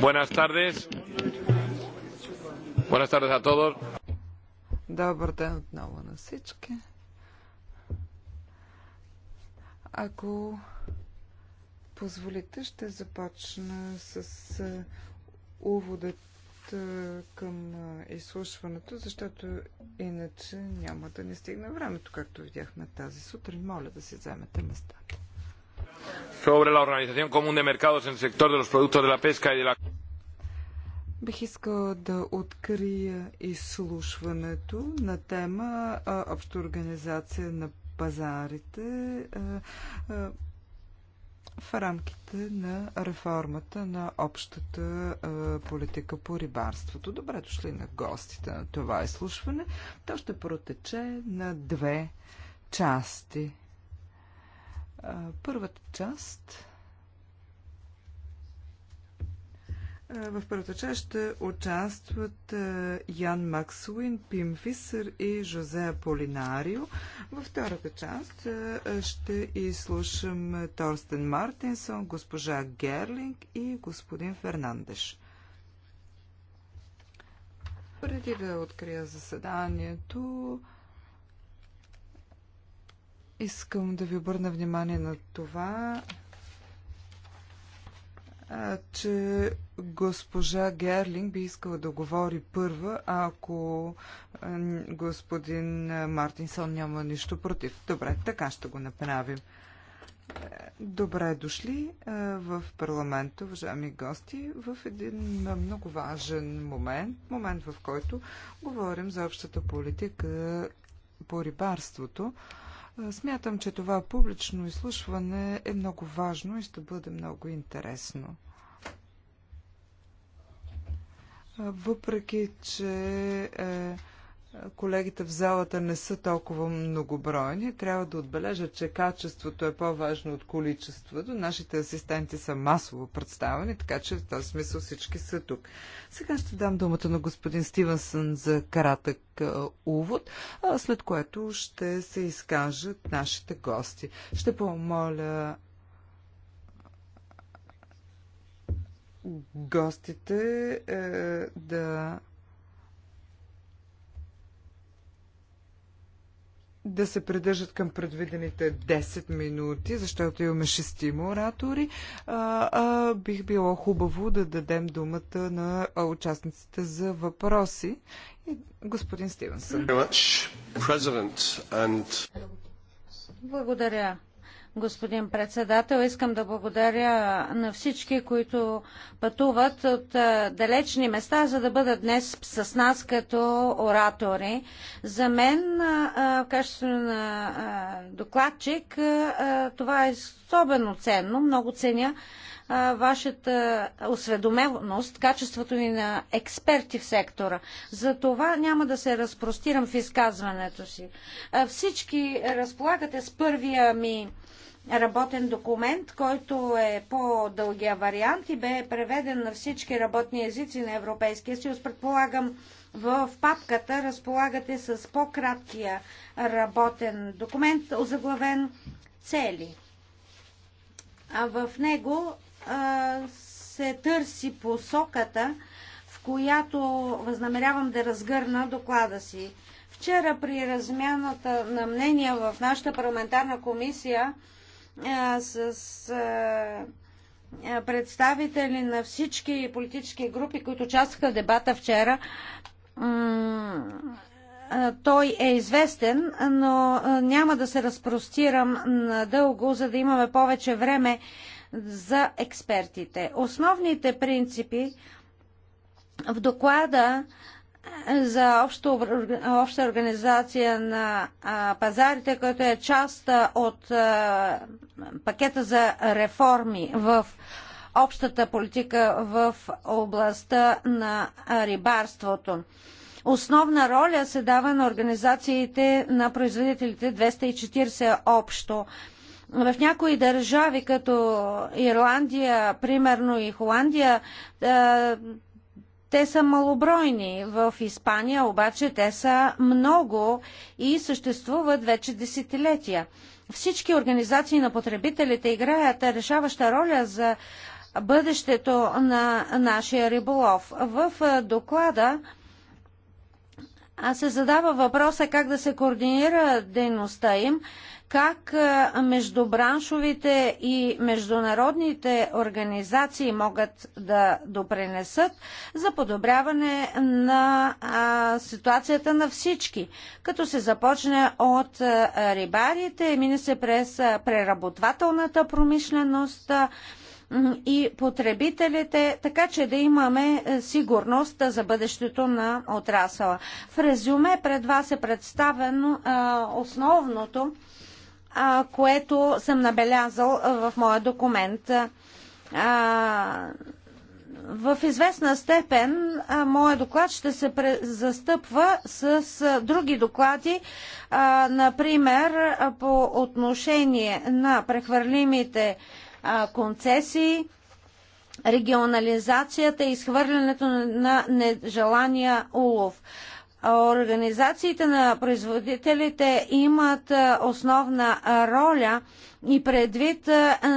Buenas tardes. Buenas tardes a todos. Добър ден отново на всички. Ако позволите, ще започна с е, уводът към изслушването, защото иначе няма да ни стигне времето, както видяхме тази сутрин. Моля да си вземете местата. Sobre la Organización Común de Mercados en el sector de los productos de la pesca y de la... Бих искала да открия изслушването на тема Обща организация на пазарите. А, а, в рамките на реформата на общата политика по рибарството. Добре дошли на гостите на това изслушване. То ще протече на две части. Първата част Е, в първата част ще участват е, Ян Максуин, Пим Фисър и Жозе Полинарио. Във втората част е, ще изслушам Торстен Мартинсон, госпожа Герлинг и господин Фернандеш. Преди да открия заседанието, искам да ви обърна внимание на това, че госпожа Герлинг би искала да говори първа, ако господин Мартинсон няма нищо против. Добре, така ще го направим. Добре дошли в парламента, уважаеми гости, в един много важен момент, момент в който говорим за общата политика по рибарството. Смятам, че това публично изслушване е много важно и ще бъде много интересно. Въпреки, че е, колегите в залата не са толкова многобройни. Трябва да отбележа, че качеството е по-важно от количеството. Нашите асистенти са масово представени, така че в този смисъл всички са тук. Сега ще дам думата на господин Стивенсън за кратък увод, след което ще се изкажат нашите гости. Ще помоля гостите е, да да се придържат към предвидените 10 минути, защото имаме шестима оратори. А, а, бих било хубаво да дадем думата на участниците за въпроси. И господин Стивенсън. Благодаря, господин председател. Искам да благодаря на всички, които пътуват от далечни места, за да бъдат днес с нас като оратори. За мен, в качеството на докладчик, това е особено ценно. Много ценя вашата осведоменост, качеството ви на експерти в сектора. За това няма да се разпростирам в изказването си. Всички разполагате с първия ми работен документ, който е по-дългия вариант и бе преведен на всички работни езици на Европейския съюз. Предполагам, в папката разполагате с по-краткия работен документ, озаглавен цели. А в него а, се търси посоката, в която възнамерявам да разгърна доклада си. Вчера при размяната на мнения в нашата парламентарна комисия с представители на всички политически групи, които участваха в дебата вчера. Той е известен, но няма да се разпростирам надълго, за да имаме повече време за експертите. Основните принципи в доклада за обща организация на а, пазарите, който е част от а, пакета за реформи в общата политика в областта на рибарството. Основна роля се дава на организациите на производителите 240 общо. В някои държави, като Ирландия, примерно и Холандия, те са малобройни. В Испания обаче те са много и съществуват вече десетилетия. Всички организации на потребителите играят решаваща роля за бъдещето на нашия риболов. В доклада се задава въпроса как да се координира дейността им как междубраншовите и международните организации могат да допренесат за подобряване на ситуацията на всички, като се започне от рибарите, мине се през преработвателната промишленост, и потребителите, така че да имаме е, сигурност за бъдещето на отрасъла. В резюме пред вас е представено основното а, което съм набелязал в моя документ. А, в известна степен моя доклад ще се застъпва с а, други доклади, а, например по отношение на прехвърлимите концесии, регионализацията и изхвърлянето на нежелания улов. Организациите на производителите имат основна роля и предвид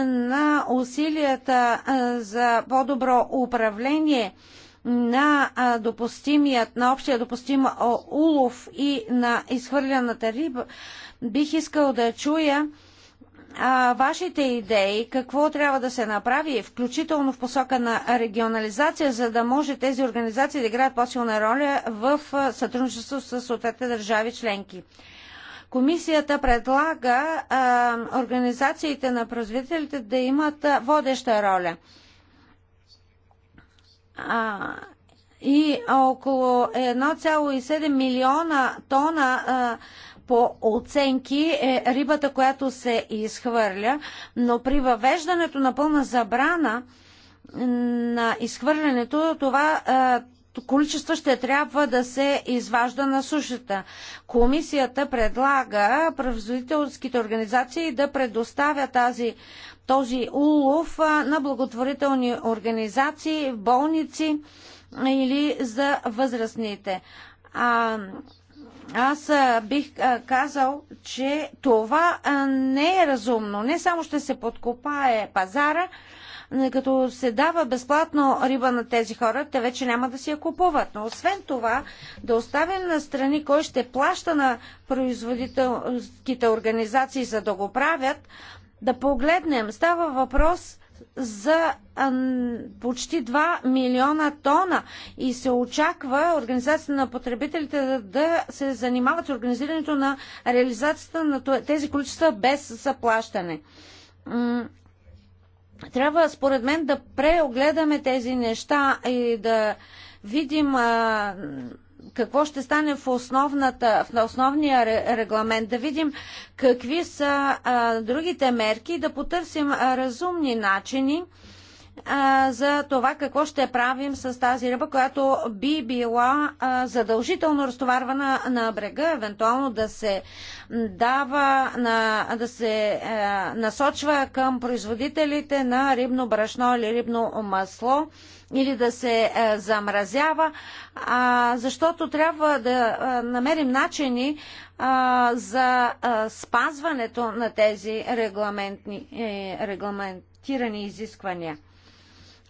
на усилията за по-добро управление на допустимият, на общия допустим улов и на изхвърляната риба, бих искал да чуя а, вашите идеи, какво трябва да се направи, включително в посока на регионализация, за да може тези организации да играят по-силна роля в сътрудничество с съответните държави членки. Комисията предлага а, организациите на производителите да имат водеща роля. А, и около 1,7 милиона тона а, по оценки е рибата, която се изхвърля, но при въвеждането на пълна забрана на изхвърлянето, това е, количество ще трябва да се изважда на сушата. Комисията предлага производителските организации да предоставя тази този улов е, на благотворителни организации, болници или за възрастните. А, аз бих казал, че това не е разумно. Не само ще се подкопае пазара, като се дава безплатно риба на тези хора, те вече няма да си я купуват. Но освен това, да оставим на страни, кой ще плаща на производителските организации за да го правят, да погледнем. Става въпрос за почти 2 милиона тона и се очаква Организацията на потребителите да се занимават с организирането на реализацията на тези количества без заплащане. Трябва, според мен, да преогледаме тези неща и да видим какво ще стане в, основната, в основния регламент, да видим какви са а, другите мерки да потърсим а, разумни начини а, за това какво ще правим с тази ръба, която би била а, задължително разтоварвана на брега, евентуално да се дава, на, да се а, е, насочва към производителите на рибно брашно или рибно масло или да се е, замразява, защото трябва да е, намерим начини е, за спазването на тези регламентирани изисквания.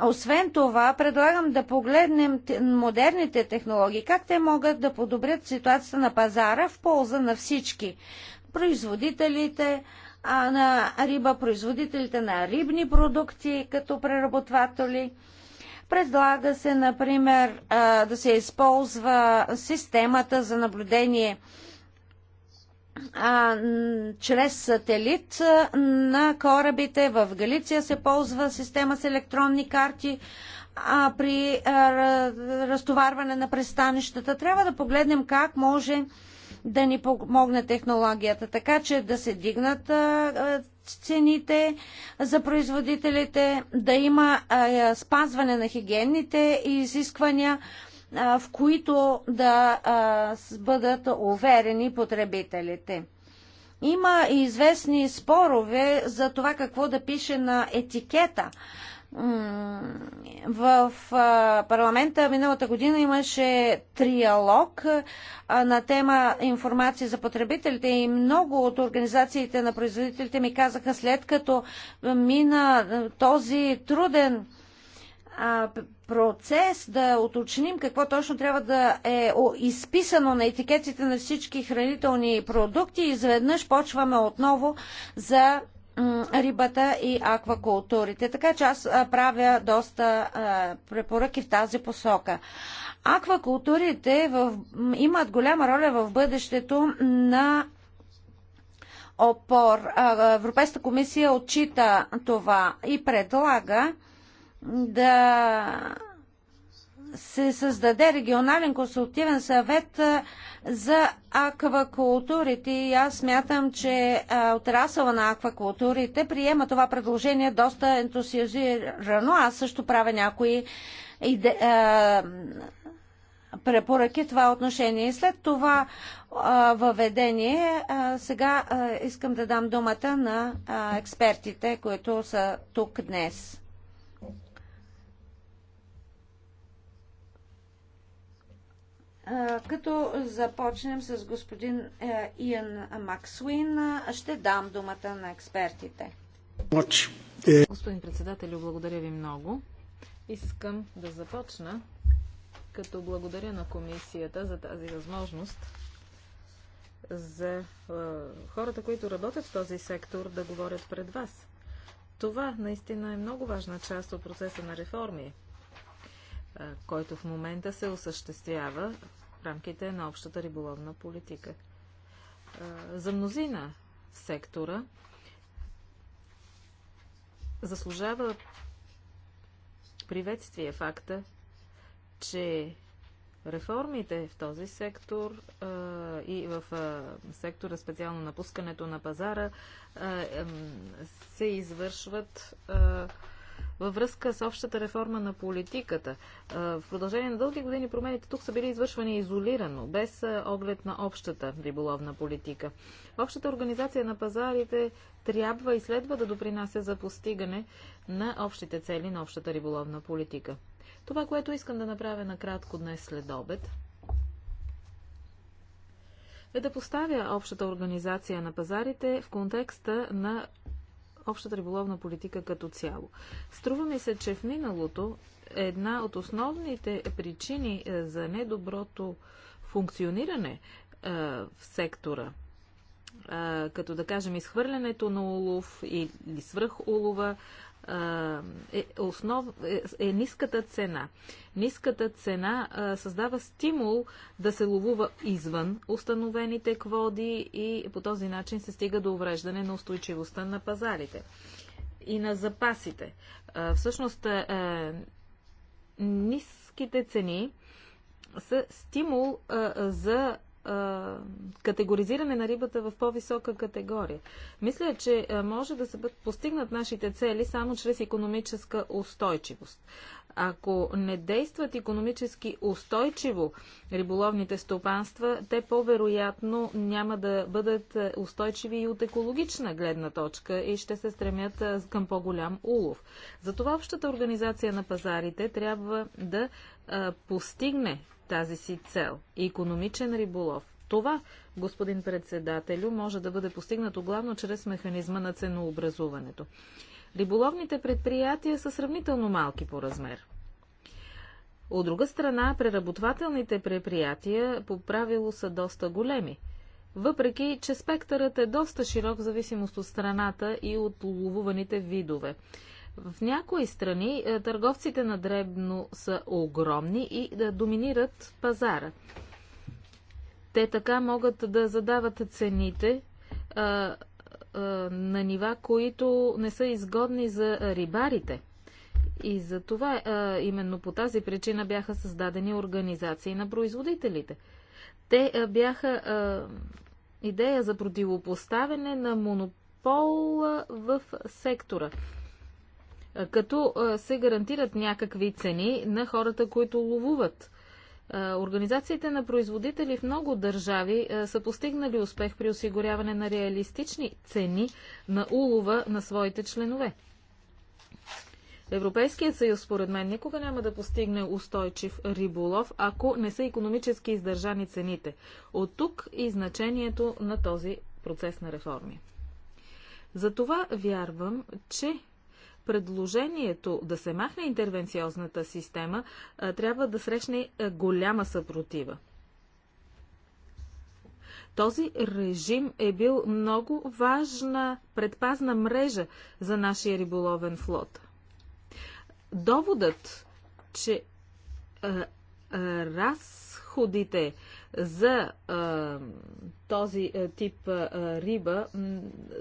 Освен това, предлагам да погледнем модерните технологии, как те могат да подобрят ситуацията на пазара в полза на всички. Производителите на риба, производителите на рибни продукти като преработватели – Предлага се, например, да се използва системата за наблюдение чрез сателит на корабите. В Галиция се ползва система с електронни карти а, при разтоварване на престанищата. Трябва да погледнем как може да ни помогне технологията, така че да се дигнат цените за производителите, да има спазване на хигиенните изисквания, в които да бъдат уверени потребителите. Има и известни спорове за това какво да пише на етикета в парламента миналата година имаше триалог на тема информация за потребителите и много от организациите на производителите ми казаха след като мина този труден процес да уточним какво точно трябва да е изписано на етикетите на всички хранителни продукти. Изведнъж почваме отново за рибата и аквакултурите. Така че аз правя доста препоръки в тази посока. Аквакултурите в, имат голяма роля в бъдещето на опор. Европейската комисия отчита това и предлага да се създаде регионален консултивен съвет за аквакултурите и аз смятам, че отрасъла на аквакултурите приема това предложение доста ентусиазирано. Аз също правя някои иде, а, препоръки това отношение. След това а, въведение, а, сега а, искам да дам думата на а, експертите, които са тук днес. Като започнем с господин е, Иан Максуин, ще дам думата на експертите. Е. Господин председател, благодаря ви много. Искам да започна като благодаря на комисията за тази възможност за е, хората, които работят в този сектор, да говорят пред вас. Това наистина е много важна част от процеса на реформи, който в момента се осъществява в рамките на общата риболовна политика. За мнозина в сектора заслужава приветствие факта, че реформите в този сектор и в сектора специално напускането на пазара се извършват във връзка с общата реформа на политиката. В продължение на дълги години промените тук са били извършвани изолирано, без оглед на общата риболовна политика. Общата организация на пазарите трябва и следва да допринася за постигане на общите цели на общата риболовна политика. Това, което искам да направя накратко днес след обед, е да поставя общата организация на пазарите в контекста на общата риболовна политика като цяло. Струва ми се, че в миналото една от основните причини е, за недоброто функциониране е, в сектора е, като да кажем изхвърлянето на улов или свръхулова, е, основ, е, е ниската цена. Ниската цена е, създава стимул да се ловува извън установените кводи и по този начин се стига до увреждане на устойчивостта на пазарите и на запасите. Е, всъщност, е, ниските цени са стимул е, за категоризиране на рибата в по-висока категория. Мисля, че може да се постигнат нашите цели само чрез економическа устойчивост. Ако не действат економически устойчиво риболовните стопанства, те по-вероятно няма да бъдат е, устойчиви и от екологична гледна точка и ще се стремят е, към по-голям улов. Затова общата организация на пазарите трябва да е, постигне тази си цел – економичен риболов. Това, господин председателю, може да бъде постигнато главно чрез механизма на ценообразуването. Риболовните предприятия са сравнително малки по размер. От друга страна, преработвателните предприятия по правило са доста големи, въпреки че спектърът е доста широк в зависимост от страната и от ловуваните видове. В някои страни е, търговците на дребно са огромни и да е, доминират пазара. Те така могат да задават цените, е, е, на нива, които не са изгодни за рибарите. И за това е, именно по тази причина бяха създадени организации на производителите. Те е, бяха идея за противопоставяне на монопол в сектора като се гарантират някакви цени на хората, които ловуват Организациите на производители в много държави са постигнали успех при осигуряване на реалистични цени на улова на своите членове. Европейският съюз, според мен, никога няма да постигне устойчив риболов, ако не са економически издържани цените. От тук и значението на този процес на реформи. Затова вярвам, че предложението да се махне интервенциозната система трябва да срещне голяма съпротива. Този режим е бил много важна предпазна мрежа за нашия риболовен флот. Доводът, че разходите за а, този а, тип а, риба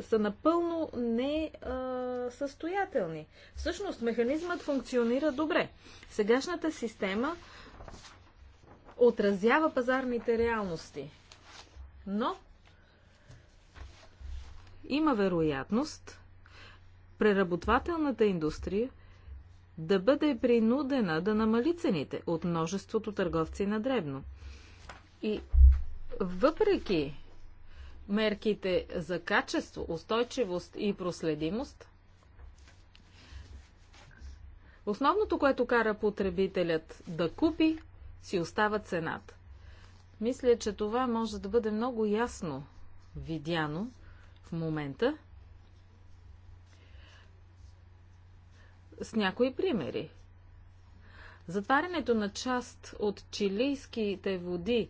са напълно несъстоятелни. Всъщност, механизмът функционира добре. Сегашната система отразява пазарните реалности. Но има вероятност преработвателната индустрия да бъде принудена да намали цените от множеството търговци на дребно. И въпреки мерките за качество, устойчивост и проследимост, основното, което кара потребителят да купи, си остава цената. Мисля, че това може да бъде много ясно видяно в момента с някои примери. Затварянето на част от чилийските води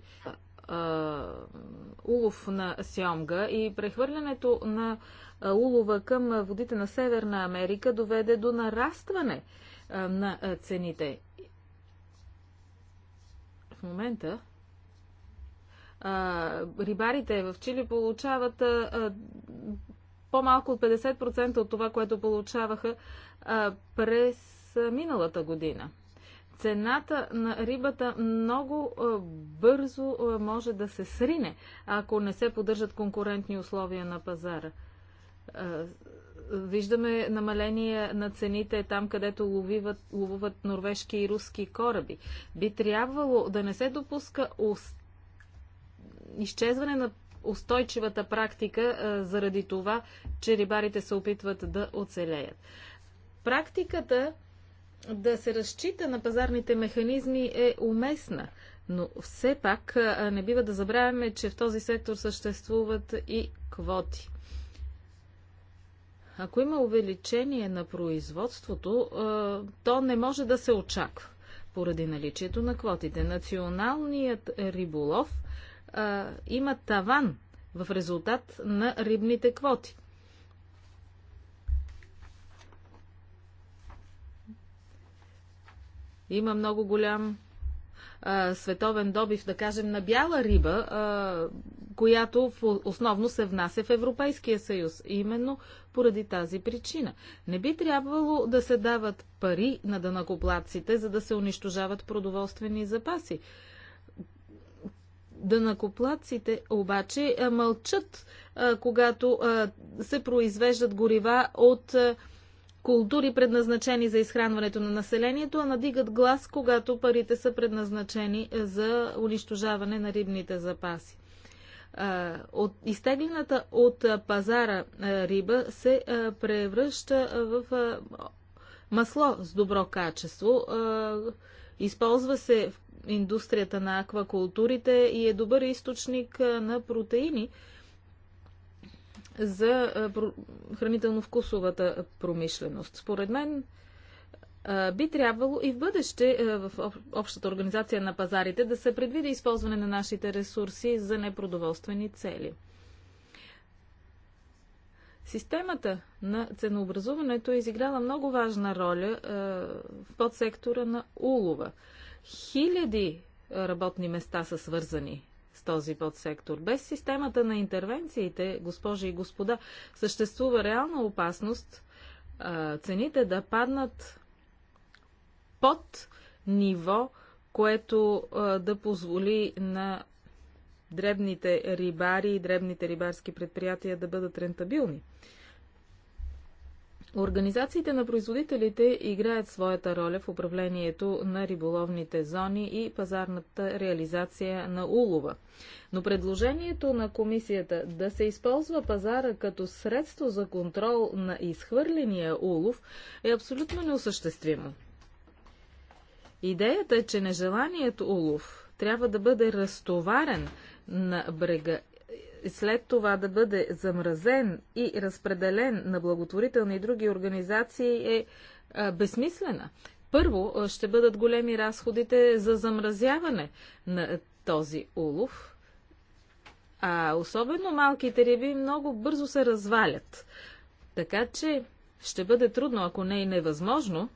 улов на сьомга и прехвърлянето на улова към водите на Северна Америка доведе до нарастване на цените. В момента рибарите в Чили получават по-малко от 50% от това, което получаваха през миналата година цената на рибата много бързо може да се срине, ако не се поддържат конкурентни условия на пазара. Виждаме намаление на цените там, където ловиват, ловуват норвежки и руски кораби. Би трябвало да не се допуска изчезване на устойчивата практика заради това, че рибарите се опитват да оцелеят. Практиката да се разчита на пазарните механизми е уместна. Но все пак не бива да забравяме, че в този сектор съществуват и квоти. Ако има увеличение на производството, то не може да се очаква поради наличието на квотите. Националният риболов има таван в резултат на рибните квоти. Има много голям а, световен добив, да кажем, на бяла риба, а, която в, основно се внася в Европейския съюз. Именно поради тази причина. Не би трябвало да се дават пари на дънакоплаците, за да се унищожават продоволствени запаси. Дънакоплаците обаче мълчат, когато се произвеждат горива от култури, предназначени за изхранването на населението, а надигат глас, когато парите са предназначени е, за унищожаване на рибните запаси. От изтеглената от пазара риба се превръща в масло с добро качество. Използва се в индустрията на аквакултурите и е добър източник на протеини, за хранително-вкусовата промишленост. Според мен би трябвало и в бъдеще в общата организация на пазарите да се предвиди използване на нашите ресурси за непродоволствени цели. Системата на ценообразуването е изиграла много важна роля в подсектора на улова. Хиляди работни места са свързани с този подсектор. Без системата на интервенциите, госпожи и господа, съществува реална опасност а, цените да паднат под ниво, което а, да позволи на дребните рибари и дребните рибарски предприятия да бъдат рентабилни. Организациите на производителите играят своята роля в управлението на риболовните зони и пазарната реализация на улова. Но предложението на комисията да се използва пазара като средство за контрол на изхвърления улов е абсолютно неосъществимо. Идеята е, че нежеланият улов трябва да бъде разтоварен на брега след това да бъде замразен и разпределен на благотворителни и други организации е а, безсмислена. Първо, ще бъдат големи разходите за замразяване на този улов, а особено малките риби много бързо се развалят. Така че ще бъде трудно, ако не и невъзможно,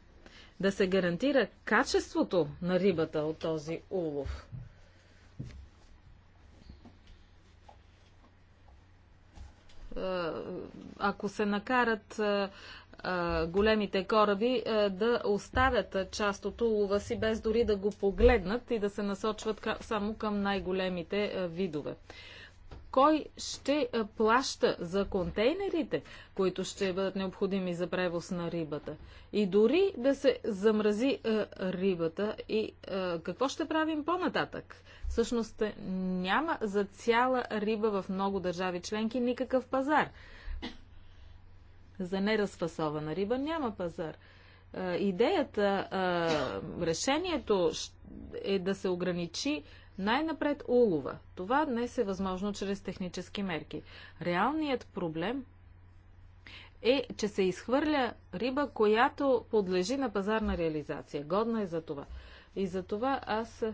да се гарантира качеството на рибата от този улов. Е, ако се накарат е, е, големите кораби да оставят част от улова си, без дори да го погледнат и да се насочват само към най-големите видове. Кой ще плаща за контейнерите, които ще бъдат необходими за превоз на рибата? И дори да се замрази рибата, и какво ще правим по-нататък? Всъщност е, няма за цяла риба в много държави членки никакъв пазар. За неразфасована риба няма пазар идеята, решението е да се ограничи най-напред улова. Това днес е възможно чрез технически мерки. Реалният проблем е, че се изхвърля риба, която подлежи на пазарна реализация. Годна е за това. И за това аз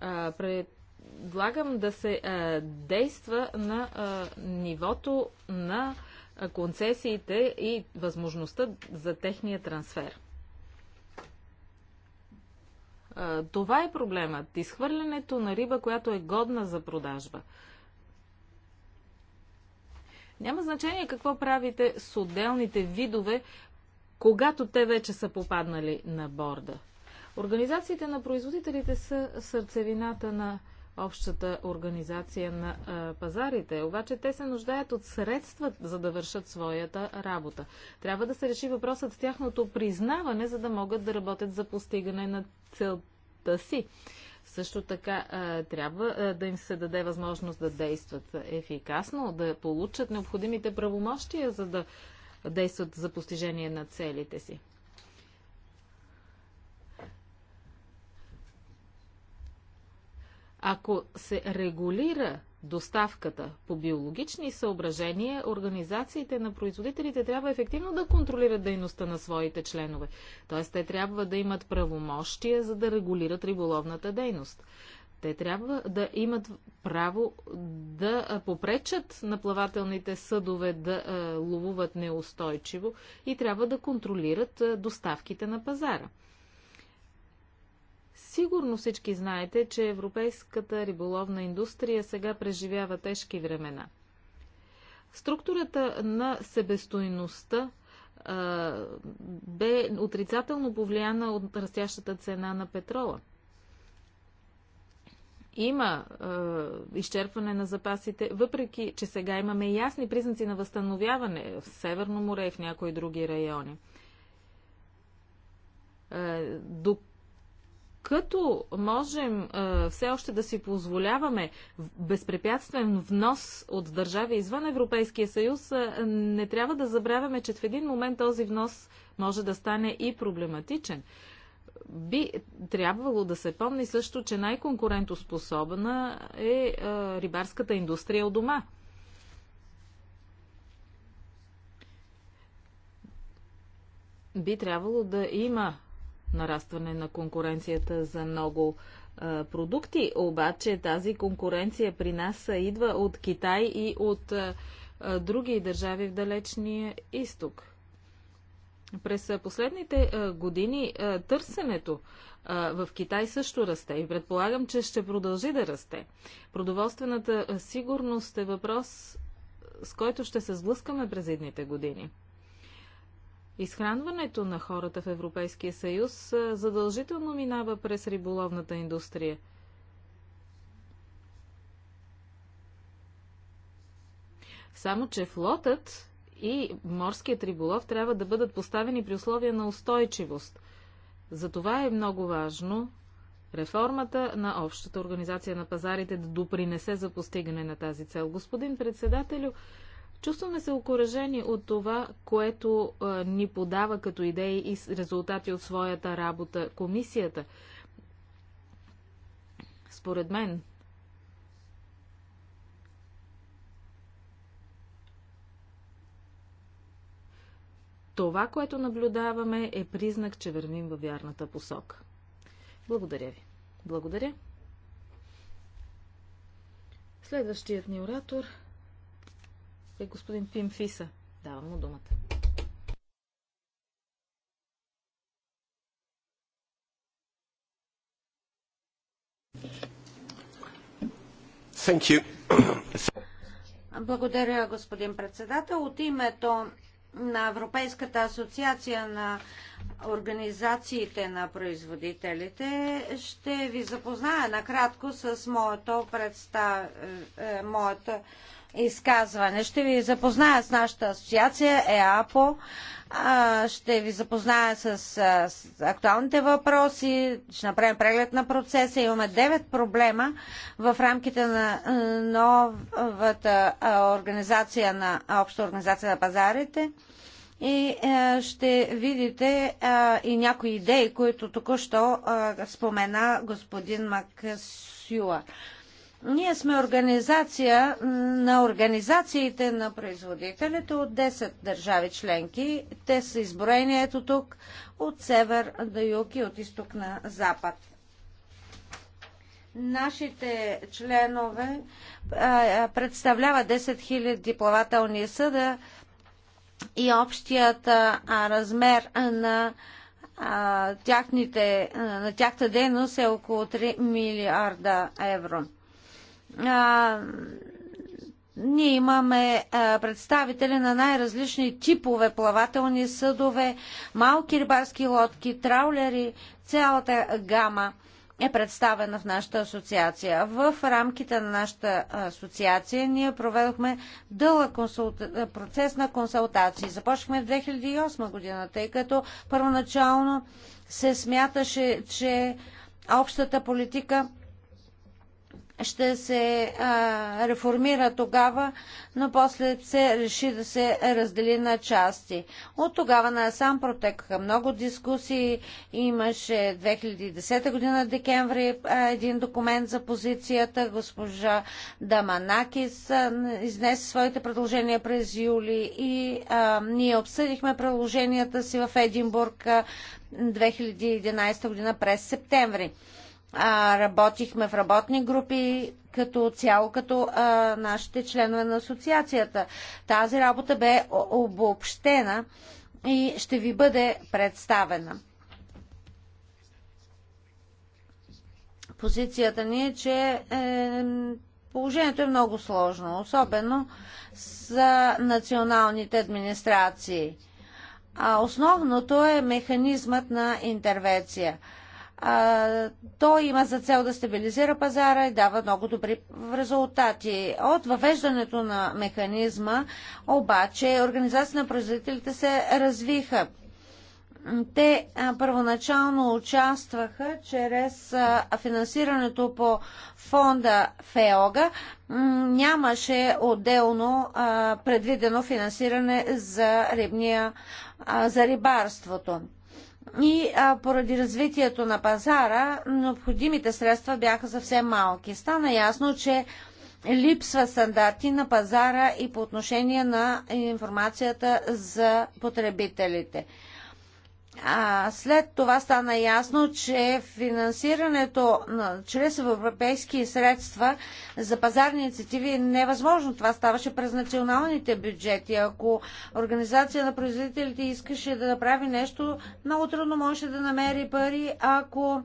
а, предлагам да се а, действа на а, нивото на концесиите и възможността за техния трансфер. Това е проблемът. Изхвърлянето на риба, която е годна за продажба. Няма значение какво правите с отделните видове, когато те вече са попаднали на борда. Организациите на производителите са сърцевината на общата организация на а, пазарите. Обаче те се нуждаят от средства, за да вършат своята работа. Трябва да се реши въпросът с тяхното признаване, за да могат да работят за постигане на целта си. Също така а, трябва а, да им се даде възможност да действат ефикасно, да получат необходимите правомощия, за да действат за постижение на целите си. Ако се регулира доставката по биологични съображения, организациите на производителите трябва ефективно да контролират дейността на своите членове. Т.е. те трябва да имат правомощия, за да регулират риболовната дейност. Те трябва да имат право да попречат на плавателните съдове да ловуват неустойчиво и трябва да контролират доставките на пазара. Сигурно всички знаете, че европейската риболовна индустрия сега преживява тежки времена. Структурата на себестойността а, бе отрицателно повлияна от растящата цена на петрола. Има е, изчерпване на запасите, въпреки че сега имаме ясни признаци на възстановяване в Северно море и в някои други райони. Е, до като можем а, все още да си позволяваме безпрепятствен внос от държави извън Европейския съюз, а, не трябва да забравяме, че в един момент този внос може да стане и проблематичен. Би трябвало да се помни също, че най-конкурентоспособна е а, рибарската индустрия у дома. Би трябвало да има нарастване на конкуренцията за много а, продукти, обаче тази конкуренция при нас идва от Китай и от а, други държави в далечния изток. През последните а, години търсенето в Китай също расте и предполагам, че ще продължи да расте. Продоволствената сигурност е въпрос, с който ще се сблъскаме през едните години. Изхранването на хората в Европейския съюз задължително минава през риболовната индустрия. Само, че флотът и морският риболов трябва да бъдат поставени при условия на устойчивост. Затова е много важно реформата на общата организация на пазарите да допринесе за постигане на тази цел. Господин председателю, Чувстваме се окоръжени от това, което а, ни подава като идеи и резултати от своята работа комисията. Според мен, това, което наблюдаваме, е признак, че вървим във вярната посока. Благодаря ви. Благодаря. Следващият ни оратор – е господин Фиса, Давам му думата. Благодаря, господин председател. От името на Европейската асоциация на организациите на производителите ще ви запозная накратко с моето представ... Е, моята изказване. Ще ви запозная с нашата асоциация ЕАПО, ще ви запозная с, с актуалните въпроси, ще направим преглед на процеса. Имаме 9 проблема в рамките на новата организация на Обща организация на пазарите и е, ще видите е, и някои идеи, които току-що е, спомена господин Максюа. Ние сме организация на организациите на производителите от 10 държави членки. Те са изброени ето тук от север до юг и от изток на запад. Нашите членове представляват 10 000 плавателни съда и общият размер на тяхната на тяхта дейност е около 3 милиарда евро а, ние имаме а, представители на най-различни типове плавателни съдове, малки рибарски лодки, траулери, цялата гама е представена в нашата асоциация. В рамките на нашата асоциация ние проведохме дълъг консулта... процес на консултации. Започнахме в 2008 година, тъй като първоначално се смяташе, че общата политика ще се а, реформира тогава, но после се реши да се раздели на части. От тогава насам протекаха много дискусии. Имаше 2010 година декември един документ за позицията. Госпожа Даманакис изнесе своите предложения през юли и а, ние обсъдихме предложенията си в Единбург 2011 година през септември а, работихме в работни групи като цяло, като а, нашите членове на асоциацията. Тази работа бе обобщена и ще ви бъде представена. Позицията ни е, че е, положението е много сложно, особено за националните администрации. А основното е механизмът на интервенция. Той то има за цел да стабилизира пазара и дава много добри резултати. От въвеждането на механизма обаче организацията на производителите се развиха. Те първоначално участваха чрез финансирането по фонда ФЕОГА. Нямаше отделно предвидено финансиране за, рибния, за рибарството и а, поради развитието на пазара необходимите средства бяха съвсем малки. Стана ясно, че липсва стандарти на пазара и по отношение на информацията за потребителите. А, след това стана ясно, че финансирането на, чрез европейски средства за пазарни инициативи е невъзможно. Това ставаше през националните бюджети. Ако организация на производителите искаше да направи нещо, много трудно можеше да намери пари, ако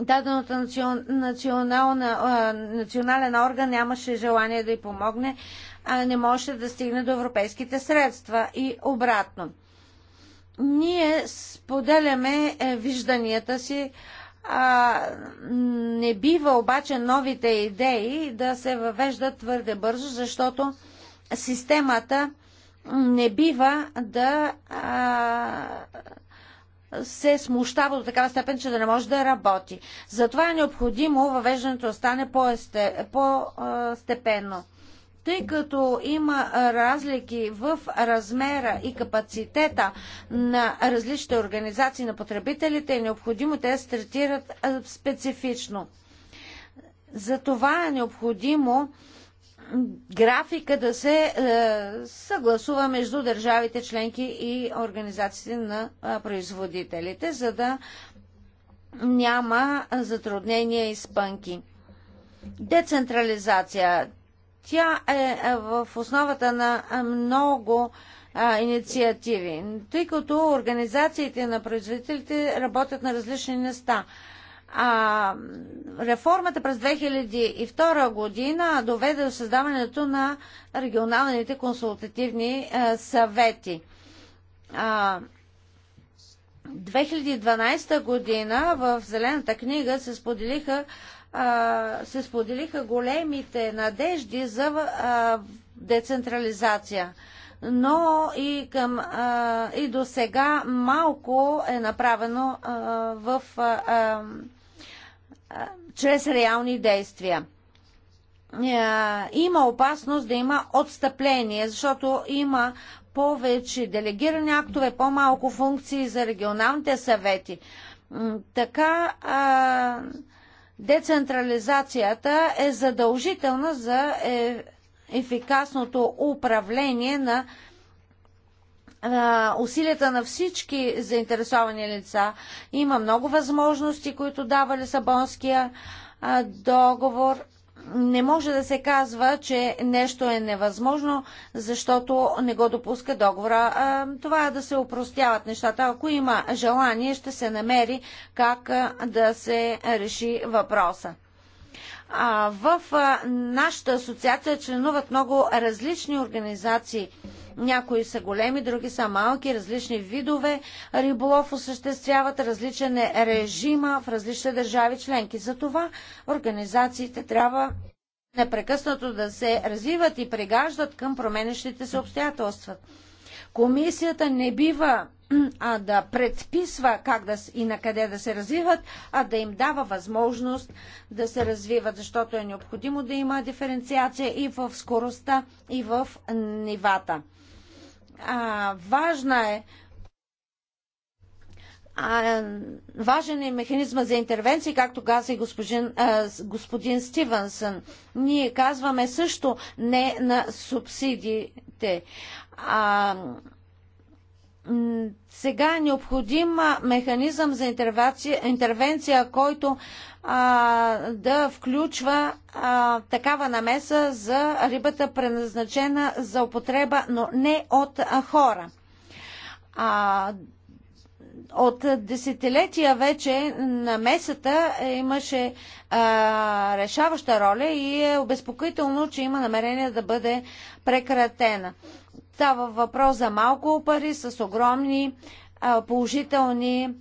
дадената национална, национален орган нямаше желание да й помогне, а не можеше да стигне до европейските средства и обратно. Ние споделяме е, вижданията си. А, не бива обаче новите идеи да се въвеждат твърде бързо, защото системата не бива да а, се смущава до такава степен, че да не може да работи. Затова е необходимо въвеждането да стане по-степенно. По тъй като има разлики в размера и капацитета на различните организации на потребителите, е необходимо те да се специфично. За това е необходимо графика да се е, съгласува между държавите членки и организациите на производителите, за да няма затруднения и спънки. Децентрализация. Тя е, е в основата на е, много а, е, инициативи, тъй като организациите на производителите работят на различни места. А, реформата през 2002 година доведе до създаването на регионалните консултативни а, съвети. А, 2012 година в Зелената книга се споделиха се споделиха големите надежди за децентрализация. Но и, към, и до сега малко е направено в, чрез реални действия има опасност да има отстъпление, защото има повече делегирани актове, по-малко функции за регионалните съвети. Така Децентрализацията е задължителна за е, ефикасното управление на усилията на всички заинтересовани лица. Има много възможности, които дава Лисабонския договор не може да се казва, че нещо е невъзможно, защото не го допуска договора. Това е да се упростяват нещата. Ако има желание, ще се намери как да се реши въпроса. А, в а, нашата асоциация членуват много различни организации. Някои са големи, други са малки, различни видове риболов осъществяват, различен е режима в различни държави членки. Затова организациите трябва непрекъснато да се развиват и пригаждат към променещите се обстоятелства. Комисията не бива а да предписва как да и на къде да се развиват, а да им дава възможност да се развиват, защото е необходимо да има диференциация и в скоростта, и в нивата. А, важна е а, важен е механизма за интервенции, както каза и господин, а, господин Стивенсън. Ние казваме също не на субсидиите. А, сега е необходим механизъм за интервенция, интервенция който а, да включва а, такава намеса за рибата, предназначена за употреба, но не от а, хора. А, от десетилетия вече на месата е, имаше а, решаваща роля и е обезпокоително, че има намерение да бъде прекратена. Става въпрос за малко пари с огромни положителни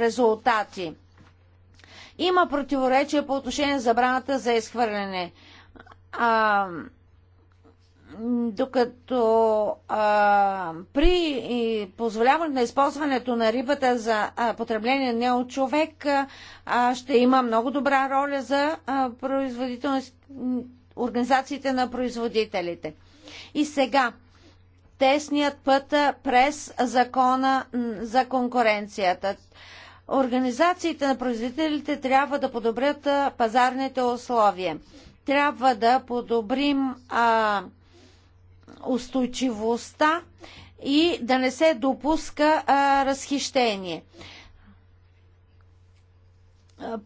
резултати. Има противоречие по отношение на забраната за изхвърляне. А, докато а, при позволяването на използването на рибата за а, потребление не от човек а, ще има много добра роля за а, производителност, организациите на производителите. И сега, тесният път през закона за конкуренцията. Организациите на производителите трябва да подобрят пазарните условия. Трябва да подобрим а, устойчивостта и да не се допуска а, разхищение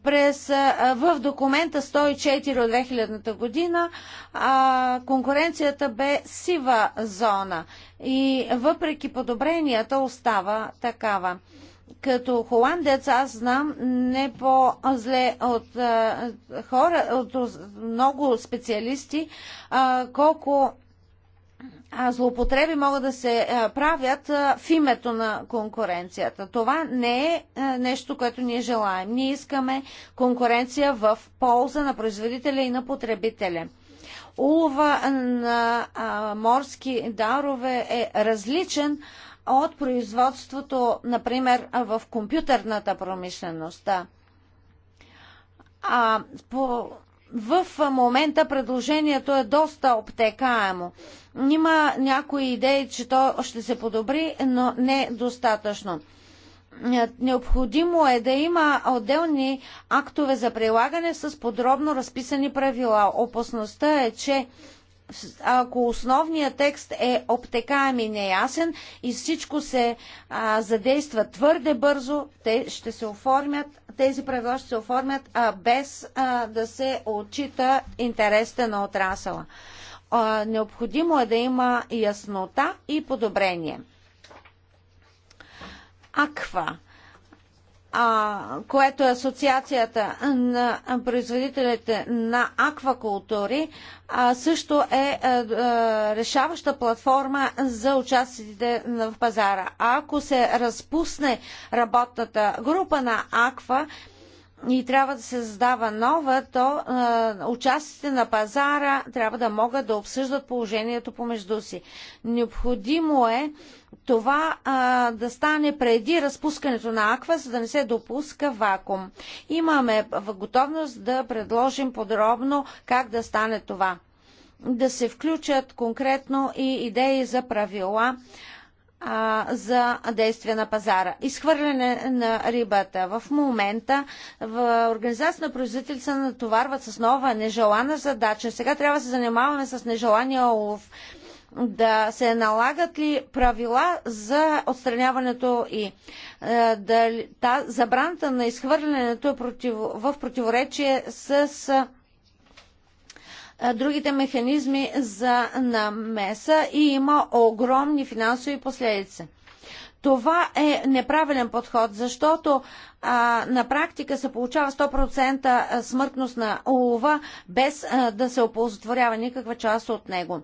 през, в документа 104 от 2000 година конкуренцията бе сива зона и въпреки подобренията остава такава. Като холандец аз знам не по-зле от хора, от много специалисти, колко злоупотреби могат да се правят в името на конкуренцията. Това не е нещо, което ние желаем. Ние искаме конкуренция в полза на производителя и на потребителя. Улова на морски дарове е различен от производството, например, в компютърната промишленост. А, по в момента предложението е доста обтекаемо. Има някои идеи, че то ще се подобри, но не достатъчно. Е, необходимо е да има отделни актове за прилагане с подробно разписани правила. Опасността е, че ако основният текст е обтекаем и неясен и всичко се а, задейства твърде бързо, те ще се оформят тези правила ще се оформят а, без а, да се отчита интересите на отрасъла. А, необходимо е да има яснота и подобрение. Аква а, което е Асоциацията на производителите на аквакултури, а, също е а, е, е, решаваща платформа за участите в пазара. А ако се разпусне работната група на аква, и трябва да се създава нова, то а, е, участите на пазара трябва да могат да обсъждат положението помежду си. Необходимо е това а, да стане преди разпускането на аква, за да не се допуска вакуум. Имаме готовност да предложим подробно как да стане това. Да се включат конкретно и идеи за правила а, за действие на пазара. Изхвърляне на рибата. В момента в Организация на производители се натоварват с нова нежелана задача. Сега трябва да се занимаваме с нежелания улов да се налагат ли правила за отстраняването и е, да, та, забраната на изхвърлянето е против, в противоречие с а, е, другите механизми за намеса и има огромни финансови последици. Това е неправилен подход, защото а, на практика се получава 100% смъртност на улова, без а, е, да се оползотворява никаква част от него.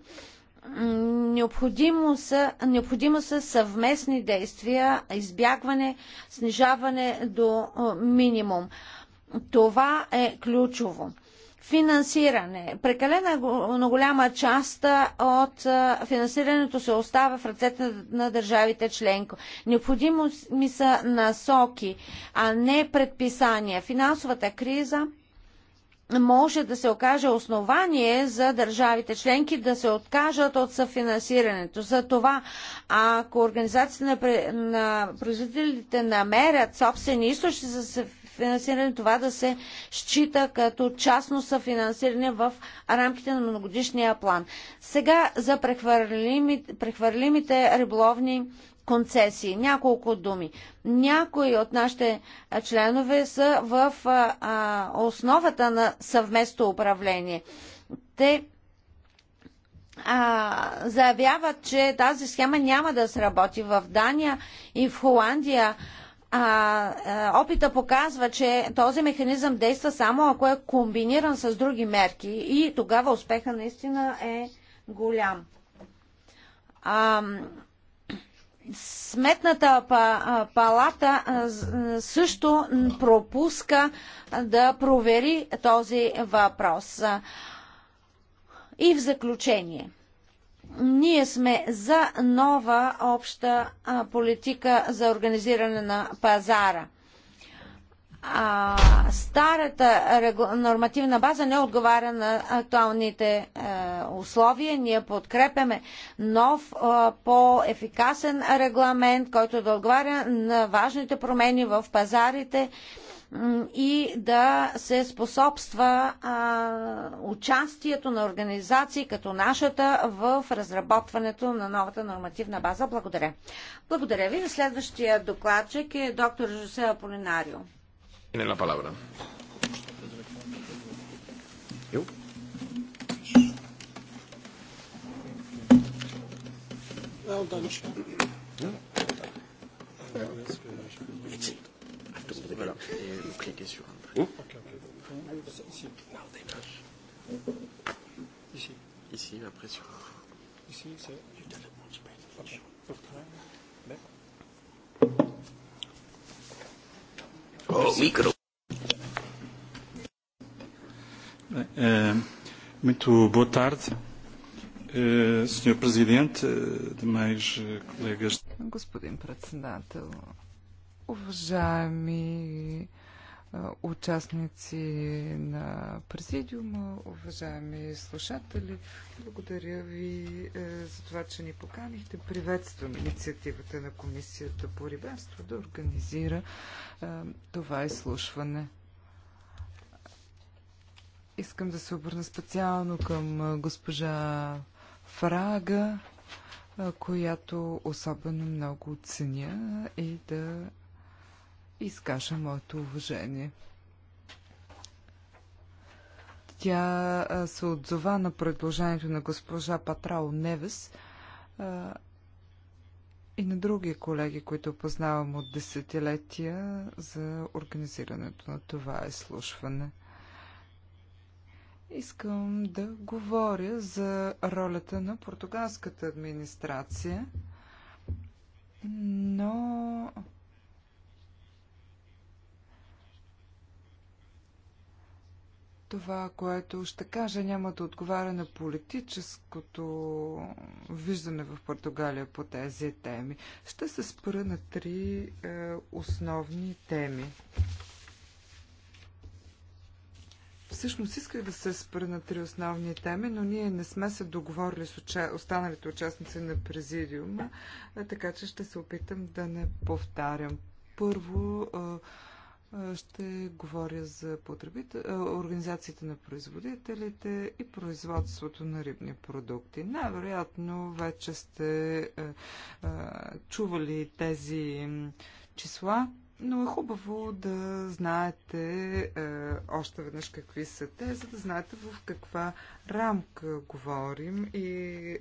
Необходимо са, необходимо са съвместни действия, избягване, снижаване до минимум. Това е ключово. Финансиране. Прекалено голяма част от финансирането се остава в ръцете на държавите членко. Необходимо ми са насоки, а не предписания. Финансовата криза може да се окаже основание за държавите членки да се откажат от съфинансирането. За това, ако Организацията на, на производителите намерят собствени източници за съфинансиране, това да се счита като частно съфинансиране в рамките на многогодишния план. Сега за прехвърлимите, прехвърлимите риболовни концесии. Няколко думи. Някои от нашите членове са в а, основата на съвместно управление. Те а, заявяват, че тази схема няма да сработи в Дания и в Холандия. А, а, опита показва, че този механизъм действа само ако е комбиниран с други мерки и тогава успеха наистина е голям. А, Сметната палата също пропуска да провери този въпрос. И в заключение. Ние сме за нова обща политика за организиране на пазара а, старата нормативна база не отговаря на актуалните а, е, условия. Ние подкрепяме нов, е, по-ефикасен регламент, който да отговаря на важните промени в пазарите и да се способства а, участието на организации като нашата в разработването на новата нормативна база. Благодаря. Благодаря ви. Следващия докладчик е доктор Жосе Аполинарио. Tiene la palabra. Ici, après sur Ici, c'est micro. Muito boa tarde, Sr. Presidente, demais colegas. Господин председател, уважаеми участници на президиума, уважаеми слушатели. Благодаря ви е, за това, че ни поканихте. Приветствам инициативата на Комисията по рибарство да организира е, това изслушване. Искам да се обърна специално към е, госпожа Фрага, която особено много оценя и да изкажа моето уважение. Тя се отзова на предложението на госпожа Патрао Невес и на други колеги, които познавам от десетилетия за организирането на това изслушване. Искам да говоря за ролята на португалската администрация, но Това, което ще кажа, няма да отговаря на политическото виждане в Португалия по тези теми. Ще се спра на три е, основни теми. Всъщност исках да се спра на три основни теми, но ние не сме се договорили с уча... останалите участници на президиума, е, така че ще се опитам да не повтарям. Първо, е, ще говоря за потребите, организациите на производителите и производството на рибни продукти. Най-вероятно вече сте чували тези числа, но е хубаво да знаете още веднъж какви са те, за да знаете в каква рамка говорим и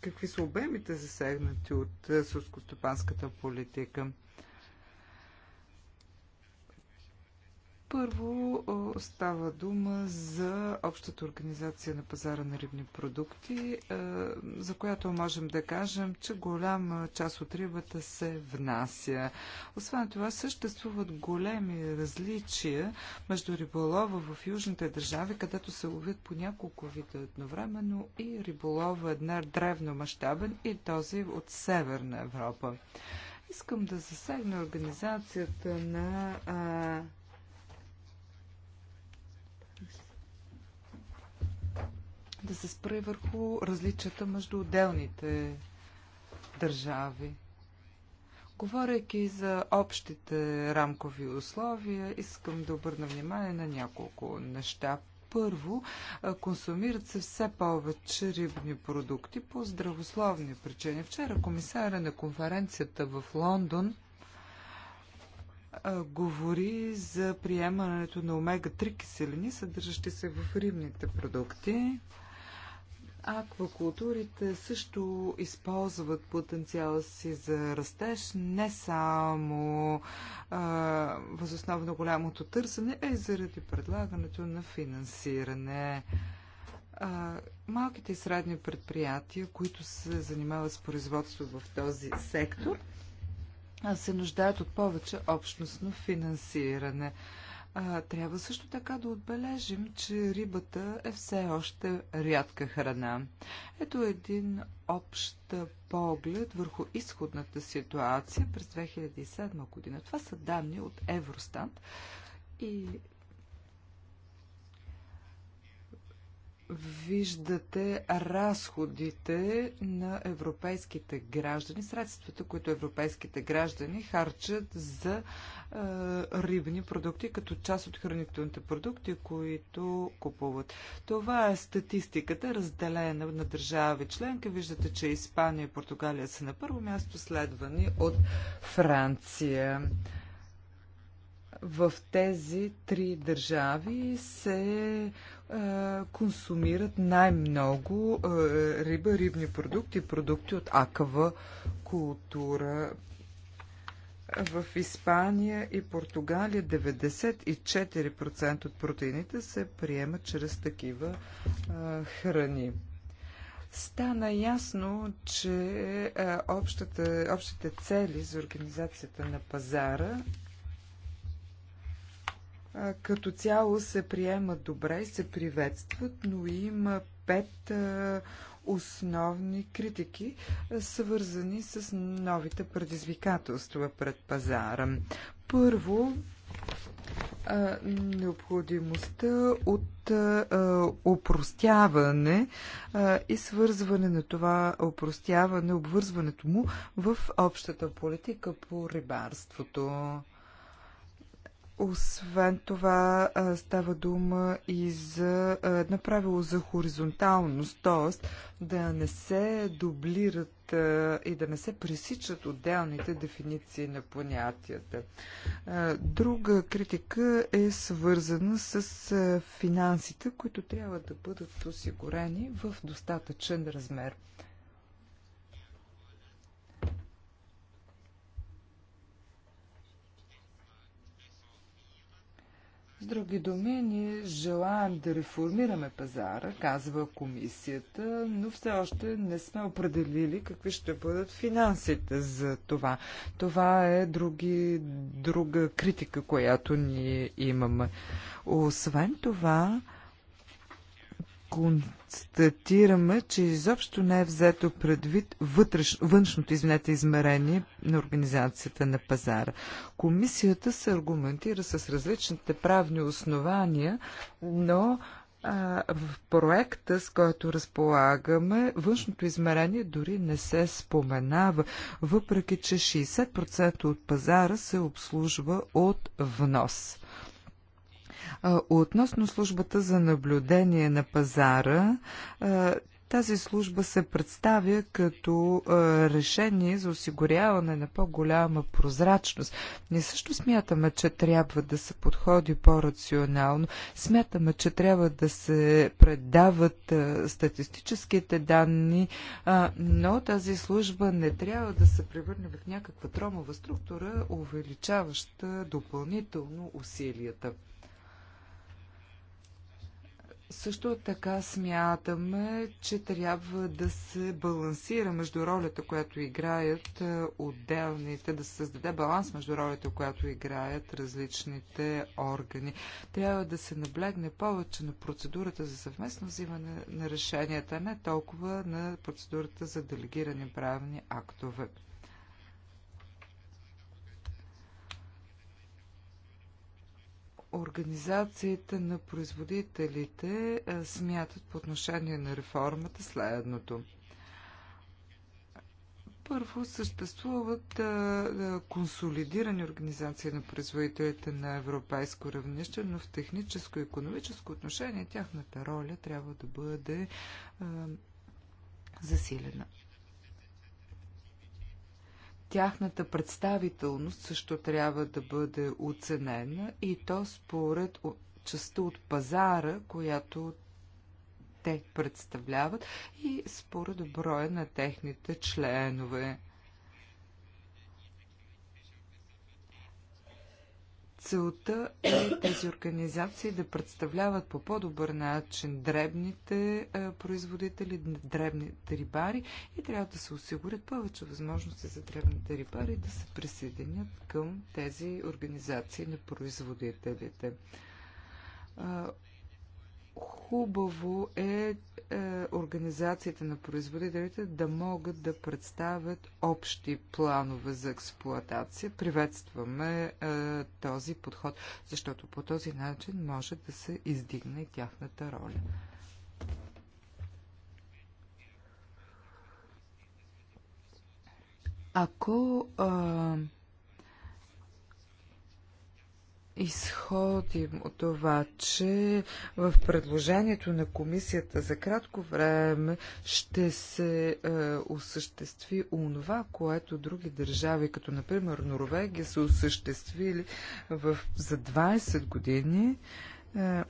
какви са обемите засегнати от сълскостопанската политика. Първо става дума за общата организация на пазара на рибни продукти, за която можем да кажем, че голяма част от рибата се внася. Освен това, съществуват големи различия между риболова в южните държави, където се ловят по няколко вида едновременно и риболова една древномащабен и този от Северна Европа. Искам да засегна организацията на да се спре върху различията между отделните държави. Говорейки за общите рамкови условия, искам да обърна внимание на няколко неща. Първо, консумират се все повече рибни продукти по здравословни причини. Вчера комисаря на конференцията в Лондон говори за приемането на омега-3 киселини, съдържащи се в рибните продукти. Аквакултурите също използват потенциала си за растеж не само а, възоснова на голямото търсене, а и заради предлагането на финансиране. А, малките и средни предприятия, които се занимават с производство в този сектор, се нуждаят от повече общностно финансиране. А, а, трябва също така да отбележим, че рибата е все още рядка храна. Ето един общ поглед върху изходната ситуация през 2007 година. Това са данни от Евростат и виждате разходите на европейските граждани, средствата, които европейските граждани харчат за е, рибни продукти, като част от хранителните продукти, които купуват. Това е статистиката, разделена на държави членки. Виждате, че Испания и Португалия са на първо място, следвани от Франция в тези три държави се е, консумират най-много е, риба, рибни продукти, продукти от акава култура. В Испания и Португалия 94% от протеините се приемат чрез такива е, храни. Стана ясно, че е, общите цели за организацията на пазара като цяло се приемат добре и се приветстват, но има пет основни критики, свързани с новите предизвикателства пред пазара. Първо, необходимостта от опростяване и свързване на това опростяване, обвързването му в общата политика по рибарството. Освен това става дума и за едно правило за хоризонталност, т.е. да не се дублират и да не се пресичат отделните дефиниции на понятията. Друга критика е свързана с финансите, които трябва да бъдат осигурени в достатъчен размер. С други думи, ние желаем да реформираме пазара, казва комисията, но все още не сме определили какви ще бъдат финансите за това. Това е други, друга критика, която ние имаме. Освен това, констатираме, че изобщо не е взето предвид вътреш, външното извинете, измерение на организацията на пазара. Комисията се аргументира с различните правни основания, но а, в проекта, с който разполагаме, външното измерение дори не се споменава, въпреки че 60% от пазара се обслужва от внос. Относно службата за наблюдение на пазара, тази служба се представя като решение за осигуряване на по-голяма прозрачност. Ние също смятаме, че трябва да се подходи по-рационално. Смятаме, че трябва да се предават статистическите данни, но тази служба не трябва да се превърне в някаква тромова структура, увеличаваща допълнително усилията. Също така смятаме, че трябва да се балансира между ролята, която играят е, отделните, да се създаде баланс между ролята, която играят различните органи. Трябва да се наблегне повече на процедурата за съвместно взимане на решенията, а не толкова на процедурата за делегирани правни актове. Организацията на производителите смятат по отношение на реформата следното. Първо, съществуват а, а, консолидирани организации на производителите на европейско равнище, но в техническо и економическо отношение тяхната роля трябва да бъде а, засилена тяхната представителност също трябва да бъде оценена и то според частта от пазара, която те представляват и според броя на техните членове. Целта е тези организации да представляват по по-добър начин дребните производители, дребните рибари и трябва да се осигурят повече възможности за дребните рибари да се присъединят към тези организации на производителите Хубаво е, е организацията на производителите да могат да представят общи планове за експлоатация. Приветстваме е, този подход, защото по този начин може да се издигне и тяхната роля. Ако е, изходим от това, че в предложението на комисията за кратко време ще се е, осъществи онова, което други държави, като например Норвегия, са осъществили в, за 20 години. Е,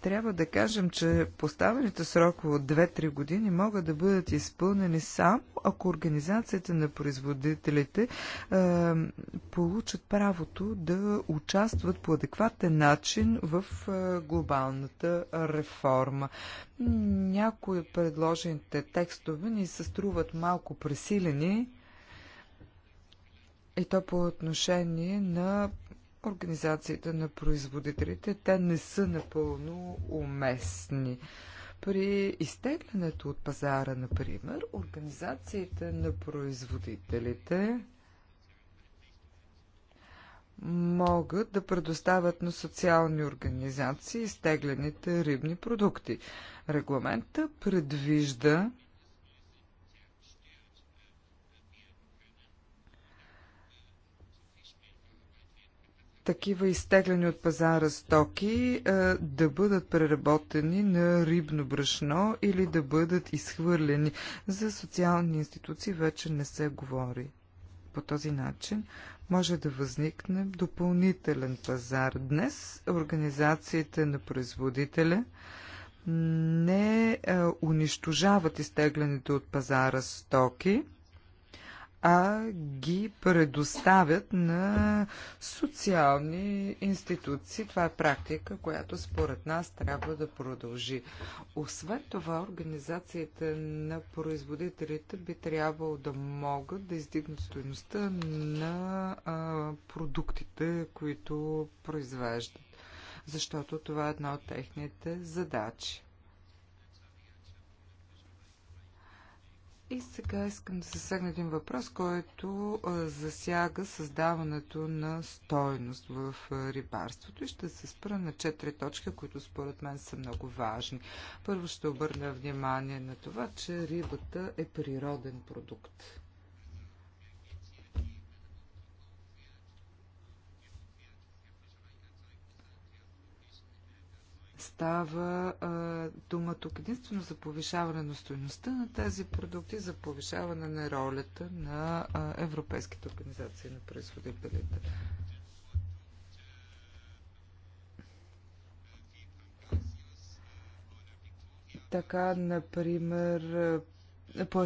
трябва да кажем, че поставените срокове от 2-3 години могат да бъдат изпълнени само ако организацията на производителите е, получат правото да участват по адекватен начин в е, глобалната реформа. Някои от предложените текстове ни се струват малко пресилени и то по отношение на Организацията на производителите, те не са напълно уместни. При изтеглянето от пазара, например, организацията на производителите могат да предоставят на социални организации изтеглените рибни продукти. Регламента предвижда такива изтегляни от пазара стоки да бъдат преработени на рибно брашно или да бъдат изхвърлени. За социални институции вече не се говори. По този начин може да възникне допълнителен пазар. Днес организациите на производителя не унищожават изтеглените от пазара стоки, а ги предоставят на социални институции. Това е практика, която според нас трябва да продължи. Освен това, организацията на производителите би трябвало да могат да издигнат стоеността на а, продуктите, които произвеждат, защото това е една от техните задачи. И сега искам да засегна един въпрос, който засяга създаването на стойност в рибарството и ще се спра на четири точки, които според мен са много важни. Първо ще обърна внимание на това, че рибата е природен продукт. става а, дума тук единствено за повишаване на стоеността на тези продукти, за повишаване на ролята на а, европейските организации на производителите. Така, например,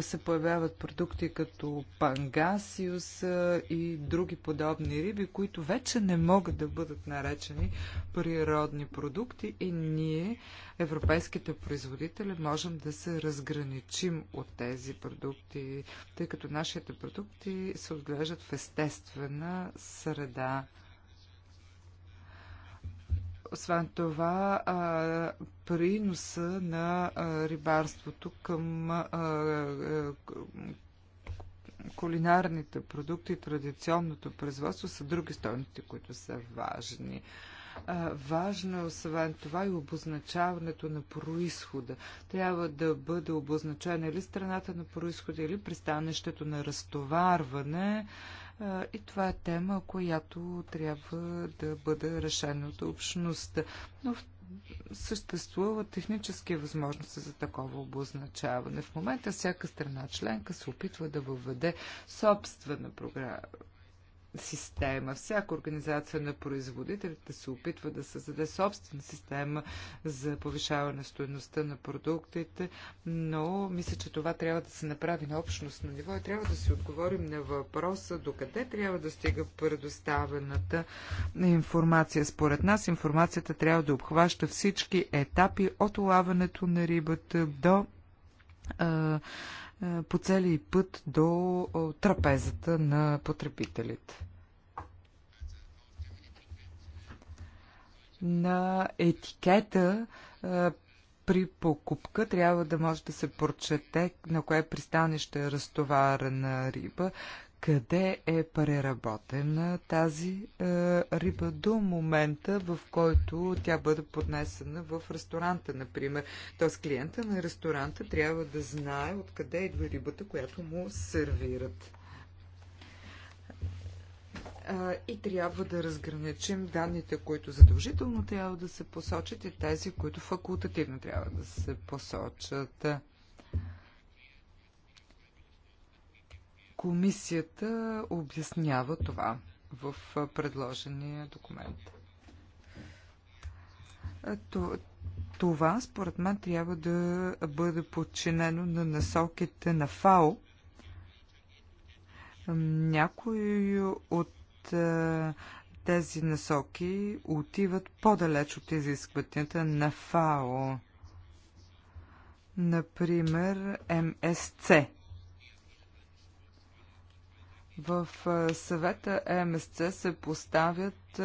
се появяват продукти като пангасиус и други подобни риби, които вече не могат да бъдат наречени природни продукти и ние, европейските производители, можем да се разграничим от тези продукти, тъй като нашите продукти се отглеждат в естествена среда. Освен това, а, приноса на а, рибарството към а, а, кулинарните продукти и традиционното производство са други стойности, които са важни. Важно е освен това и обозначаването на происхода. Трябва да бъде обозначена или страната на происхода, или пристанището на разтоварване. А, и това е тема, която трябва да бъде решена от общността. Но съществуват технически възможности за такова обозначаване. В момента всяка страна членка се опитва да въведе собствена програма, система. Всяка организация на производителите се опитва да създаде собствена система за повишаване стоеността на продуктите, но мисля, че това трябва да се направи на общностно ниво и трябва да си отговорим на въпроса до къде трябва да стига предоставената информация. Според нас информацията трябва да обхваща всички етапи от улаването на рибата до е, по цели път до е, трапезата на потребителите. На етикета е, при покупка трябва да може да се прочете на кое пристанище е разтоварена риба, къде е преработена тази е, риба до момента, в който тя бъде поднесена в ресторанта, например. Тоест клиента на ресторанта трябва да знае откъде идва рибата, която му сервират. И трябва да разграничим данните, които задължително трябва да се посочат и тези, които факултативно трябва да се посочат. Комисията обяснява това в предложения документ. Това, според мен, трябва да бъде подчинено на насоките на ФАО. Някои от тези насоки отиват по-далеч от изискванията на ФАО. Например, МСЦ в съвета ЕМСЦ се поставят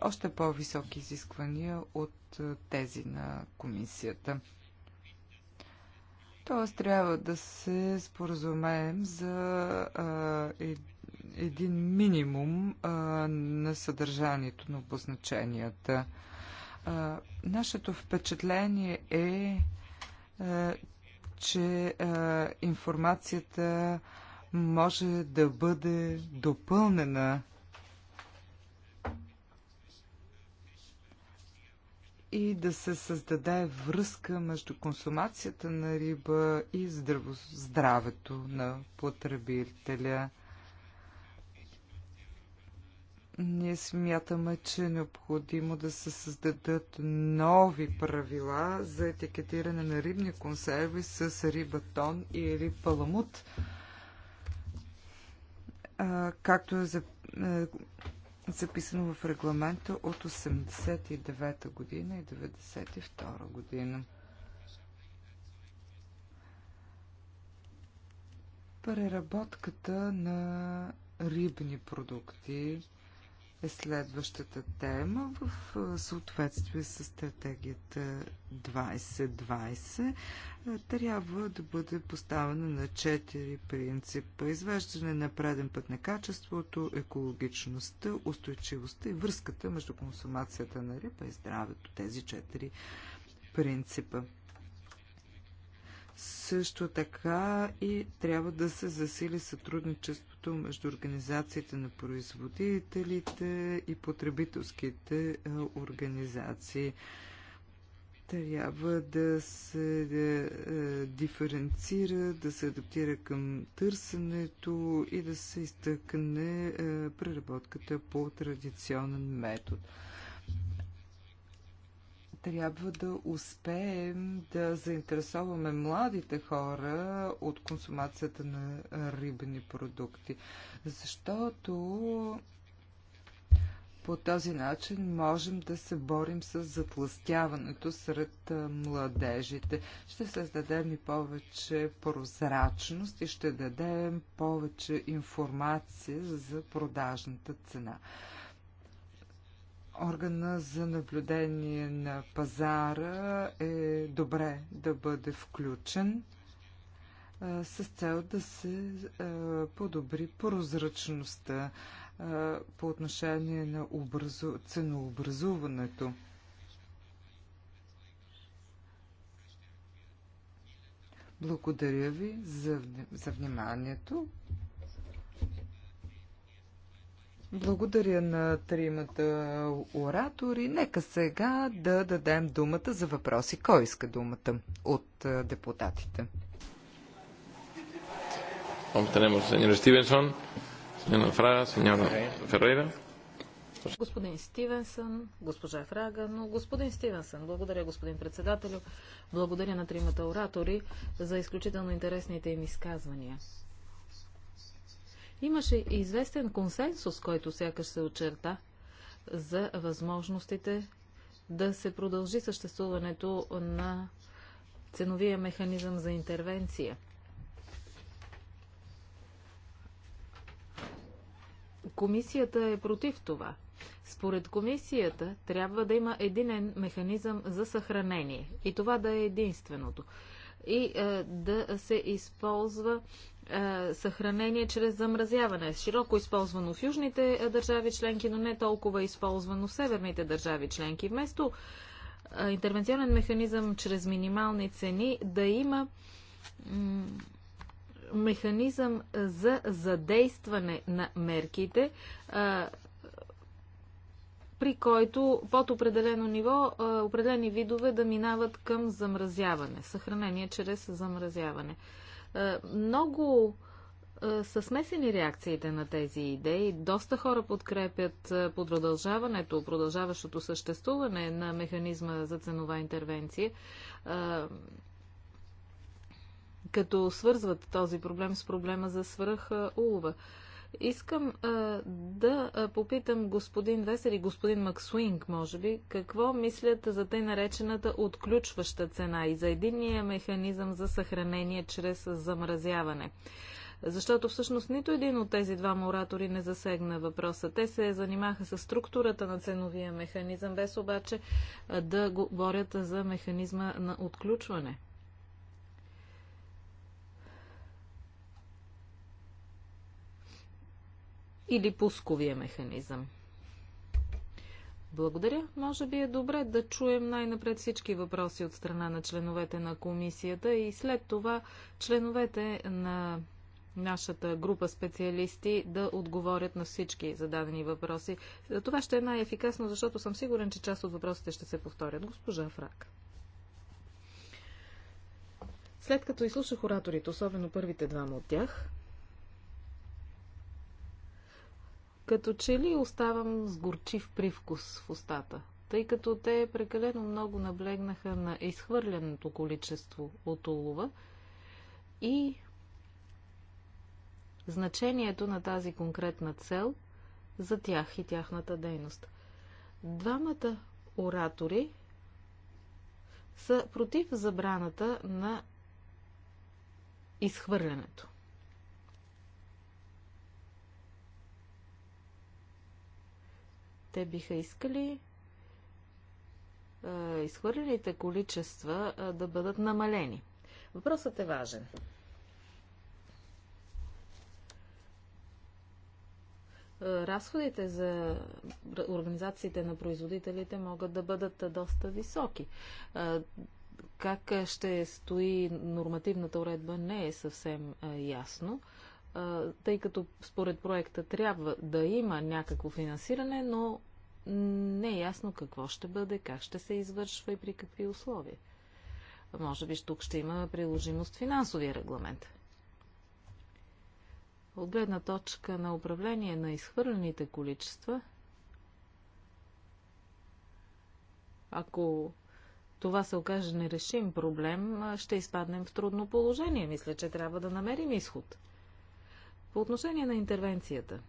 още по-високи изисквания от тези на комисията. Тоест трябва да се споразумеем за е, един минимум на съдържанието на обозначенията. нашето впечатление е, че информацията може да бъде допълнена и да се създаде връзка между консумацията на риба и здраво, здравето на потребителя. Ние смятаме, че е необходимо да се създадат нови правила за етикетиране на рибни консерви с риба, тон или паламут както е записано в регламента от 89-та година и 92-та година. Преработката на рибни продукти е следващата тема в съответствие с стратегията 2020. Трябва да бъде поставена на четири принципа. Извеждане на преден път на качеството, екологичността, устойчивостта и връзката между консумацията на риба и здравето. Тези четири принципа. Също така и трябва да се засили сътрудничеството между организациите на производителите и потребителските е, организации. Трябва да се е, е, диференцира, да се адаптира към търсенето и да се изтъкне преработката по традиционен метод трябва да успеем да заинтересоваме младите хора от консумацията на рибни продукти. Защото по този начин можем да се борим с затластяването сред младежите. Ще създадем и повече прозрачност и ще дадем повече информация за продажната цена органа за наблюдение на пазара е добре да бъде включен с цел да се подобри прозрачността по отношение на образу... ценообразуването. Благодаря ви за, за вниманието. Благодаря на тримата оратори. Нека сега да дадем думата за въпроси. Кой иска думата от е, депутатите? Господин Стивенсън, госпожа Фрага, но господин Стивенсън, благодаря господин председателю, благодаря на тримата оратори за изключително интересните им изказвания. Имаше известен консенсус, който сякаш се очерта за възможностите да се продължи съществуването на ценовия механизъм за интервенция. Комисията е против това. Според комисията трябва да има единен механизъм за съхранение и това да е единственото и е, да се използва е, съхранение чрез замразяване, широко използвано в южните е, държави членки, но не толкова използвано в северните държави членки. Вместо е, интервенционен механизъм чрез минимални цени да има механизъм за задействане на мерките, при който под определено ниво определени видове да минават към замразяване, съхранение чрез замразяване. Е, много е, са смесени реакциите на тези идеи. Доста хора подкрепят под е, продължаването, продължаващото съществуване на механизма за ценова интервенция, като свързват този проблем с проблема за свръх улова. Искам а, да попитам господин Весер и господин Максуинг, може би, какво мислят за тъй наречената отключваща цена и за единния механизъм за съхранение чрез замразяване. Защото всъщност нито един от тези два моратори не засегна въпроса. Те се занимаха с структурата на ценовия механизъм, без обаче да говорят за механизма на отключване. или пусковия механизъм? Благодаря. Може би е добре да чуем най-напред всички въпроси от страна на членовете на комисията и след това членовете на нашата група специалисти да отговорят на всички зададени въпроси. Това ще е най-ефикасно, защото съм сигурен, че част от въпросите ще се повторят. Госпожа Фрак. След като изслушах ораторите, особено първите двама от тях, Като че ли оставам с горчив привкус в устата, тъй като те прекалено много наблегнаха на изхвърляното количество от улова и значението на тази конкретна цел за тях и тяхната дейност. Двамата оратори са против забраната на изхвърлянето. Те биха искали изхвърлените количества да бъдат намалени. Въпросът е важен. разходите за организациите на производителите могат да бъдат доста високи. Как ще стои нормативната уредба не е съвсем ясно тъй като според проекта трябва да има някакво финансиране, но не е ясно какво ще бъде, как ще се извършва и при какви условия. Може би тук ще има приложимост финансовия регламент. От гледна точка на управление на изхвърлените количества, ако това се окаже нерешим проблем, ще изпаднем в трудно положение. Мисля, че трябва да намерим изход – по отношение на интервенцията.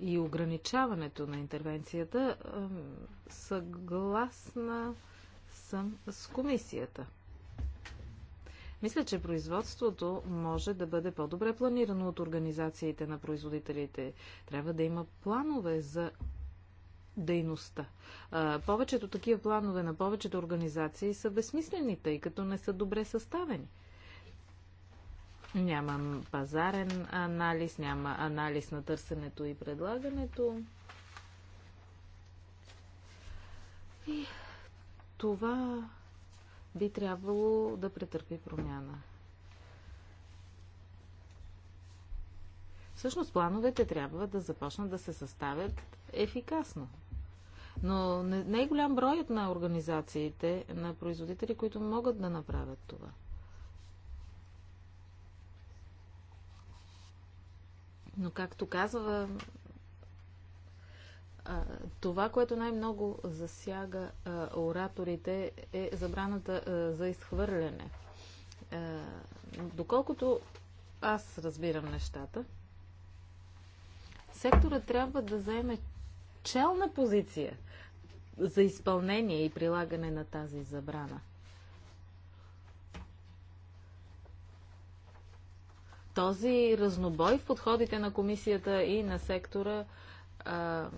и ограничаването на интервенцията, съгласна съм с комисията. Мисля, че производството може да бъде по-добре планирано от организациите на производителите. Трябва да има планове за дейността. Повечето такива планове на повечето организации са безсмислени, тъй като не са добре съставени. Няма пазарен анализ, няма анализ на търсенето и предлагането. И това би трябвало да претърпи промяна. Всъщност плановете трябва да започнат да се съставят ефикасно, но не, е голям броят на организациите, на производители, които могат да направят това. Но както казва, това, което най-много засяга ораторите е забраната за изхвърляне. Доколкото аз разбирам нещата, сектора трябва да заеме челна позиция за изпълнение и прилагане на тази забрана. Този разнобой в подходите на комисията и на сектора а,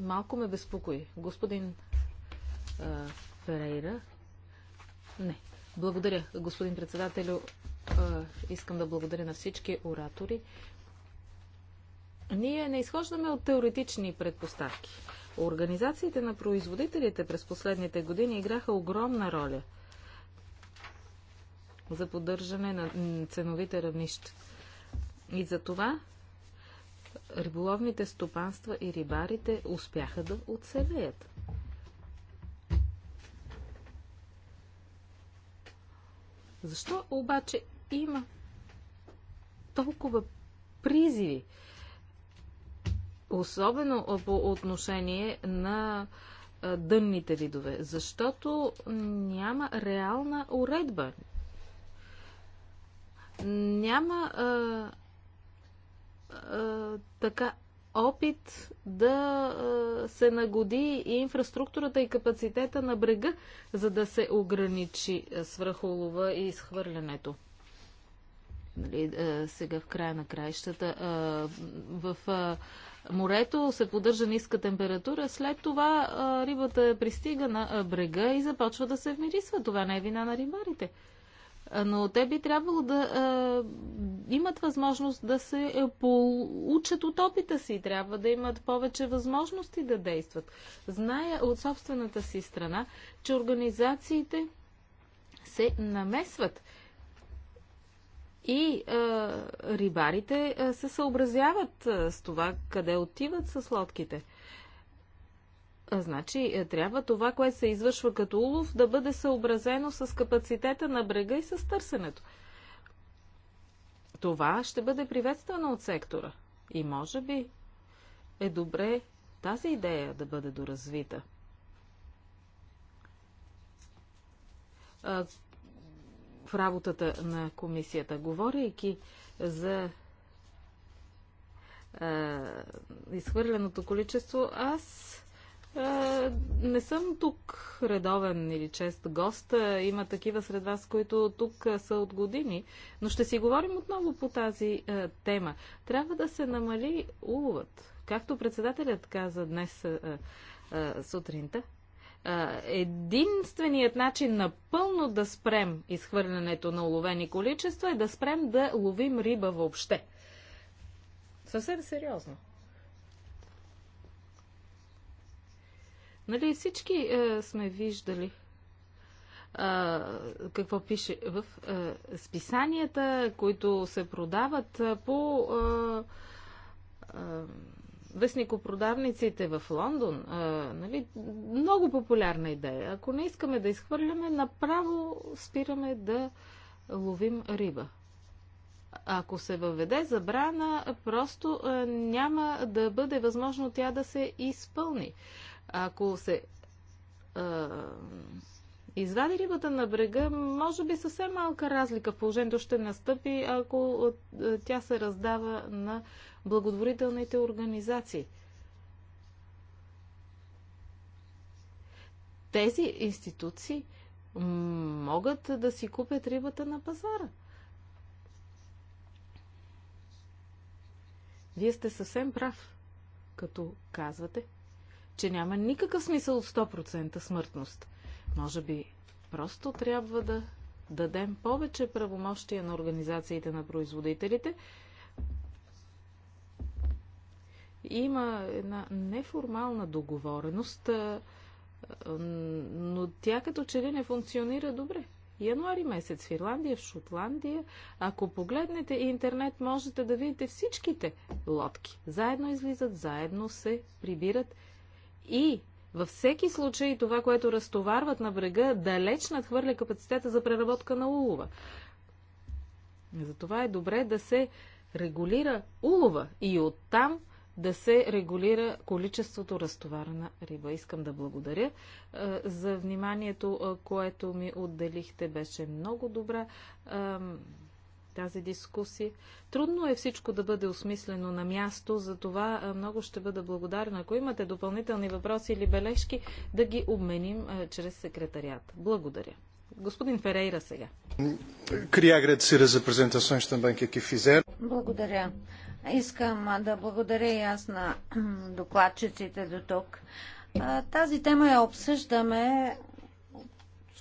малко ме безпокои. Господин а, Ферейра. Не. Благодаря, господин председателю. А, искам да благодаря на всички оратори. Ние не изхождаме от теоретични предпоставки. Организациите на производителите през последните години играха огромна роля за поддържане на ценовите равнища. И за това риболовните стопанства и рибарите успяха да оцелеят. Защо обаче има толкова призиви особено по отношение на дънните видове, защото няма реална уредба. Няма а, а, така опит да се нагоди и инфраструктурата и капацитета на брега, за да се ограничи свръхолова и изхвърлянето. Нали, е, сега в края на краищата. Е, в е, морето се поддържа ниска температура, след това рибата пристига на брега и започва да се вмирисва. Това не е вина на рибарите. Но те би трябвало да а, имат възможност да се получат от опита си. Трябва да имат повече възможности да действат. Зная от собствената си страна, че организациите се намесват и а, рибарите а, се съобразяват а, с това къде отиват с лодките. А, значи, е, трябва това, което се извършва като улов, да бъде съобразено с капацитета на брега и с търсенето. Това ще бъде приветствано от сектора. И може би е добре тази идея да бъде доразвита в работата на комисията. Говорейки за е, изхвърленото количество, аз е, не съм тук редовен или чест гост. Има такива сред вас, които тук са от години, но ще си говорим отново по тази е, тема. Трябва да се намали уловът. Както председателят каза днес е, е, сутринта, Единственият начин напълно да спрем изхвърлянето на уловени количества е да спрем да ловим риба въобще. Съвсем сериозно. Нали всички е, сме виждали е, какво пише в е, списанията, които се продават по Е, е, вестникопродавниците в Лондон, а, нали, много популярна идея. Ако не искаме да изхвърляме, направо спираме да ловим риба. Ако се въведе забрана, просто а, няма да бъде възможно тя да се изпълни. Ако се а, извади рибата на брега, може би съвсем малка разлика в положението ще настъпи, ако тя се раздава на благотворителните организации. Тези институции могат да си купят рибата на пазара. Вие сте съвсем прав, като казвате, че няма никакъв смисъл от 100% смъртност – може би просто трябва да дадем повече правомощия на организациите на производителите. Има една неформална договореност, но тя като че ли не функционира добре. Януари месец в Ирландия, в Шотландия. Ако погледнете интернет, можете да видите всичките лодки. Заедно излизат, заедно се прибират и във всеки случай това, което разтоварват на брега, далеч надхвърля капацитета за преработка на улова. Затова е добре да се регулира улова и оттам да се регулира количеството разтоварена риба. Искам да благодаря е, за вниманието, е, което ми отделихте. Беше много добра тази дискусия. Трудно е всичко да бъде осмислено на място, за това много ще бъда благодарна. Ако имате допълнителни въпроси или бележки, да ги обменим чрез секретарият. Благодаря. Господин Ферейра сега. Благодаря. Искам да благодаря и аз на докладчиците до тук. Тази тема я обсъждаме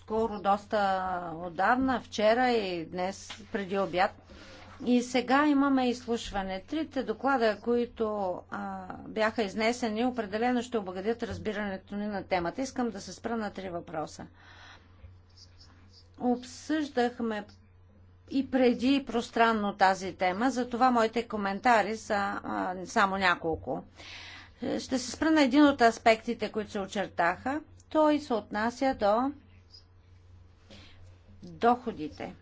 скоро, доста отдавна, вчера и днес преди обяд. И сега имаме изслушване. Трите доклада, които а, бяха изнесени, определено ще обогатят разбирането ни на темата. Искам да се спра на три въпроса. Обсъждахме и преди пространно тази тема, затова моите коментари са а, само няколко. Ще се спра на един от аспектите, които се очертаха. Той се отнася до доходите.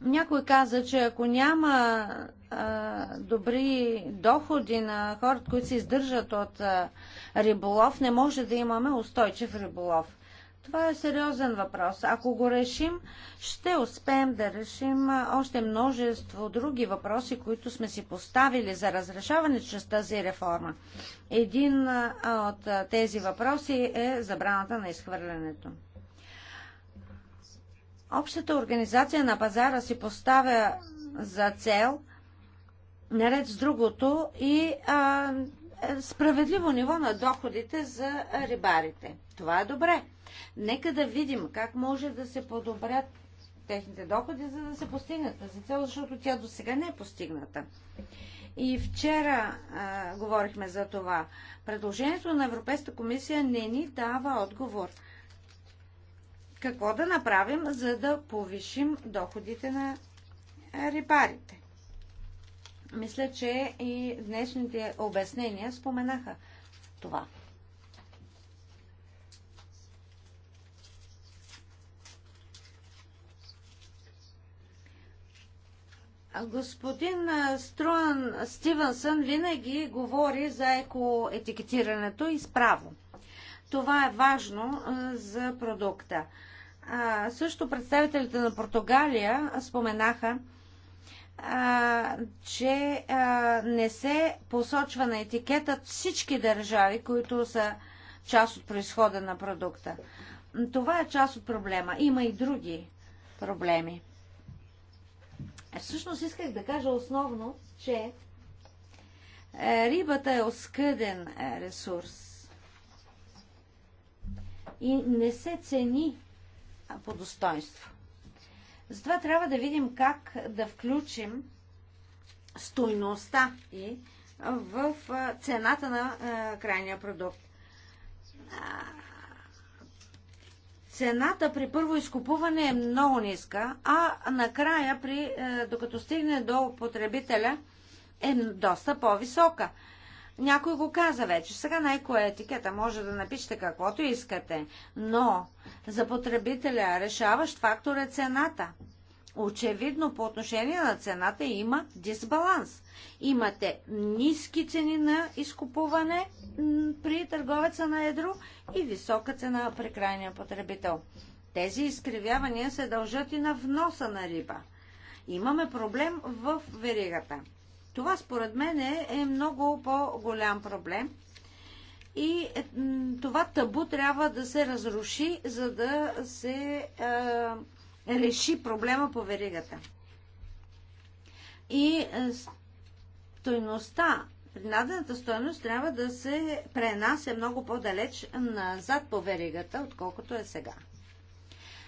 Някой каза, че ако няма а, добри доходи на хората, които се издържат от а, риболов, не може да имаме устойчив риболов. Това е сериозен въпрос. Ако го решим, ще успеем да решим още множество други въпроси, които сме си поставили за разрешаване чрез тази реформа. Един от тези въпроси е забраната на изхвърлянето. Общата организация на пазара си поставя за цел, наред с другото, и а, е, справедливо ниво на доходите за рибарите. Това е добре. Нека да видим как може да се подобрят техните доходи, за да се постигнат тази цел, защото тя до сега не е постигната. И вчера а, говорихме за това. Предложението на Европейската комисия не ни дава отговор – какво да направим, за да повишим доходите на рибарите. Мисля, че и днешните обяснения споменаха това. Господин Струан Стивенсън винаги говори за екоетикетирането и справо. Това е важно за продукта. А, също представителите на Португалия споменаха, а, че а, не се посочва на етикета всички държави, които са част от происхода на продукта. Това е част от проблема. Има и други проблеми. Е, всъщност исках да кажа основно, че е, рибата е оскъден е, ресурс и не се цени по достоинство. Затова трябва да видим как да включим стойността и в цената на крайния продукт. Цената при първо изкупуване е много ниска, а накрая, при, докато стигне до потребителя, е доста по-висока. Някой го каза вече. Сега на еко етикета може да напишете каквото искате, но за потребителя решаващ фактор е цената. Очевидно по отношение на цената има дисбаланс. Имате ниски цени на изкупуване при търговеца на едро и висока цена при крайния потребител. Тези изкривявания се дължат и на вноса на риба. Имаме проблем в веригата. Това според мен е много по-голям проблем. И е, това табу трябва да се разруши, за да се е, реши проблема по веригата. И е, стойността, принадената стойност трябва да се пренася много по-далеч назад по веригата, отколкото е сега.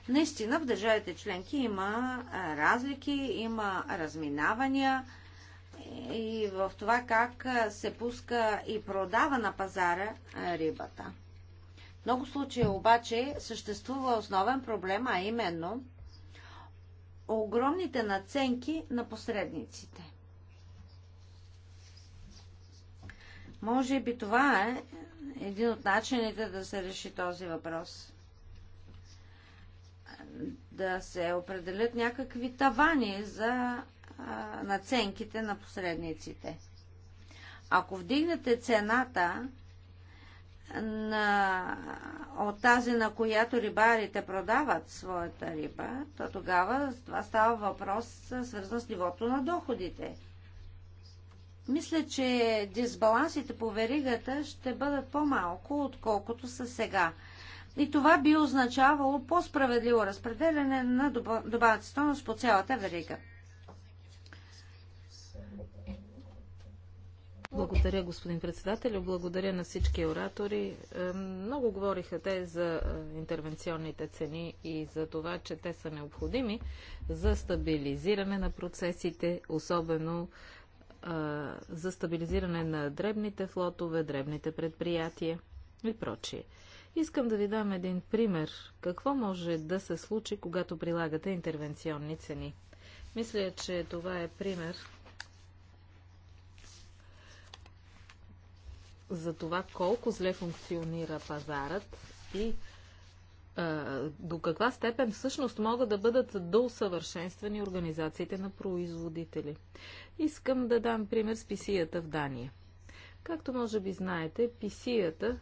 Наистина в държавите членки има е, разлики, има разминавания и в това как се пуска и продава на пазара рибата. В много случаи обаче съществува основен проблем, а именно огромните наценки на посредниците. Може би това е един от начините да се реши този въпрос. Да се определят някакви тавани за наценките на посредниците. Ако вдигнете цената на, от тази, на която рибарите продават своята риба, то тогава това става въпрос свързан с нивото на доходите. Мисля, че дисбалансите по веригата ще бъдат по-малко, отколкото са сега. И това би означавало по-справедливо разпределяне на добавната стойност по цялата верига. Благодаря, господин председател, Благодаря на всички оратори. Е, много говориха те за е, интервенционните цени и за това, че те са необходими за стабилизиране на процесите, особено е, за стабилизиране на дребните флотове, дребните предприятия и прочие. Искам да ви дам един пример. Какво може да се случи, когато прилагате интервенционни цени? Мисля, че това е пример, за това колко зле функционира пазарът и до каква степен всъщност могат да бъдат доусъвършенствани организациите на производители. Искам да дам пример с писията в Дания. Както може би знаете, писията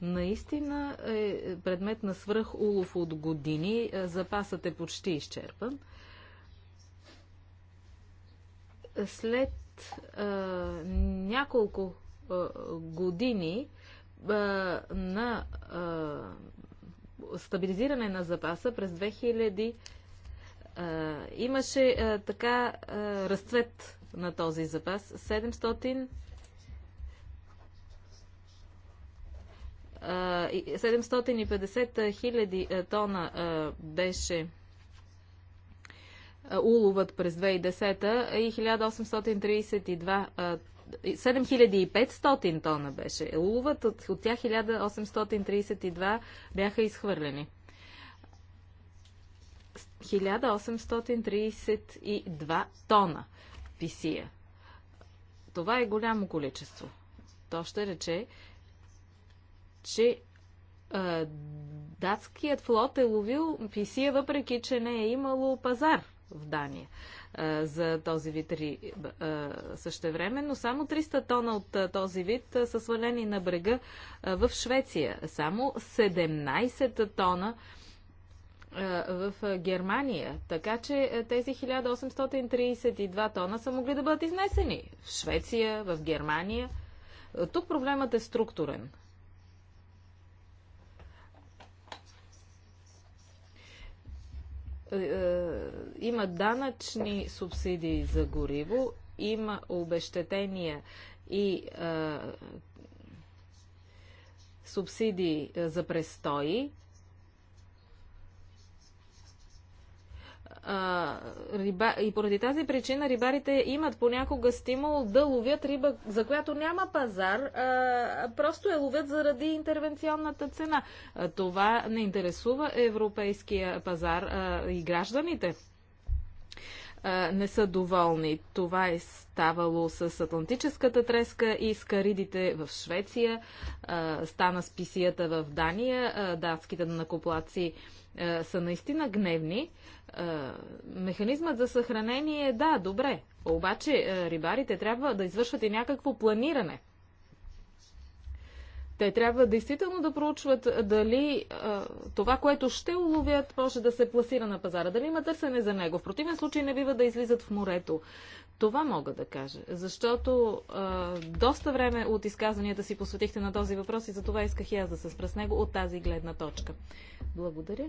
наистина е предмет на свръх улов от години. Запасът е почти изчерпан. След а, няколко години на стабилизиране на запаса през 2000 имаше така разцвет на този запас 700 750 хиляди тона беше уловът през 2010 и 1832 7500 тона беше уловът, от, от тях 1832 бяха изхвърлени. 1832 тона писия. Това е голямо количество. То ще рече, че а, датският флот е ловил писия, въпреки че не е имало пазар в Дания за този вид риба. Същевременно само 300 тона от този вид са свалени на брега в Швеция. Само 17 тона в Германия. Така че тези 1832 тона са могли да бъдат изнесени в Швеция, в Германия. Тук проблемът е структурен. Е, е, има данъчни субсидии за гориво, има обещетения и е, субсидии за престои, риба, и поради тази причина рибарите имат понякога стимул да ловят риба, за която няма пазар, а, просто я ловят заради интервенционната цена. А, това не интересува европейския пазар а, и гражданите не са доволни. Това е ставало с Атлантическата треска и с каридите в Швеция, стана с писията в Дания, датските накоплаци е, са наистина гневни, е, механизмът за съхранение е да, добре. Обаче е, рибарите трябва да извършват и някакво планиране. Те трябва действително да проучват дали а, това, което ще уловят, може да се пласира на пазара, дали има търсене за него. В противен случай не бива да излизат в морето. Това мога да кажа, защото а, доста време от изказванията си посветихте на този въпрос и за това исках и аз да се спра с него от тази гледна точка. Благодаря.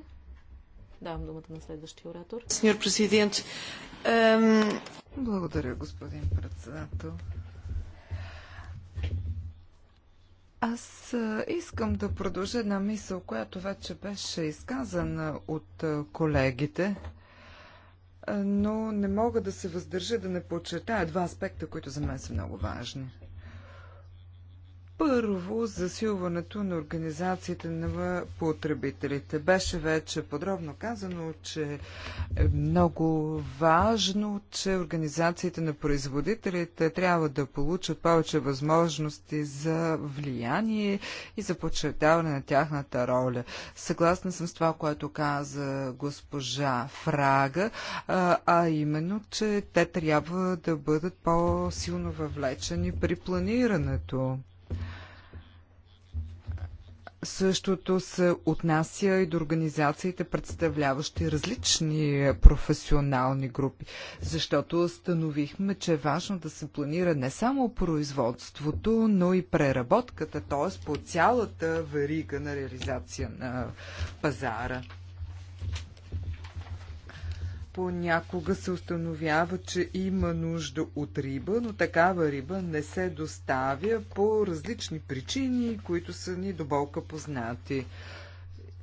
Давам думата на следващия оратор. президент. Благодаря, господин председател. Аз искам да продължа една мисъл, която вече беше изказана от колегите, но не мога да се въздържа да не подчертая два аспекта, които за мен са много важни. Първо, засилването на организацията на потребителите. Беше вече подробно казано, че е много важно, че организациите на производителите трябва да получат повече възможности за влияние и за подчертаване на тяхната роля. Съгласна съм с това, което каза госпожа Фрага, а именно, че те трябва да бъдат по-силно въвлечени при планирането. Същото се отнася и до организациите, представляващи различни професионални групи, защото установихме, че е важно да се планира не само производството, но и преработката, т.е. по цялата верига на реализация на пазара. Понякога се установява, че има нужда от риба, но такава риба не се доставя по различни причини, които са ни доболка познати.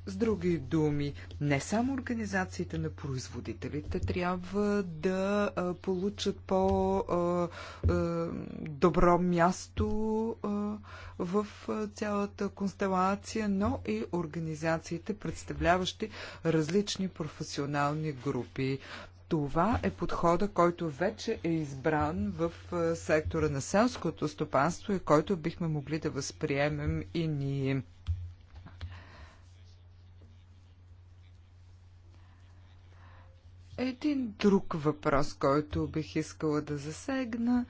С други думи, не само организациите на производителите трябва да получат по-добро място в цялата констелация, но и организациите, представляващи различни професионални групи. Това е подхода, който вече е избран в сектора на селското стопанство и който бихме могли да възприемем и ние. Един друг въпрос, който бих искала да засегна.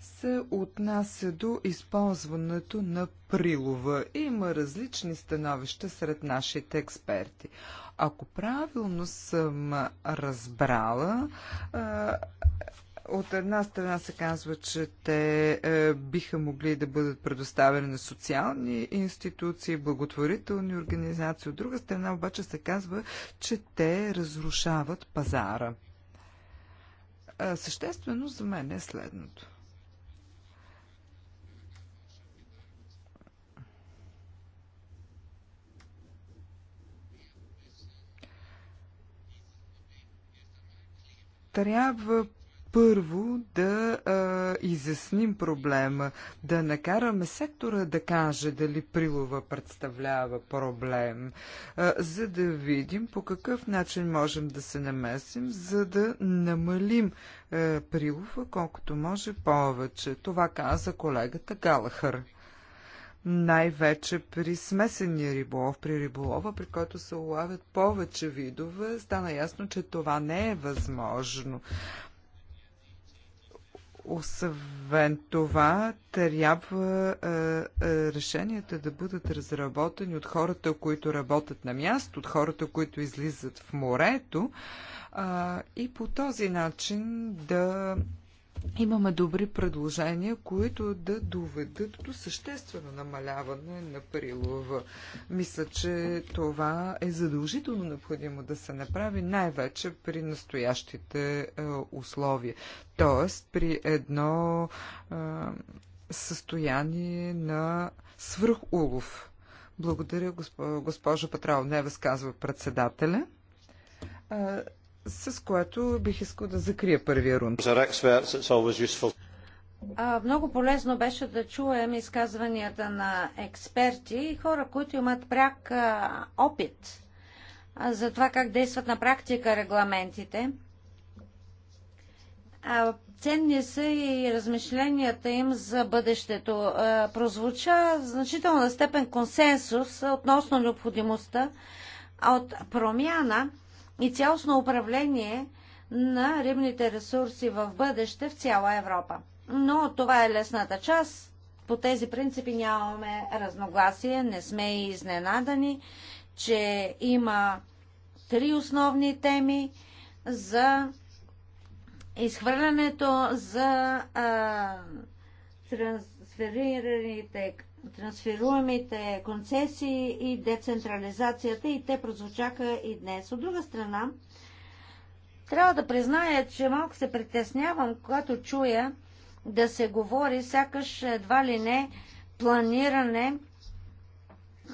се отнася до използването на прилова. Има различни становища сред нашите експерти. Ако правилно съм разбрала, от една страна се казва, че те е, биха могли да бъдат предоставени на социални институции, благотворителни организации. От друга страна обаче се казва, че те разрушават пазара. Е, съществено за мен е следното. трябва първо да а, изясним проблема, да накараме сектора да каже дали прилова представлява проблем, а, за да видим по какъв начин можем да се намесим, за да намалим а, прилова колкото може повече. Това каза колегата Галахър най-вече при смесения риболов, при риболова, при който се улавят повече видове, стана ясно, че това не е възможно. Освен това, трябва а, а, решенията да бъдат разработени от хората, които работят на място, от хората, които излизат в морето а, и по този начин да имаме добри предложения, които да доведат до съществено намаляване на прилова. Мисля, че това е задължително необходимо да се направи най-вече при настоящите е, условия. Тоест при едно е, състояние на свръхулов. Благодаря, госпожо Петрал не е възказва председателя. Е, с което бих искал да закрия първия рунд. много полезно беше да чуем изказванията на експерти и хора, които имат пряк опит за това как действат на практика регламентите. ценни са и размишленията им за бъдещето. прозвуча значителна степен консенсус относно необходимостта от промяна – и цялостно управление на рибните ресурси в бъдеще в цяла Европа. Но това е лесната част. По тези принципи нямаме разногласие, не сме и изненадани, че има три основни теми за изхвърлянето за а, трансферираните трансферуемите концесии и децентрализацията и те прозвучаха и днес. От друга страна, трябва да призная, че малко се притеснявам, когато чуя да се говори, сякаш едва ли не планиране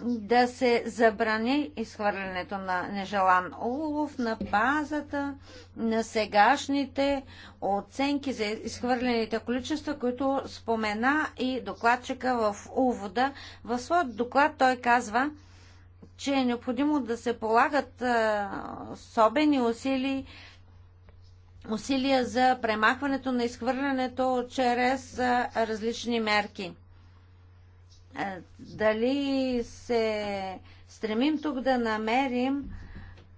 да се забрани изхвърлянето на нежелан улов на базата на сегашните оценки за изхвърлените количества, които спомена и докладчика в увода. В своят доклад той казва, че е необходимо да се полагат особени усилия усилия за премахването на изхвърлянето чрез различни мерки дали се стремим тук да намерим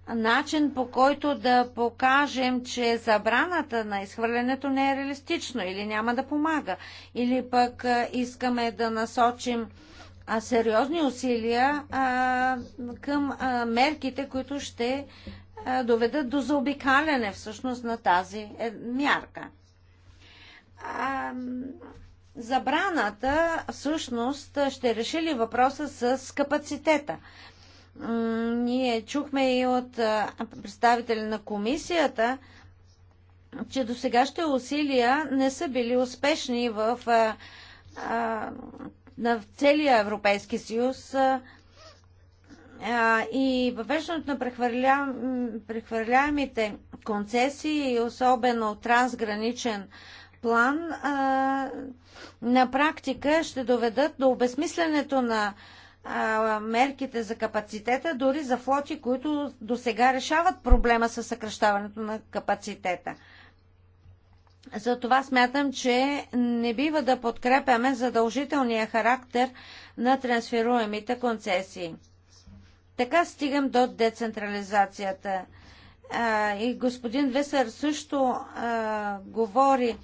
начин по който да покажем, че забраната на изхвърлянето не е реалистично или няма да помага. Или пък искаме да насочим сериозни усилия към мерките, които ще доведат до заобикаляне всъщност на тази е, мярка Забраната всъщност ще реши ли въпроса с капацитета? Ние чухме и от представители на комисията, че до ще усилия не са били успешни в, а, а, на целия Европейски съюз а, и въвеждането на прехвърля, прехвърляемите концесии, особено трансграничен план а, на практика ще доведат до обезмисленето на а, мерките за капацитета, дори за флоти, които до сега решават проблема с съкръщаването на капацитета. Затова смятам, че не бива да подкрепяме задължителния характер на трансферуемите концесии. Така стигам до децентрализацията. А, и господин Весър също а, говори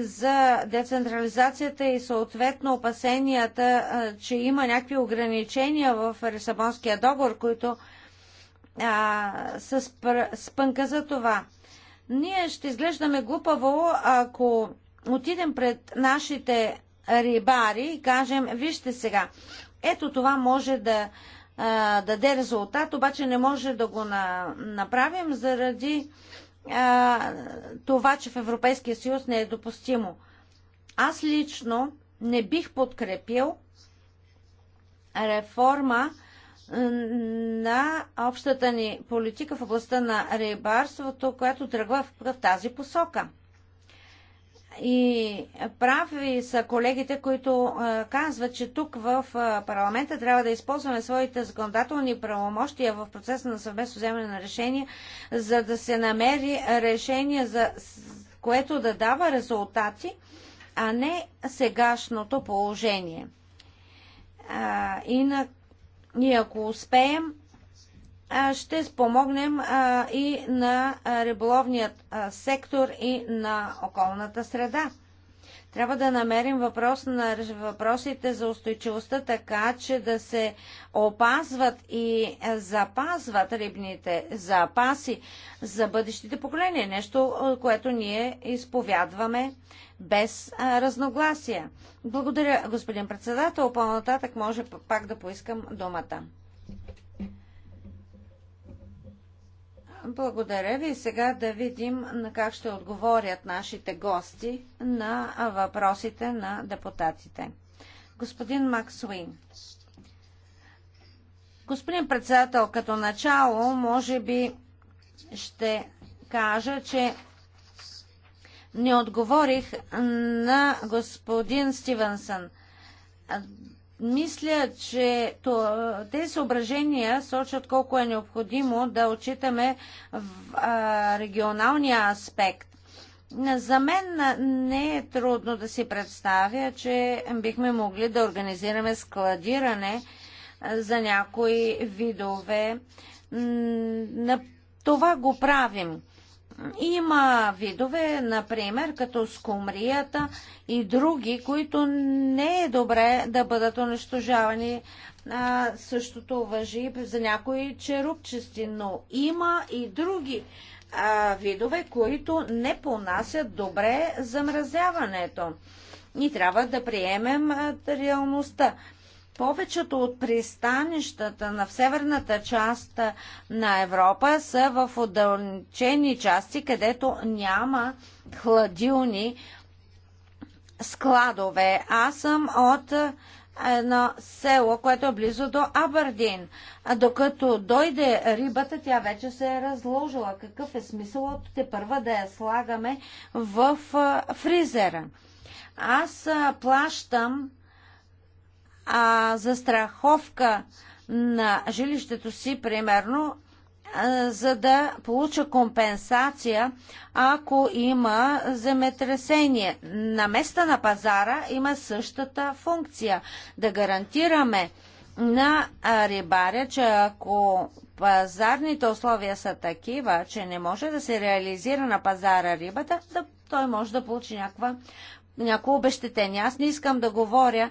за децентрализацията и съответно опасенията, че има някакви ограничения в Лисабонския договор, които а, са спънка за това. Ние ще изглеждаме глупаво, ако отидем пред нашите рибари и кажем, вижте сега, ето това може да а, даде резултат, обаче не може да го на, направим заради това, че в Европейския съюз не е допустимо. Аз лично не бих подкрепил реформа на общата ни политика в областта на рибарството, която тръгва в тази посока. И прави са колегите, които казват, че тук в парламента трябва да използваме своите законодателни правомощия в процеса на съвместно вземане на решения, за да се намери решение, за което да дава резултати, а не сегашното положение. И, на... и ако успеем, ще спомогнем и на риболовният сектор и на околната среда. Трябва да намерим въпрос на въпросите за устойчивостта, така че да се опазват и запазват рибните запаси за бъдещите поколения. Нещо, което ние изповядваме без разногласия. Благодаря, господин председател. По-нататък може пак да поискам думата. Благодаря ви. Сега да видим на как ще отговорят нашите гости на въпросите на депутатите. Господин Макс Уин. Господин председател, като начало, може би ще кажа, че не отговорих на господин Стивенсън. Мисля, че тези съображения сочат колко е необходимо да отчитаме в регионалния аспект. За мен не е трудно да си представя, че бихме могли да организираме складиране за някои видове. На това го правим. Има видове, например, като скумрията и други, които не е добре да бъдат унищожавани. А, същото въжи за някои черупчести, но има и други а, видове, които не понасят добре замразяването. И трябва да приемем реалността. Повечето от пристанищата на северната част на Европа са в отдалечени части, където няма хладилни складове. Аз съм от едно село, което е близо до Абърдин. А докато дойде рибата, тя вече се е разложила. Какъв е смисъл от те първа да я слагаме в фризера? Аз плащам а, застраховка на жилището си, примерно, а, за да получа компенсация, ако има земетресение. На места на пазара има същата функция да гарантираме на рибаря, че ако пазарните условия са такива, че не може да се реализира на пазара рибата, да, той може да получи някаква, някакво обещетение. Аз не искам да говоря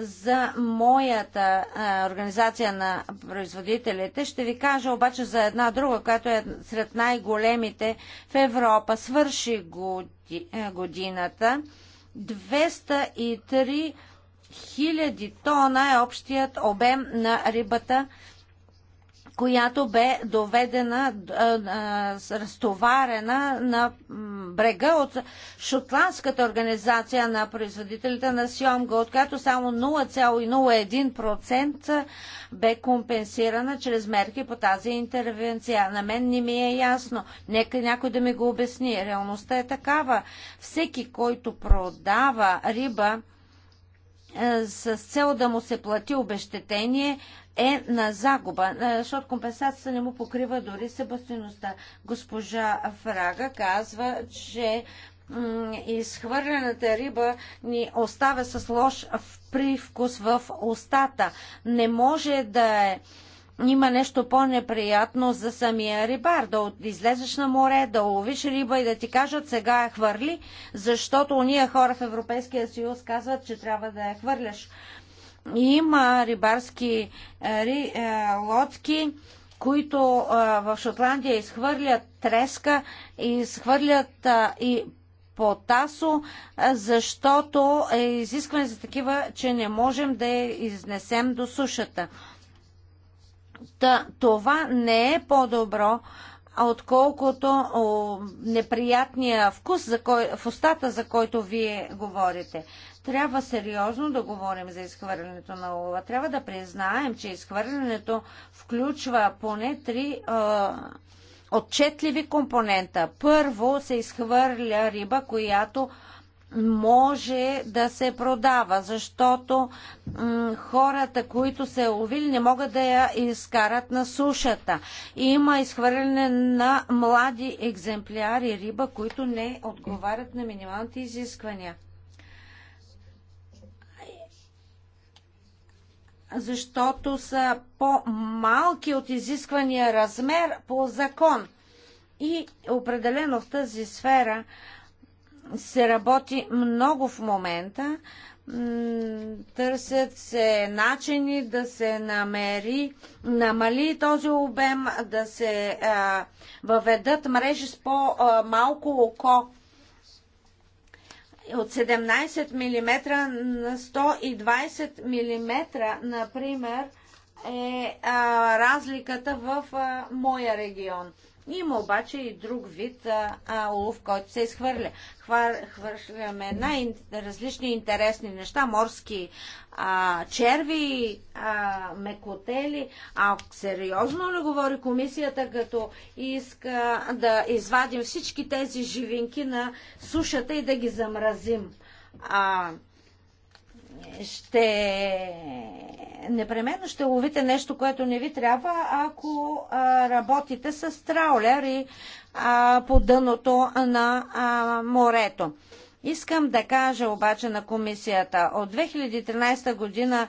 за моята организация на производителите. Ще ви кажа обаче за една друга, която е сред най-големите в Европа. Свърши е, годината. 203 хиляди тона е общият обем на рибата която бе доведена, разтоварена на брега от шотландската организация на производителите на сьомга, от която само 0,01% бе компенсирана чрез мерки по тази интервенция. На мен не ми е ясно. Нека някой да ми го обясни. Реалността е такава. Всеки, който продава риба, е, с цел да му се плати обещетение е на загуба, е, защото компенсацията не му покрива дори събъстеността. Госпожа Фрага казва, че изхвърлената риба ни оставя с лош привкус в устата. Не може да е има нещо по-неприятно за самия рибар. Да излезеш на море, да ловиш риба и да ти кажат сега я е хвърли, защото уния хора в Европейския съюз казват, че трябва да я хвърляш. Има рибарски е, ри, е, лодки, които е, в Шотландия изхвърлят треска, изхвърлят е, и потасо, защото е изискване за такива, че не можем да я изнесем до сушата. Та, това не е по-добро, отколкото о, неприятния вкус за кой, в устата, за който вие говорите. Трябва сериозно да говорим за изхвърлянето на улова. Трябва да признаем, че изхвърлянето включва поне три е, отчетливи компонента. Първо се изхвърля риба, която е, може да се продава, защото хората, които се е ловили, не могат да я изкарат на сушата. И има изхвърляне на млади екземпляри риба, които не отговарят на минималните изисквания. Защото са по-малки от изисквания размер по закон. И определено в тази сфера се работи много в момента. Търсят се начини да се намери, намали този обем, да се а, въведат мрежи с по-малко око от 17 мм на 120 мм, например, е а, разликата в а, моя регион. Има обаче и друг вид а, а, улов, който се изхвърля. Хвар, хвърляме най- различни интересни неща, морски а, черви, а, мекотели. А сериозно ли говори комисията, като иска да извадим всички тези живинки на сушата и да ги замразим? А, ще непременно ще ловите нещо, което не ви трябва, ако а, работите с траулер и а, по дъното на а, морето. Искам да кажа обаче на комисията, от 2013 година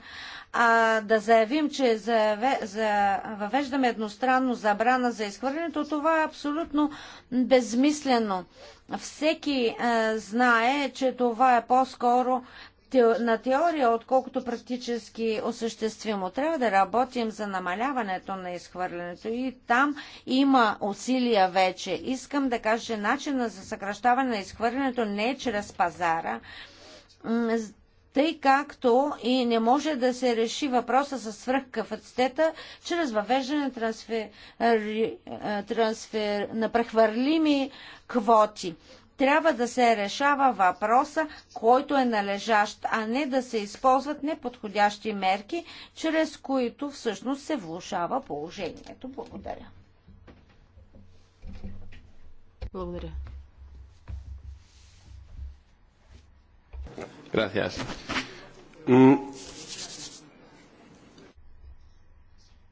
а, да заявим, че за, за, въвеждаме едностранно забрана за изхвърлянето, това е абсолютно безмислено. Всеки а, знае, че това е по-скоро на теория, отколкото практически осъществимо. Трябва да работим за намаляването на изхвърлянето и там има усилия вече. Искам да кажа, че начинът за съкръщаване на изхвърлянето не е чрез пазара, тъй както и не може да се реши въпроса с свръхкапацитета чрез въвеждане на, трансфер, трансфер, на прехвърлими квоти трябва да се решава въпроса, който е належащ, а не да се използват неподходящи мерки, чрез които всъщност се влушава положението. Благодаря. Благодаря. Gracias.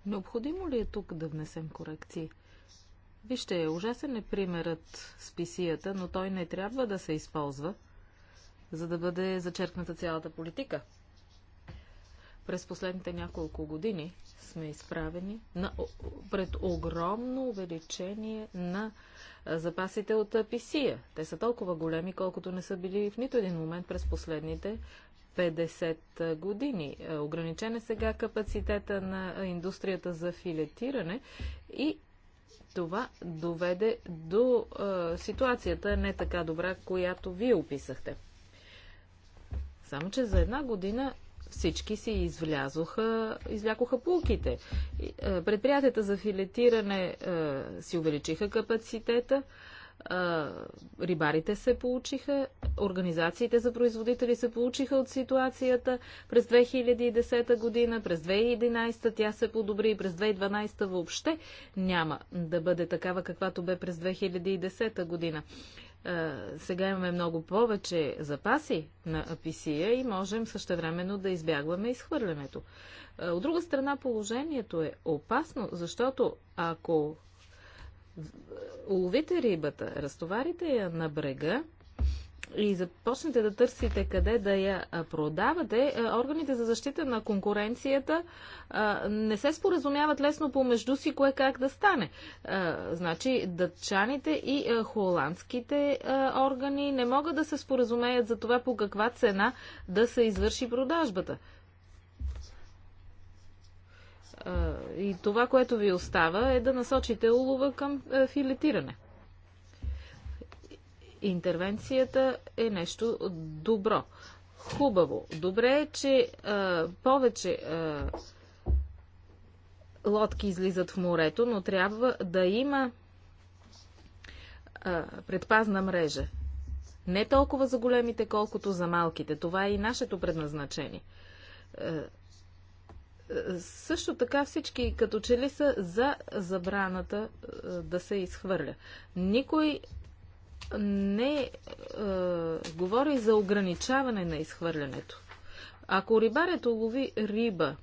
Необходимо ли е тук да внесем корекции? Вижте, ужасен е примерът с писията, но той не трябва да се използва, за да бъде зачеркната цялата политика. През последните няколко години сме изправени на, пред огромно увеличение на запасите от писия. Те са толкова големи, колкото не са били в нито един момент през последните 50 години. Ограничен е сега капацитета на индустрията за филетиране и това доведе до е, ситуацията не така добра, която вие описахте. Само, че за една година всички си извлязоха, излякоха пулките. Предприятията за филетиране е, си увеличиха капацитета, рибарите се получиха, организациите за производители се получиха от ситуацията през 2010 година, през 2011 тя се подобри и през 2012 въобще няма да бъде такава каквато бе през 2010 година. Сега имаме много повече запаси на аписия и можем същевременно да избягваме изхвърлянето. От друга страна положението е опасно, защото ако уловите рибата, разтоварите я на брега и започнете да търсите къде да я продавате, органите за защита на конкуренцията не се споразумяват лесно помежду си кое как да стане. Значи дъчаните и холандските органи не могат да се споразумеят за това по каква цена да се извърши продажбата. И това, което ви остава, е да насочите улова към е, филетиране. Интервенцията е нещо добро. Хубаво. Добре е, че а, повече а, лодки излизат в морето, но трябва да има а, предпазна мрежа. Не толкова за големите, колкото за малките. Това е и нашето предназначение също така всички като че ли са за забраната е, да се изхвърля. Никой не е, говори за ограничаване на изхвърлянето. Ако рибарят улови риба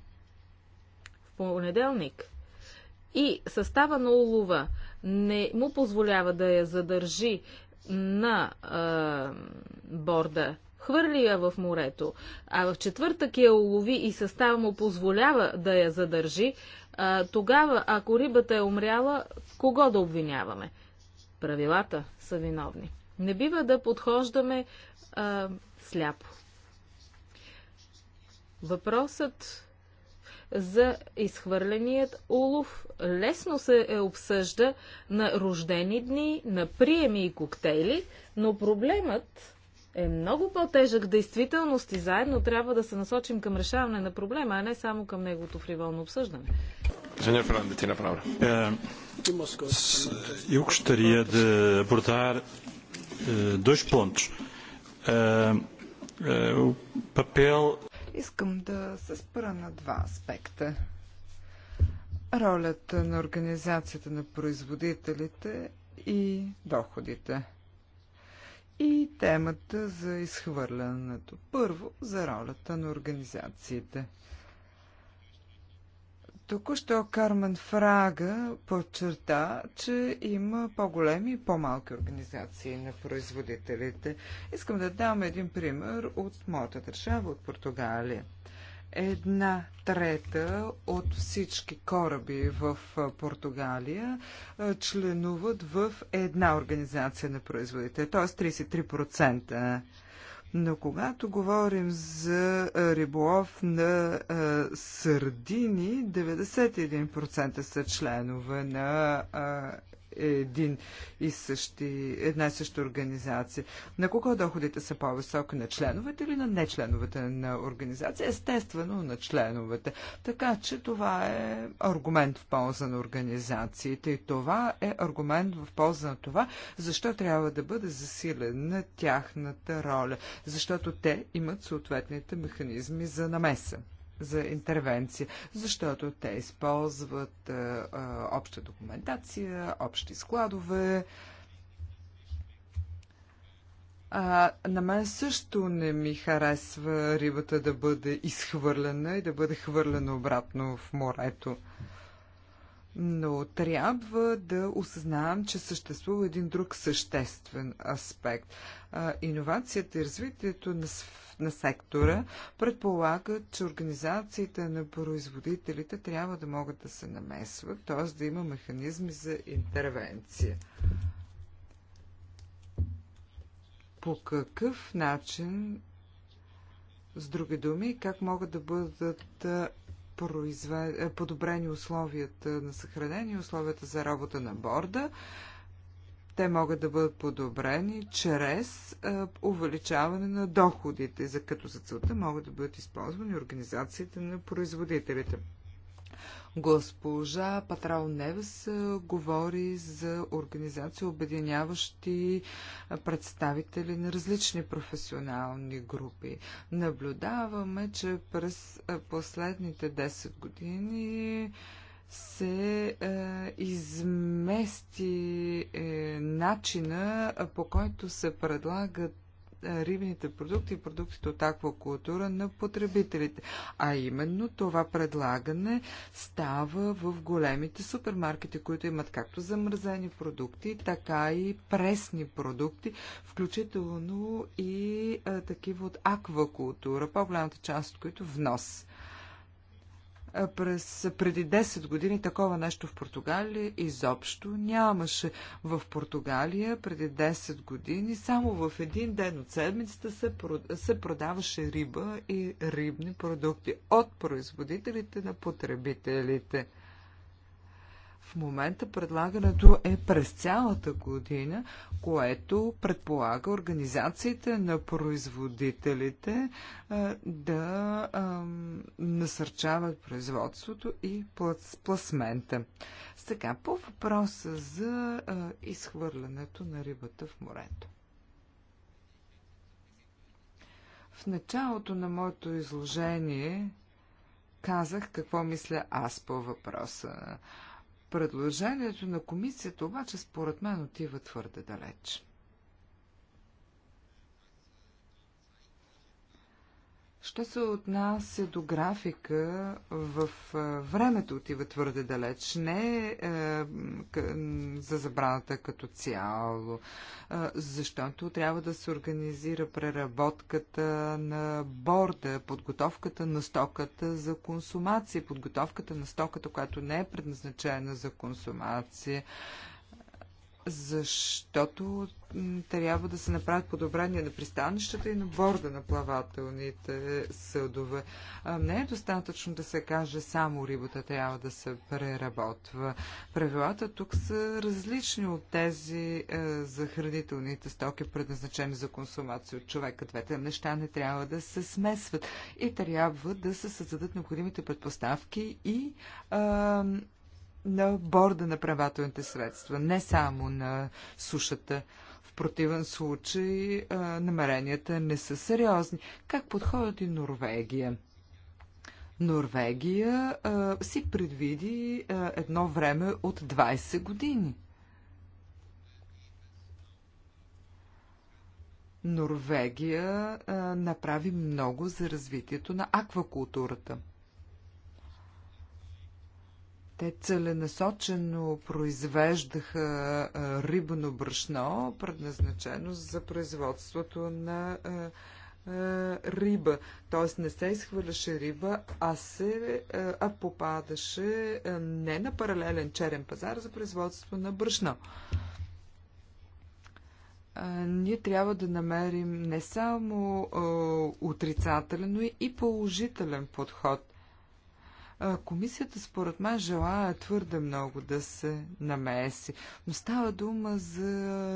в понеделник и състава на улова не му позволява да я задържи на е, борда хвърли я в морето, а в четвъртък я улови и състава му позволява да я задържи, тогава, ако рибата е умряла, кого да обвиняваме? Правилата са виновни. Не бива да подхождаме а, сляпо. Въпросът за изхвърленият улов лесно се е обсъжда на рождени дни, на приеми и коктейли, но проблемът е много по-тежък действителност и заедно трябва да се насочим към решаване на проблема, а не само към неговото фриволно обсъждане. Senhor Fernando, tem a Eu gostaria de abordar dois pontos. O papel. Искам да се спра на два аспекта. Ролята на организацията на производителите и доходите и темата за изхвърлянето. Първо, за ролята на организациите. Току-що Кармен Фрага подчерта, че има по-големи и по-малки организации на производителите. Искам да дам един пример от моята държава, от Португалия една трета от всички кораби в Португалия членуват в една организация на производите, т.е. 33%. Но когато говорим за риболов на а, сърдини, 91% са членове на а, един и същи, една и съща организация. На кого доходите са по-високи? На членовете или на нечленовете на организация? Естествено на членовете. Така че това е аргумент в полза на организациите и това е аргумент в полза на това, защо трябва да бъде засилена тяхната роля. Защото те имат съответните механизми за намеса за интервенция, защото те използват а, е, а, е, обща документация, общи складове. А, на мен също не ми харесва рибата да бъде изхвърлена и да бъде хвърлена обратно в морето. Но трябва да осъзнаем, че съществува един друг съществен аспект. Иновацията и развитието на, на сектора предполагат, че организациите на производителите трябва да могат да се намесват, т.е. да има механизми за интервенция. По какъв начин с други думи, как могат да бъдат произве... Е, подобрени условията на съхранение, условията за работа на борда. Те могат да бъдат подобрени чрез а, е, увеличаване на доходите, за като за целта могат да бъдат използвани организациите на производителите. Госпожа Патрал Невес говори за организации, обединяващи представители на различни професионални групи. Наблюдаваме, че през последните 10 години се е, измести е, начина по който се предлагат рибните продукти и продуктите от аквакултура на потребителите. А именно това предлагане става в големите супермаркети, които имат както замръзени продукти, така и пресни продукти, включително и а, такива от аквакултура, по-голямата част от които внос. През преди 10 години такова нещо в Португалия изобщо нямаше. В Португалия преди 10 години само в един ден от седмицата се, се продаваше риба и рибни продукти от производителите на потребителите. В момента предлагането е през цялата година, което предполага организациите на производителите е, да насърчават производството и пласмента. Сега по въпроса за е, изхвърлянето на рибата в морето. В началото на моето изложение казах какво мисля аз по въпроса. Предложението на комисията обаче според мен отива твърде далеч. Що се отнася до графика, в времето отива твърде далеч. Не е, за забраната като цяло, защото трябва да се организира преработката на борда, подготовката на стоката за консумация, подготовката на стоката, която не е предназначена за консумация защото трябва да се направят подобрения на пристанищата и на борда на плавателните съдове. Не е достатъчно да се каже само рибата трябва да се преработва. Правилата тук са различни от тези е, за хранителните стоки, предназначени за консумация от човека. Двете неща не трябва да се смесват и трябва да се създадат необходимите предпоставки и е, на борда на правателните средства, не само на сушата. В противен случай а, намеренията не са сериозни. Как подходят и Норвегия? Норвегия а, си предвиди а, едно време от 20 години. Норвегия а, направи много за развитието на аквакултурата – те целенасочено произвеждаха рибно брашно, предназначено за производството на риба. Т.е. не се изхвърляше риба, а, се, а попадаше не на паралелен черен пазар за производство на брашно. Ние трябва да намерим не само отрицателен, но и положителен подход. Комисията, според мен, желая твърде много да се намеси. Но става дума за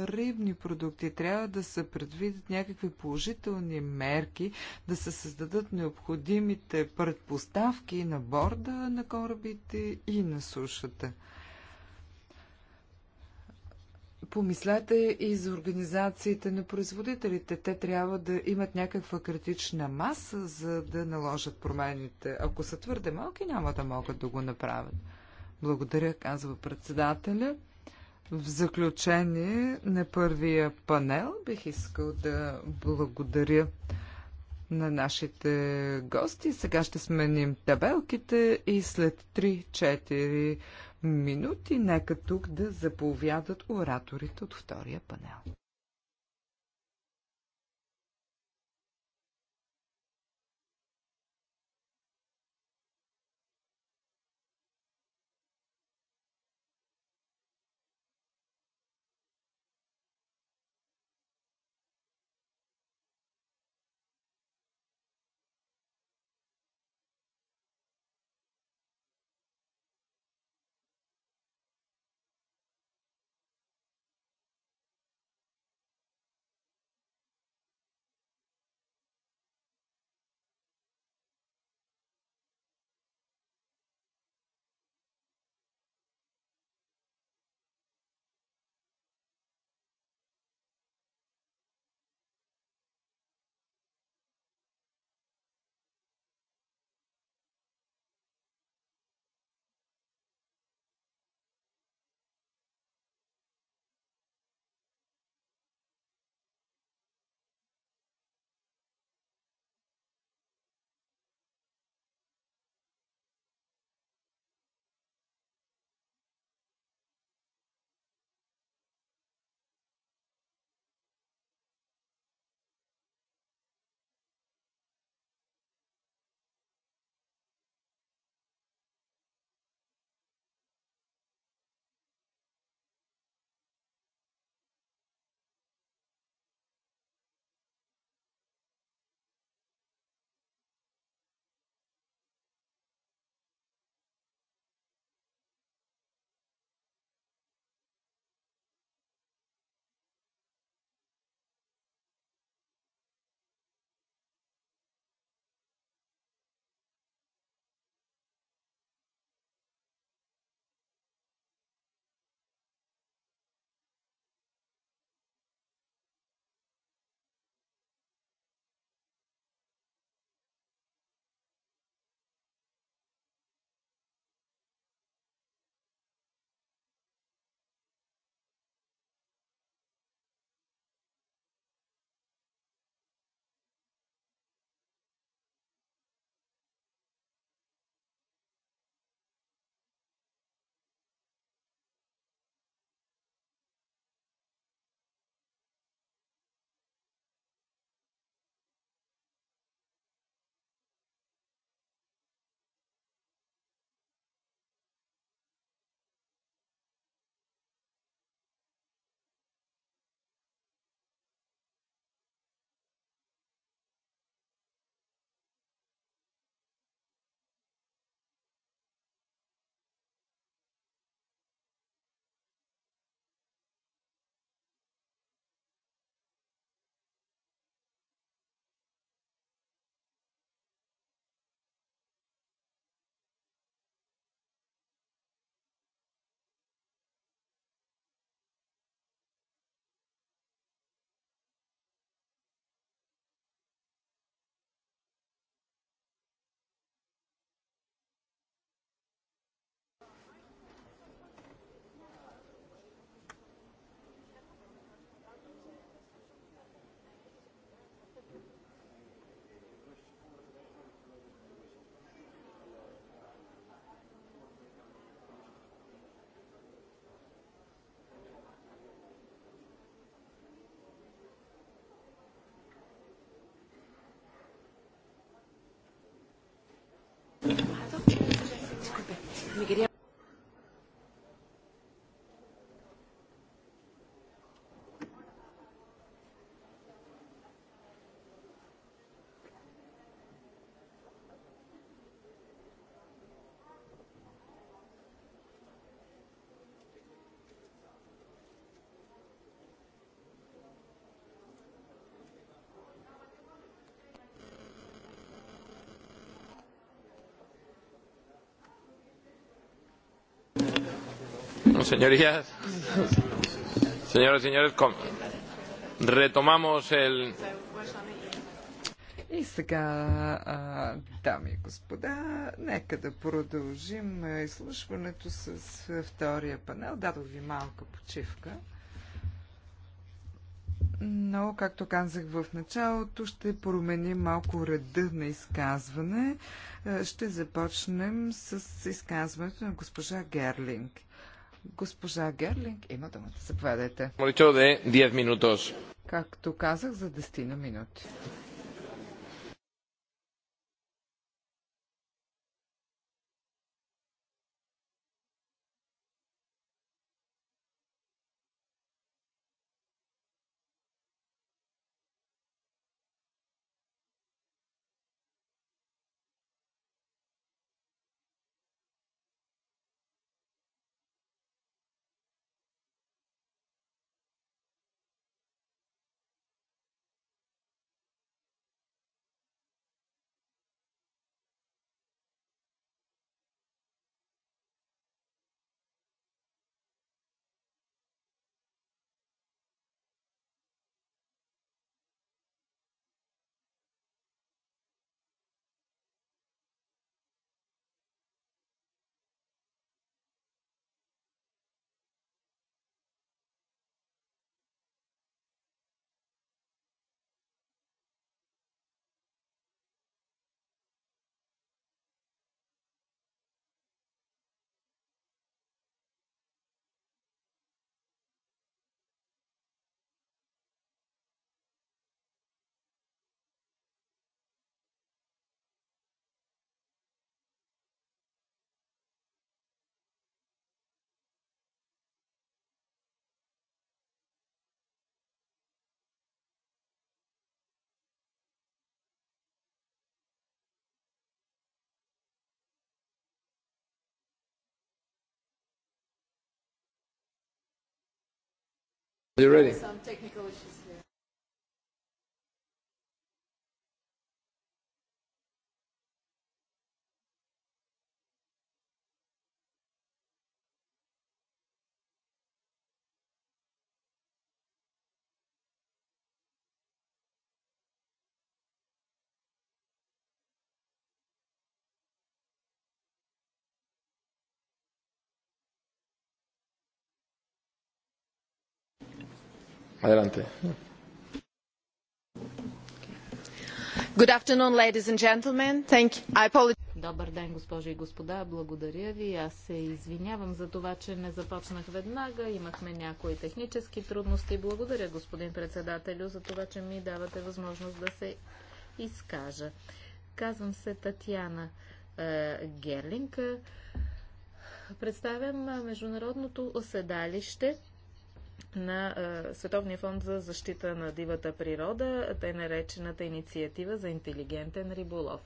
рибни продукти. Трябва да се предвидят някакви положителни мерки, да се създадат необходимите предпоставки на борда на корабите и на сушата. Помислете и за организациите на производителите. Те трябва да имат някаква критична маса, за да наложат промените. Ако са твърде малки, няма да могат да го направят. Благодаря, казва председателя. В заключение на първия панел бих искал да благодаря на нашите гости. Сега ще сменим табелките и след 3-4 минути. Нека тук да заповядат ораторите от втория панел. Me quería... Señorías, señoras y señores, retomamos el. И сега, дами и господа, нека да продължим изслушването с втория панел. Дадох ви малка почивка. Но, както казах в началото, ще променим малко реда на изказване. Е, ще започнем с изказването на госпожа Герлинг. Госпожа Герлинг има думата. Заповядайте. Моличо де 10 минутос. Както казах, за 10 на минути. You ready? Some technical issues. Adelante. Good afternoon, ladies and gentlemen. Thank you. I apologize. Добър ден, госпожи и господа. Благодаря ви. Аз се извинявам за това, че не започнах веднага. Имахме някои технически трудности. Благодаря, господин председателю, за това, че ми давате възможност да се изкажа. Казвам се Татьяна е, Герлинг. Представям международното оседалище на Световния фонд за защита на дивата природа, тъй наречената инициатива за интелигентен риболов.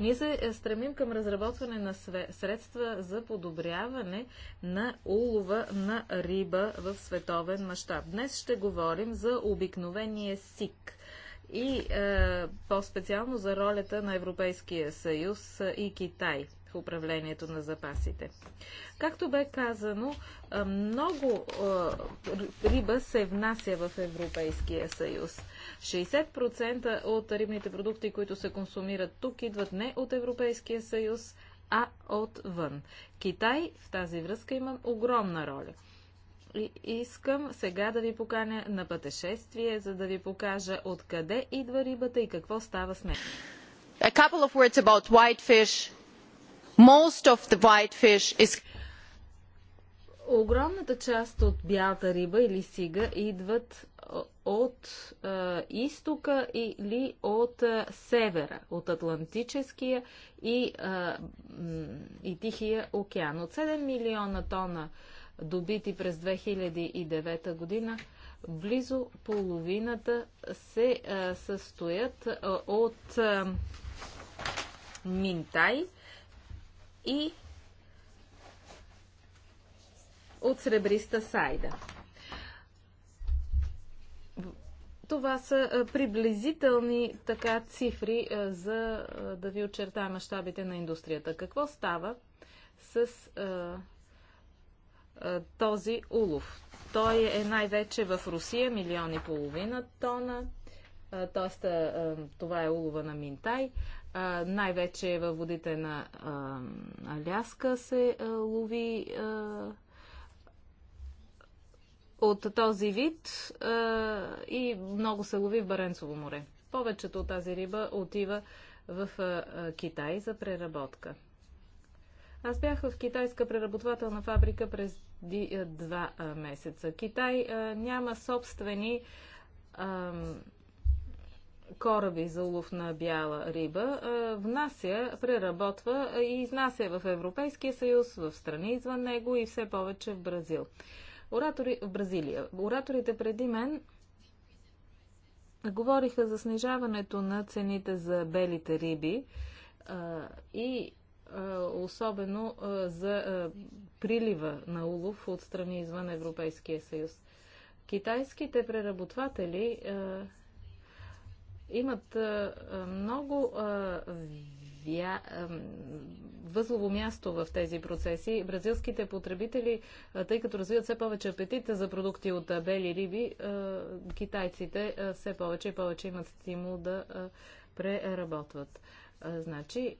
Ние се е, стремим към разработване на средства за подобряване на улова на риба в световен мащаб. Днес ще говорим за обикновение СИК и е, по-специално за ролята на Европейския съюз и Китай в управлението на запасите. Както бе казано, много риба се внася в Европейския съюз. 60% от рибните продукти, които се консумират тук, идват не от Европейския съюз, а отвън. Китай в тази връзка има огромна роля. И искам сега да ви поканя на пътешествие, за да ви покажа откъде идва рибата и какво става с нея. Most of the fish is Огромната част от бялата риба или сига идват от е, изтока или от е, севера, от Атлантическия и, е, и Тихия океан. От 7 милиона тона добити през 2009 година, близо половината се е, състоят е, от е, минтай, и от сребриста сайда. Това са приблизителни така цифри, за да ви очертая мащабите на индустрията. Какво става с а, този улов? Той е най-вече в Русия, милиони и половина тона, т.е. това е улова на Минтай най-вече във водите на а, Аляска се а, лови а, от този вид а, и много се лови в Баренцово море. Повечето от тази риба отива в а, а, Китай за преработка. Аз бях в китайска преработвателна фабрика през два а, месеца. Китай а, няма собствени а, кораби за улов на бяла риба, внася, преработва и изнася в Европейския съюз, в страни извън него и все повече в Бразил. Оратори, в Бразилия. Ораторите преди мен говориха за снижаването на цените за белите риби и особено за прилива на улов от страни извън Европейския съюз. Китайските преработватели имат много вя... възлово място в тези процеси. Бразилските потребители, тъй като развиват все повече апетита за продукти от бели риби, китайците все повече и повече имат стимул да преработват. Значи,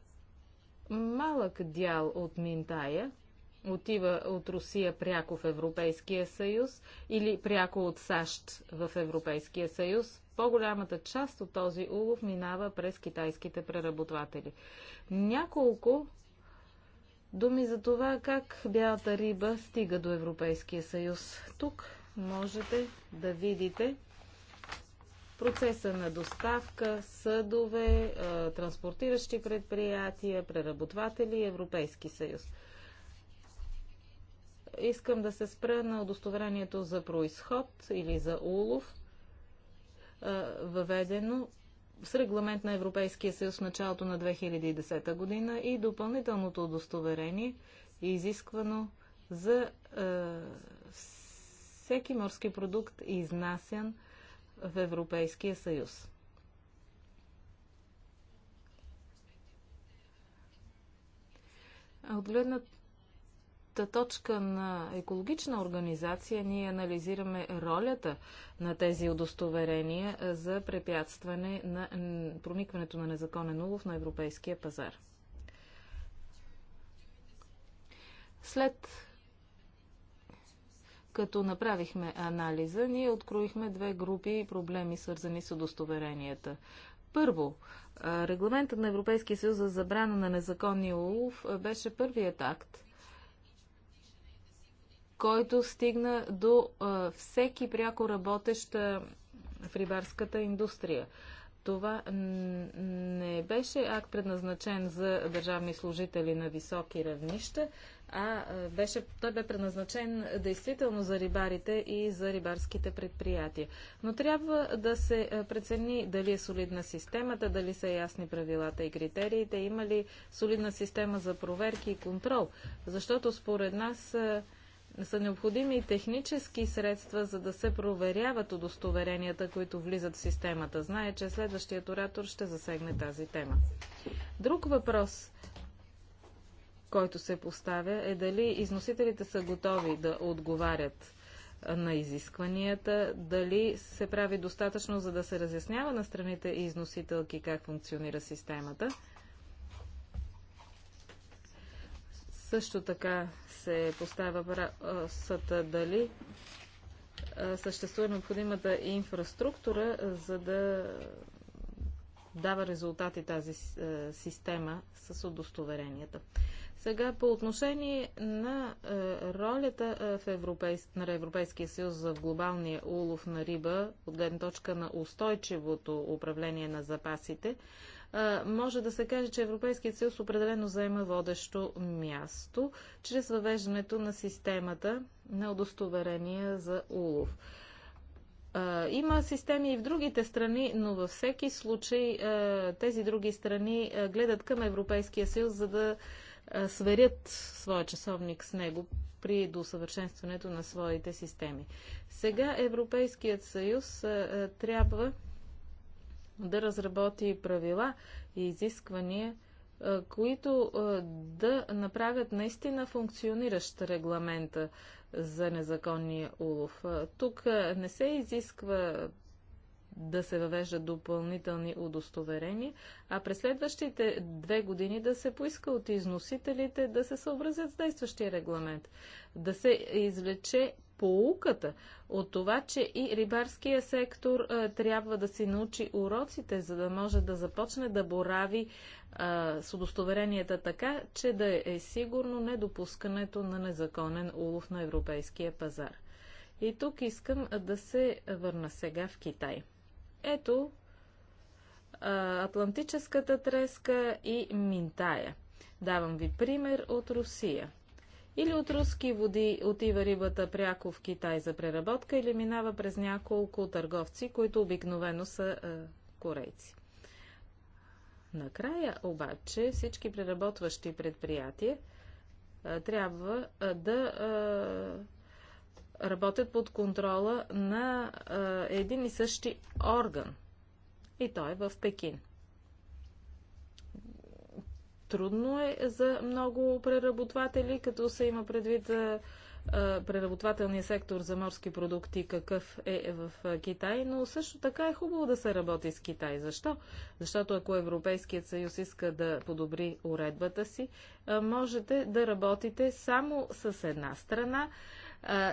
малък дял от Минтая отива от Русия пряко в Европейския съюз или пряко от САЩ в Европейския съюз по-голямата част от този улов минава през китайските преработватели. Няколко думи за това как бялата риба стига до Европейския съюз. Тук можете да видите процеса на доставка, съдове, транспортиращи предприятия, преработватели и Европейски съюз. Искам да се спра на удостоверението за происход или за улов въведено с регламент на Европейския съюз в началото на 2010 година и допълнителното удостоверение, изисквано за всеки морски продукт, изнасян в Европейския съюз. От гледна точка на екологична организация ние анализираме ролята на тези удостоверения за препятстване на проникването на незаконен улов на европейския пазар. След като направихме анализа, ние откроихме две групи проблеми, свързани с удостоверенията. Първо, регламентът на Европейския съюз за забрана на незаконния улов беше първият акт, който стигна до а, всеки пряко работещ в рибарската индустрия. Това не беше акт предназначен за държавни служители на високи равнища, а беше, той бе предназначен действително за рибарите и за рибарските предприятия. Но трябва да се прецени дали е солидна системата, дали са ясни правилата и критериите, има ли солидна система за проверки и контрол. Защото според нас са необходими и технически средства, за да се проверяват удостоверенията, които влизат в системата. Знае, че следващият оратор ще засегне тази тема. Друг въпрос, който се поставя, е дали износителите са готови да отговарят на изискванията, дали се прави достатъчно, за да се разяснява на страните и износителки как функционира системата – Също така се поставя въпросът дали съществува необходимата инфраструктура, за да дава резултати тази система с удостоверенията. Сега по отношение на ролята в Европейс... на Европейския съюз за глобалния улов на риба от гледна точка на устойчивото управление на запасите, може да се каже, че Европейският съюз определено заема водещо място чрез въвеждането на системата на удостоверения за улов. Има системи и в другите страни, но във всеки случай тези други страни гледат към Европейския съюз, за да сверят своя часовник с него при досъвършенстването на своите системи. Сега Европейският съюз трябва да разработи правила и изисквания, е, които е, да направят наистина функциониращ регламента е, за незаконния улов. Тук не се изисква да се въвеждат допълнителни удостоверения, а през следващите две години да се поиска от износителите да се съобразят с действащия регламент, да се извлече поуката от това, че и рибарския сектор а, трябва да си научи уроците, за да може да започне да борави а, с удостоверенията така, че да е сигурно недопускането на незаконен улов на европейския пазар. И тук искам да се върна сега в Китай. Ето а, Атлантическата треска и Минтая. Давам ви пример от Русия – или от руски води отива рибата пряко в Китай за преработка, или минава през няколко търговци, които обикновено са е, корейци. Накрая обаче всички преработващи предприятия е, трябва е, да е, работят под контрола на е, един и същи орган. И той е в Пекин. Трудно е за много преработватели, като се има предвид за преработвателния сектор за морски продукти, какъв е в Китай, но също така е хубаво да се работи с Китай. Защо? Защото ако Европейският съюз иска да подобри уредбата си, можете да работите само с една страна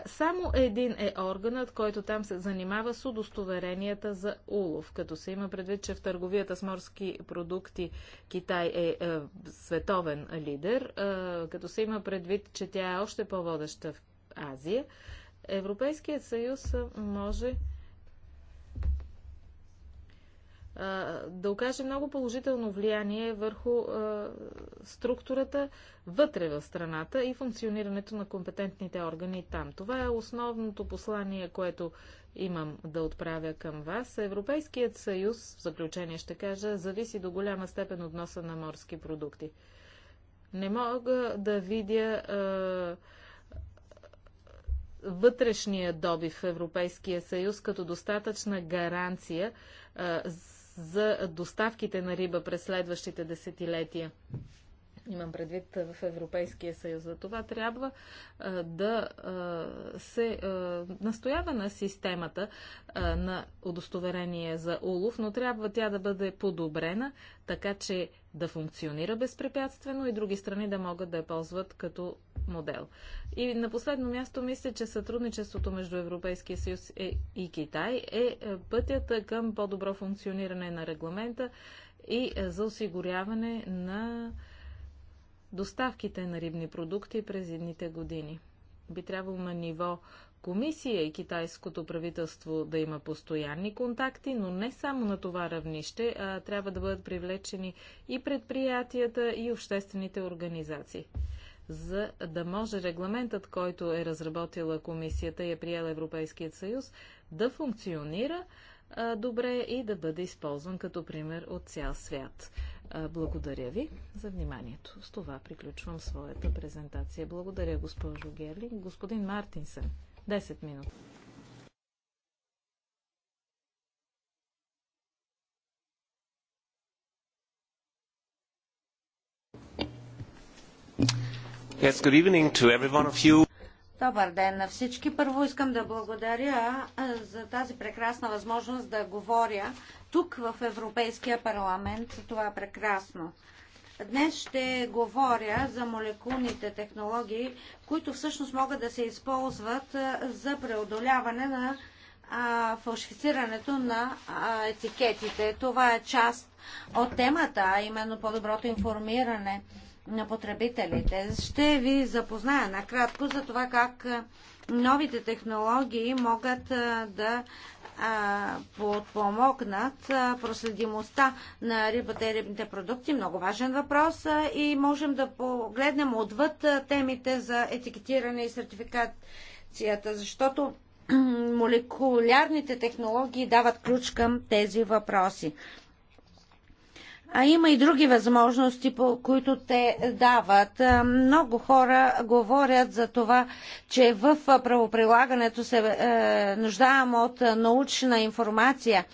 само един е органът, който там се занимава с удостоверенията за улов, като се има предвид, че в търговията с морски продукти Китай е, е световен лидер, е, като се има предвид, че тя е още по-водеща в Азия. Европейският съюз може да окаже много положително влияние върху структурата вътре в страната и функционирането на компетентните органи там. Това е основното послание, което имам да отправя към вас. Европейският съюз, в заключение ще кажа, зависи до голяма степен от носа на морски продукти. Не мога да видя вътрешния добив в Европейския съюз като достатъчна гаранция а, за доставките на риба през следващите десетилетия имам предвид в Европейския съюз. За това трябва а, да а, се а, настоява на системата а, на удостоверение за улов, но трябва тя да бъде подобрена, така че да функционира безпрепятствено и други страни да могат да я ползват като модел. И на последно място мисля, че сътрудничеството между Европейския съюз е и Китай е, е пътята към по-добро функциониране на регламента и е, за осигуряване на доставките на рибни продукти през едните години. Би трябвало на ниво комисия и китайското правителство да има постоянни контакти, но не само на това равнище, а трябва да бъдат привлечени и предприятията, и обществените организации. За да може регламентът, който е разработила комисията и е приела Европейският съюз, да функционира добре и да бъде използван като пример от цял свят. Благодаря ви за вниманието. С това приключвам своята презентация. Благодаря, госпожо Герли. Господин Мартинсен. 10 минути. Yes, good evening to every one of you. Добър ден на всички. Първо искам да благодаря за тази прекрасна възможност да говоря тук в Европейския парламент. Това е прекрасно. Днес ще говоря за молекулните технологии, които всъщност могат да се използват за преодоляване на а, фалшифицирането на а, етикетите. Това е част от темата, а именно по-доброто информиране на потребителите. Ще ви запозная накратко за това как новите технологии могат да подпомогнат проследимостта на рибата и рибните продукти. Много важен въпрос и можем да погледнем отвъд темите за етикетиране и сертификацията, защото молекулярните технологии дават ключ към тези въпроси. А има и други възможности, по които те дават. Е, много хора говорят за това, че в правоприлагането се е, нуждаем от научна информация.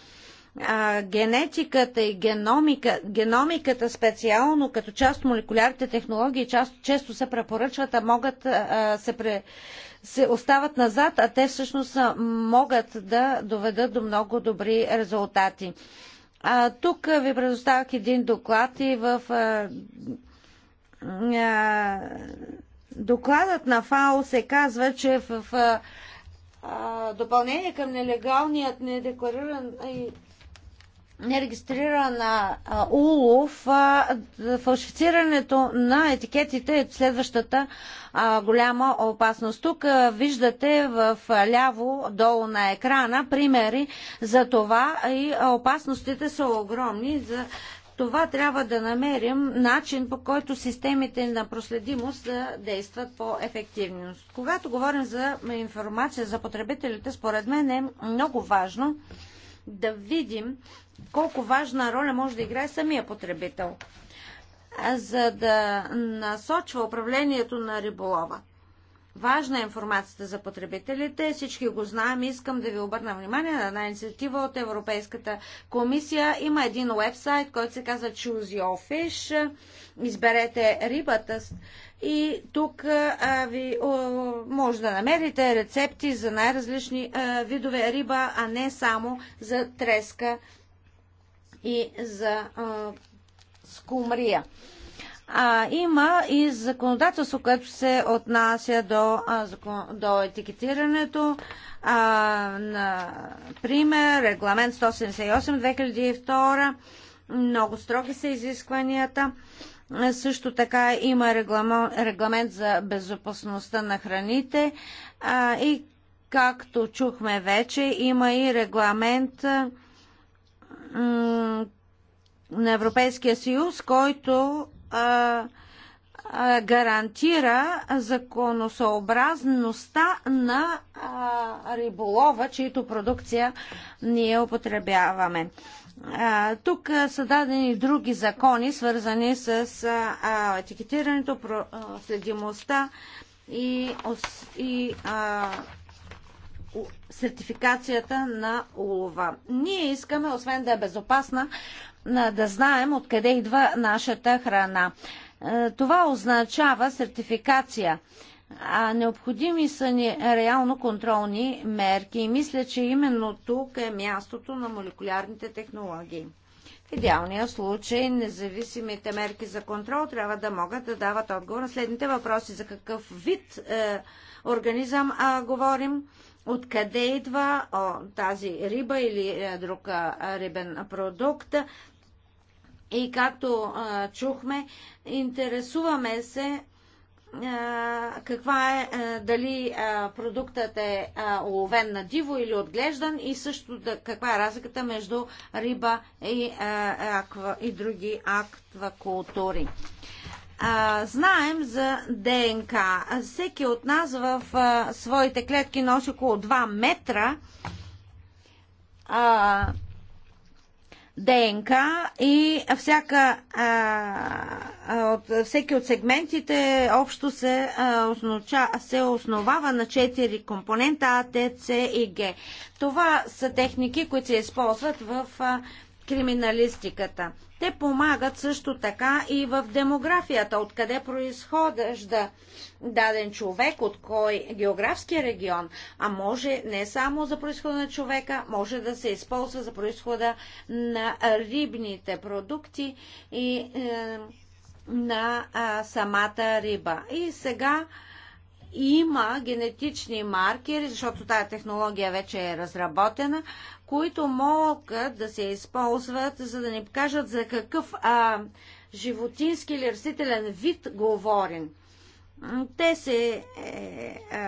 А, генетиката и геномика, геномиката специално като част от молекулярните технологии част, често се препоръчват, а могат а, е, се, пре, се остават назад, а те всъщност е, могат да доведат до много добри резултати. А, тук ви предоставях един доклад и в а, а, докладът на ФАО се казва, че в а, допълнение към нелегалният, недеклариран и регистрирана улов, фалшифицирането на етикетите е следващата голяма опасност. Тук виждате в ляво долу на екрана примери за това и опасностите са огромни. За това трябва да намерим начин по който системите на проследимост да действат по-ефективно. Когато говорим за информация за потребителите, според мен е много важно да видим колко важна роля може да играе самия потребител, за да насочва управлението на риболова. Важна е информацията за потребителите, всички го знаем. Искам да ви обърна внимание на една инициатива от Европейската комисия. Има един уебсайт, който се казва Choose Your Fish. Изберете рибата и тук а, ви о, може да намерите рецепти за най-различни видове риба, а не само за треска и за а, скумрия. А, има и законодателство, което се отнася до, а, закон, до етикетирането. А, например, регламент 178-2002. Много строги са изискванията. Също така има регламент, за безопасността на храните а, и както чухме вече, има и регламент а, на Европейския съюз, който а, а, гарантира законосъобразността на а, риболова, чието продукция ние употребяваме. А, тук са дадени други закони, свързани с а, етикетирането, следимостта и, и а, сертификацията на улова. Ние искаме, освен да е безопасна, да знаем откъде идва нашата храна. Е, това означава сертификация. А необходими са ни реално контролни мерки и мисля, че именно тук е мястото на молекулярните технологии. В идеалния случай независимите мерки за контрол трябва да могат да дават отговор на следните въпроси. За какъв вид е, организъм а, говорим, откъде идва о, тази риба или е, друг е, рибен продукт. И както а, е, чухме, интересуваме се а, каква е, а, дали а, продуктът е а, уловен на диво или отглеждан и също да, каква е разликата между риба и, а, аква, и други аквакултури а, знаем за ДНК. а Всеки от нас в а, своите клетки носи около 2 метра а, ДНК и всяка, а, от, всеки от сегментите общо се, а, основа, се основава на 4 компонента А, Т, С и Г. Това са техники, които се използват в а, криминалистиката. Те помагат също така и в демографията, откъде произхожда даден човек, от кой географски регион, а може не само за происхода на човека, може да се използва за происхода на рибните продукти и е, на а, самата риба. И сега има генетични маркери, защото тази технология вече е разработена, които могат да се използват, за да ни покажат за какъв а, животински или растителен вид говорим. Те се, е, е,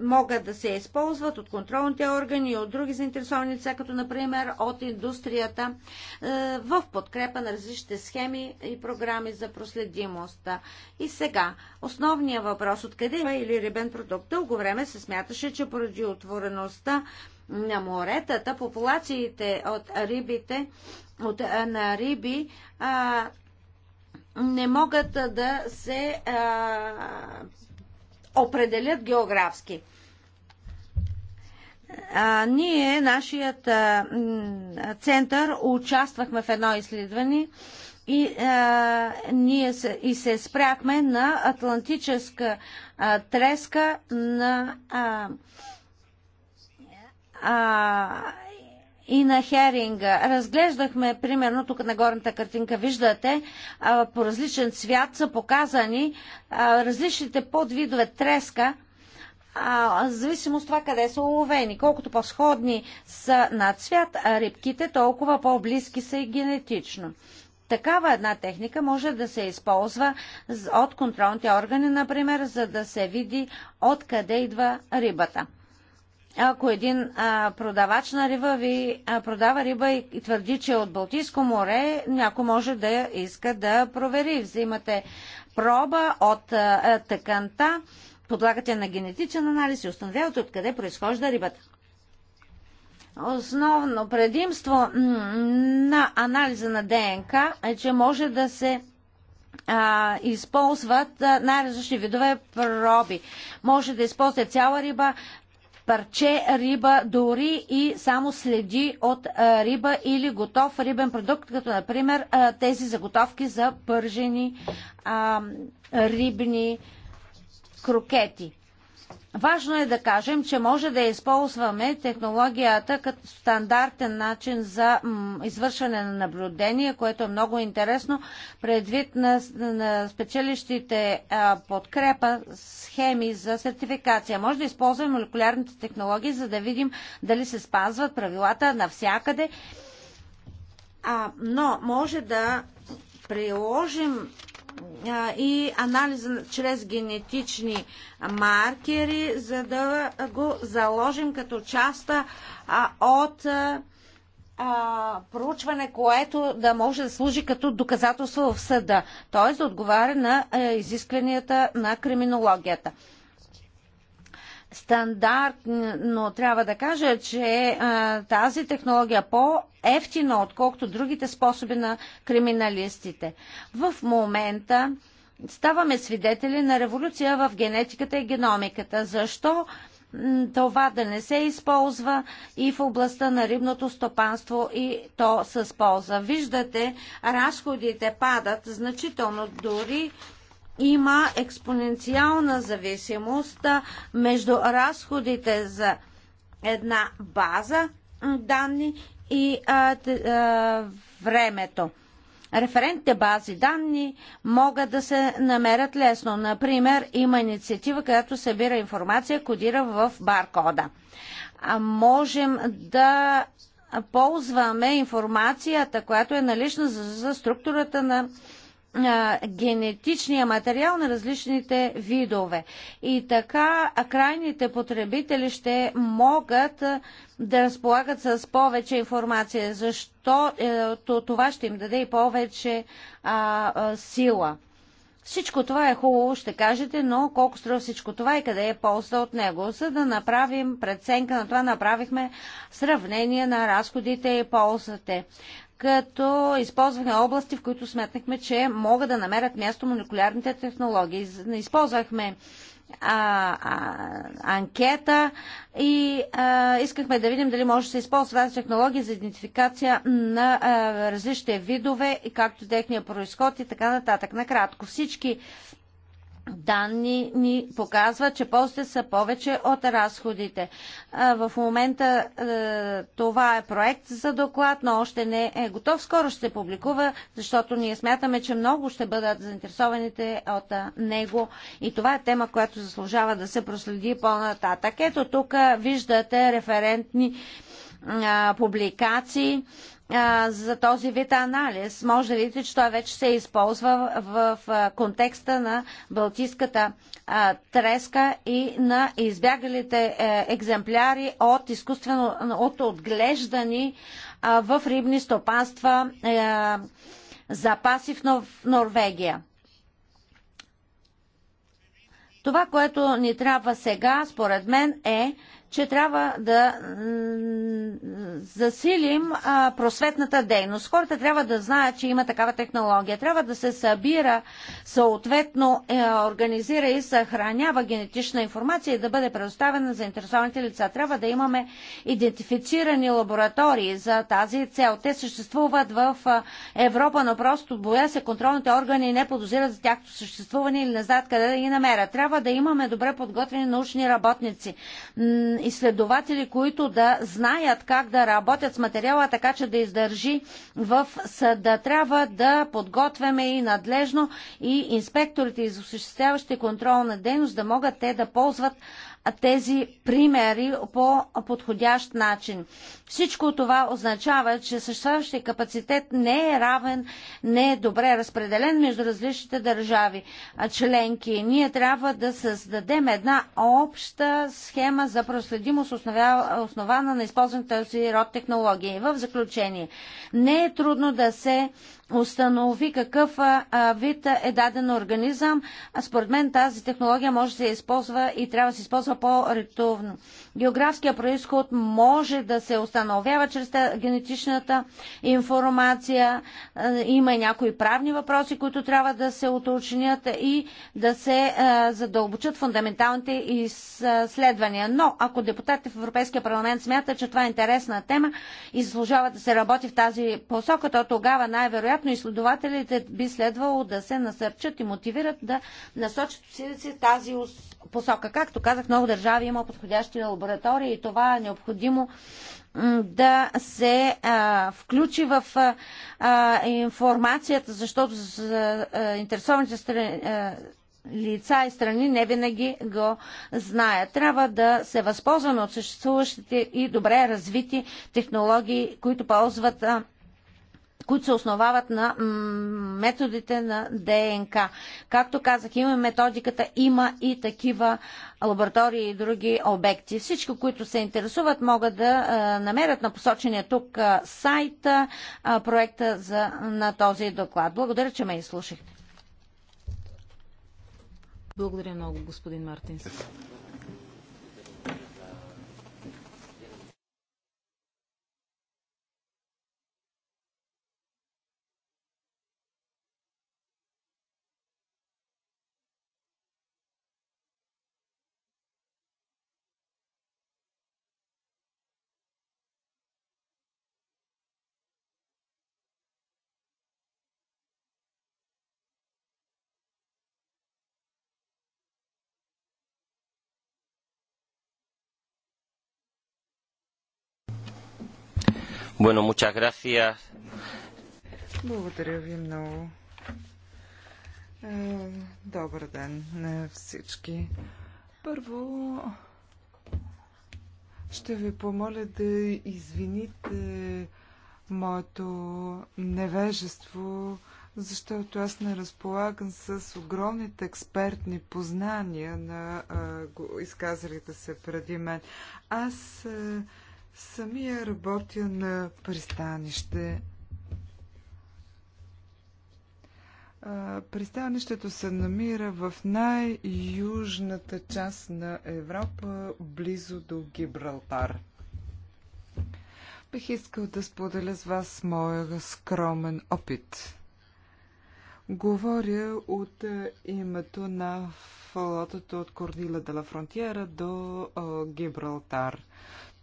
могат да се използват от контролните органи и от други заинтересовани лица, като например от индустрията, е, в подкрепа на различните схеми и програми за проследимост. И сега, основният въпрос, откъде е или рибен продукт? Дълго време се смяташе, че поради отвореността на моретата, популациите от рибите, от, е, на риби, а, не могат да се а, определят географски. А, ние, нашият а, център, участвахме в едно изследване и а, ние се, и се спряхме на Атлантическа а, треска на а, а, и на херинга. Разглеждахме, примерно, тук на горната картинка виждате, по различен цвят са показани различните подвидове треска, а, в зависимост от това къде са уловени. Колкото по-сходни са на цвят рибките, толкова по-близки са и генетично. Такава една техника може да се използва от контролните органи, например, за да се види откъде идва рибата ако един а, продавач на риба ви а, продава риба и, и твърди, че е от Балтийско море, някой може да иска да провери. Взимате проба от а, тъканта, подлагате на генетичен анализ и установявате откъде произхожда рибата. Основно предимство на анализа на ДНК е, че може да се а, използват най-различни видове проби. Може да използвате цяла риба, парче риба, дори и само следи от а, риба или готов рибен продукт, като например а, тези заготовки за пържени а, рибни крокети. Важно е да кажем, че може да използваме технологията като стандартен начин за извършване на наблюдение, което е много интересно предвид на, на спечелищите подкрепа схеми за сертификация. Може да използваме молекулярните технологии, за да видим дали се спазват правилата навсякъде. А, но може да приложим и анализа чрез генетични маркери, за да го заложим като част от проучване, което да може да служи като доказателство в съда, т.е. да отговаря на изискванията на криминологията. Стандартно трябва да кажа, че а, тази технология е по-ефтина, отколкото другите способи на криминалистите. В момента ставаме свидетели на революция в генетиката и геномиката. Защо това да не се използва и в областта на рибното стопанство и то с полза. Виждате, разходите падат значително дори има експоненциална зависимост между разходите за една база данни и а, а, времето. Референтните бази данни могат да се намерят лесно. Например, има инициатива, която събира информация, кодира в баркода. А можем да ползваме информацията, която е налична за, за структурата на генетичния материал на различните видове. И така крайните потребители ще могат да разполагат с повече информация, защото е, това ще им даде и повече а, а, сила. Всичко това е хубаво, ще кажете, но колко струва всичко това и къде е полза от него? За да направим преценка на това, направихме сравнение на разходите и ползате като използвахме области, в които сметнахме, че могат да намерят място молекулярните технологии. Използвахме а, а, анкета и а, искахме да видим дали може да се използва тази технология за идентификация на а, различните видове, както техния происход и така нататък. Накратко, всички данни ни показват, че ползите са повече от разходите. В момента е, това е проект за доклад, но още не е готов. Скоро ще се публикува, защото ние смятаме, че много ще бъдат заинтересованите от него. И това е тема, която заслужава да се проследи по-нататък. Ето тук виждате референтни публикации за този вид анализ. Може да видите, че той вече се използва в, контекста на Балтийската треска и на избягалите е, екземпляри от изкуствено от отглеждани в рибни стопанства е, запаси в Норвегия. Това, което ни трябва сега, според мен, е че трябва да засилим а, просветната дейност. Хората трябва да знаят, че има такава технология. Трябва да се събира, съответно е, организира и съхранява генетична информация и да бъде предоставена за интересованите лица. Трябва да имаме идентифицирани лаборатории за тази цел. Те съществуват в Европа, но просто боя се контролните органи не подозират за тяхното съществуване или не знаят къде да ги намерят. Трябва да имаме добре подготвени научни работници изследователи, които да знаят как да работят с материала, така че да издържи в съда. Трябва да подготвяме и надлежно и инспекторите, осъществяващи контролна дейност, да могат те да ползват тези примери по подходящ начин. Всичко това означава, че съществуващия капацитет не е равен, не е добре разпределен между различните държави членки. Ние трябва да създадем една обща схема за проследимост, основана на използването този род технологии. В заключение, не е трудно да се установи какъв вид е даден организъм. А според мен тази технология може да се използва и трябва да се използва по-ретовно. Географския происход може да се установява чрез генетичната информация. Има и някои правни въпроси, които трябва да се уточнят и да се задълбочат фундаменталните изследвания. Но ако депутатите в Европейския парламент смятат, че това е интересна тема и заслужава да се работи в тази посока, то тогава най-вероятно вероятно изследователите би следвало да се насърчат и мотивират да насочат усилите си тази посока. Както казах, много държави има подходящи лаборатории и това е необходимо да се а, включи в а, информацията, защото за, а, интересованите страни. А, лица и страни не винаги го знаят. Трябва да се възползваме от съществуващите и добре развити технологии, които ползват а, които се основават на методите на ДНК. Както казах, има методиката, има и такива лаборатории и други обекти. Всички, които се интересуват, могат да намерят на посочения тук сайта проекта за, на този доклад. Благодаря, че ме изслушахте. Благодаря много, господин Мартинс. Bueno, muchas gracias. Благодаря ви много. Е, добър ден на всички. Първо ще ви помоля да извините моето невежество, защото аз не разполагам с огромните експертни познания на изказалите се преди мен. Аз а, е, Самия работя на пристанище. Пристанището се намира в най-южната част на Европа, близо до Гибралтар. Бих искал да споделя с вас моя скромен опит. Говоря от името на флотата от Кордила де ла Фронтиера до Гибралтар.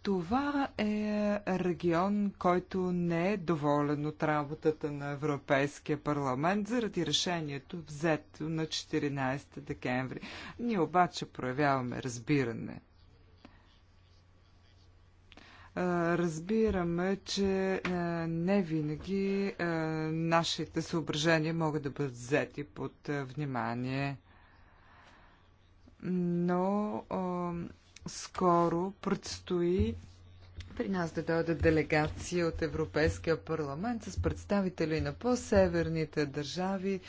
Това е регион, който не е доволен от работата на Европейския парламент заради решението взето на 14 декември. Ние обаче проявяваме разбиране. Разбираме, че не винаги нашите съображения могат да бъдат взети под внимание но скоро предстои при нас да дойде делегация от Европейския парламент с представители на по-северните държави,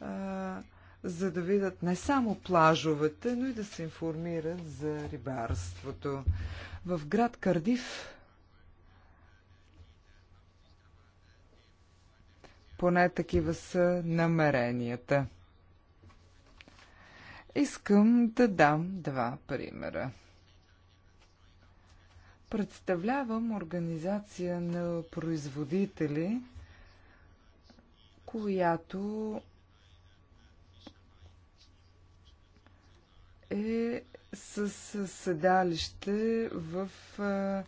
а, за да видят не само плажовете, но и да се информират за рибарството. В град Кардив поне такива са намеренията. Искам да дам два примера. Представлявам организация на производители, която е с седалище в а,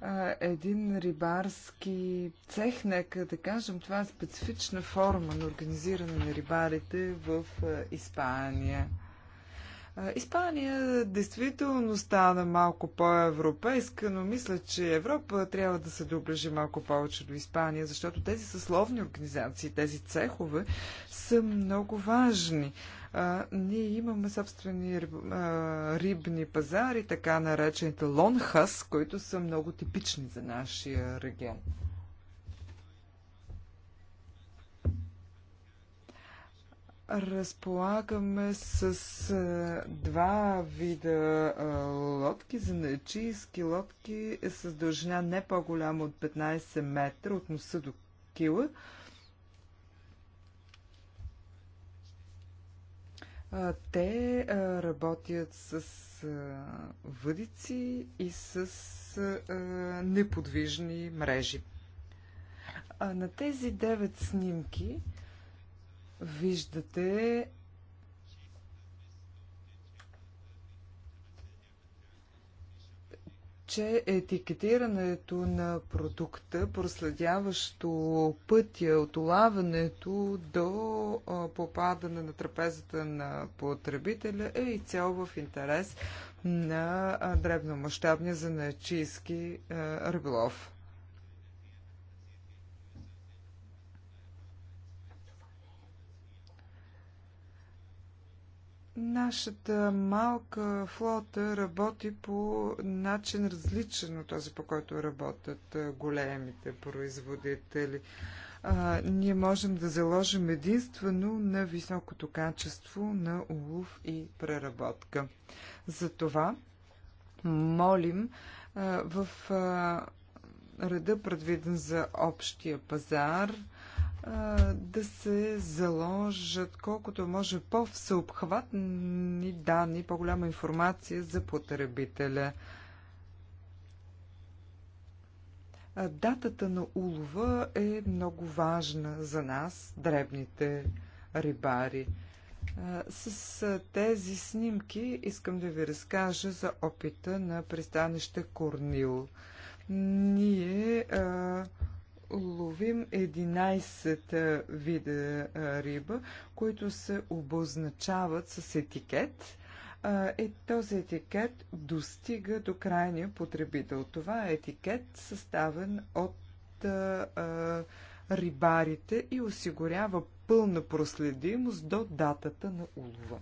а, един рибарски цех, нека да кажем, това е специфична форма на организиране на рибарите в а, Испания. Испания действително стана малко по-европейска, но мисля, че Европа трябва да се доближи малко повече до Испания, защото тези съсловни организации, тези цехове са много важни. А, ние имаме собствени риб, а, рибни пазари, така наречените лонхас, които са много типични за нашия регион. разполагаме с два вида лодки, занечийски лодки с дължина не по-голяма от 15 метра от носа до кила. Те работят с въдици и с неподвижни мрежи. На тези девет снимки Виждате че етикетирането на продукта, проследяващо пътя от улаването до попадане на трапезата на потребителя е и цел в интерес на дребномащабния занаячийски риболов. Нашата малка флота работи по начин различен от този, по който работят големите производители. А, ние можем да заложим единствено на високото качество на улов и преработка. Затова молим а, в а, реда, предвиден за общия пазар, да се заложат колкото е може по-всеобхватни данни, по-голяма информация за потребителя. Датата на улова е много важна за нас, дребните рибари. С тези снимки искам да ви разкажа за опита на пристанище Корнил. Ние а, ловим 11 вида риба, които се обозначават с етикет. Е, този етикет достига до крайния потребител. Това е етикет, съставен от рибарите и осигурява пълна проследимост до датата на улова.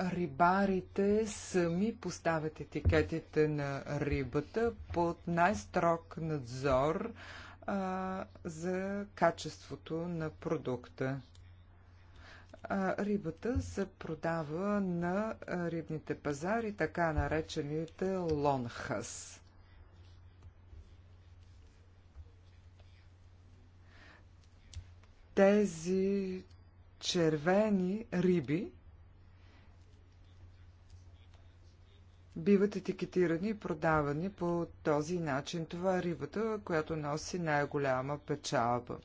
рибарите сами поставят етикетите на рибата под най-строг надзор а, за качеството на продукта. А, рибата се продава на рибните пазари, така наречените лонхас. Тези червени риби биват етикетирани и продавани по този начин. Това е рибата, която носи най-голяма печалба.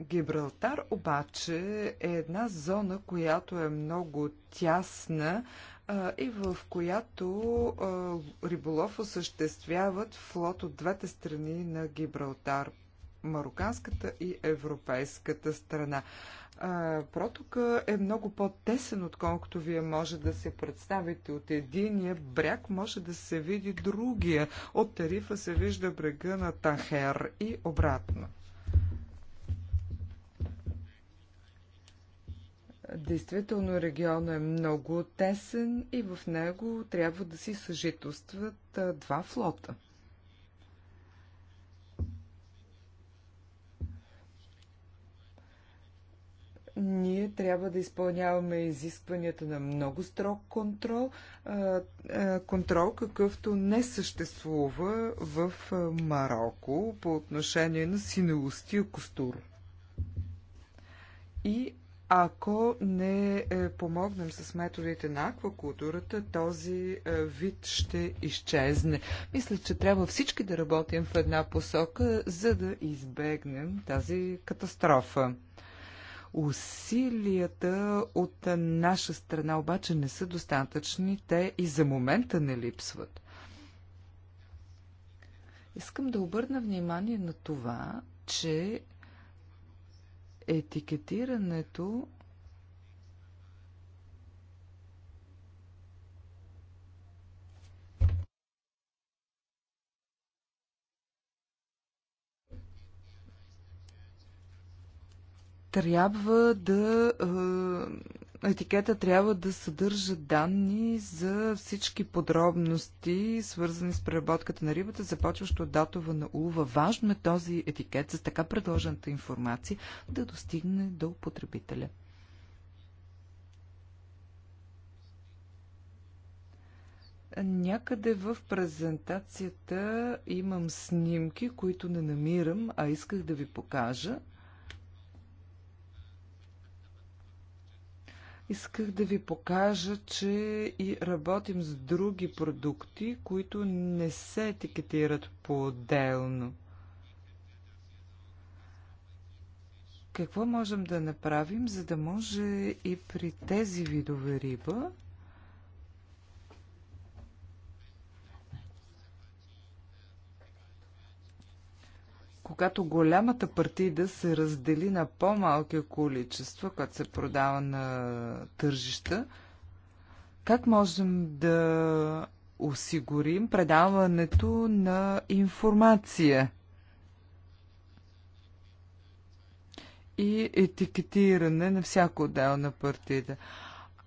Гибралтар обаче е една зона, която е много тясна а, и в която а, риболов осъществяват флот от двете страни на Гибралтар мароканската и европейската страна а, протока е много по-тесен, отколкото вие може да се представите. От единия бряг може да се види другия. От Тарифа се вижда брега на Тахер и обратно. Действително регионът е много тесен и в него трябва да си съжителстват два флота – ние трябва да изпълняваме изискванията на много строг контрол, контрол, какъвто не съществува в Марокко по отношение на синелостия костур. И ако не е, помогнем с методите на аквакултурата, този е, вид ще изчезне. Мисля, че трябва всички да работим в една посока, за да избегнем тази катастрофа. Усилията от наша страна обаче не са достатъчни, те и за момента не липсват. Искам да обърна внимание на това, че етикетирането трябва да. Е, етикета трябва да съдържа данни за всички подробности, свързани с преработката на рибата, започващо от датова на улова. Важно е този етикет с така предложената информация да достигне до потребителя. Някъде в презентацията имам снимки, които не намирам, а исках да ви покажа. Исках да ви покажа, че и работим с други продукти, които не се етикетират по-отделно. Какво можем да направим, за да може и при тези видове риба когато голямата партида се раздели на по-малки количества, когато се продава на тържища, как можем да осигурим предаването на информация и етикетиране на всяко отделна партида?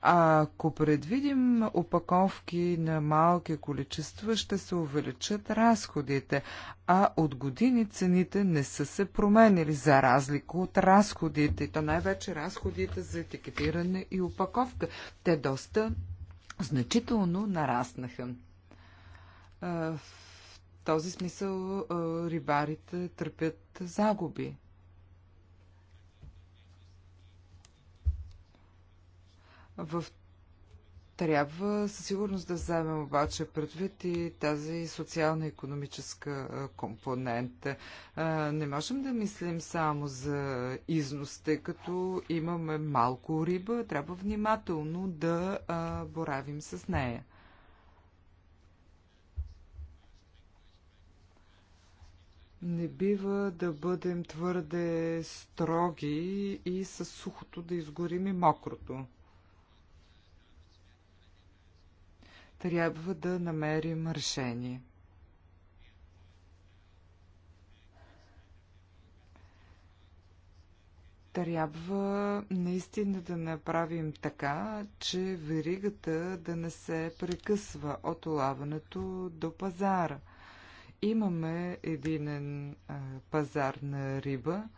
Ако предвидим опаковки на малки количества, ще се увеличат разходите, а от години цените не са се променили, за разлика от разходите, то най-вече разходите за етикетиране и опаковка. Те доста значително нараснаха. В този смисъл рибарите търпят загуби. В трябва със сигурност да вземем обаче предвид и тази социална-економическа компонента. Не можем да мислим само за износ, тъй като имаме малко риба, трябва внимателно да боравим с нея. Не бива да бъдем твърде строги и със сухото да изгорим и мокрото. трябва да намерим решение. Трябва наистина да направим така, че веригата да не се прекъсва от лаването до пазара. Имаме един пазар на риба –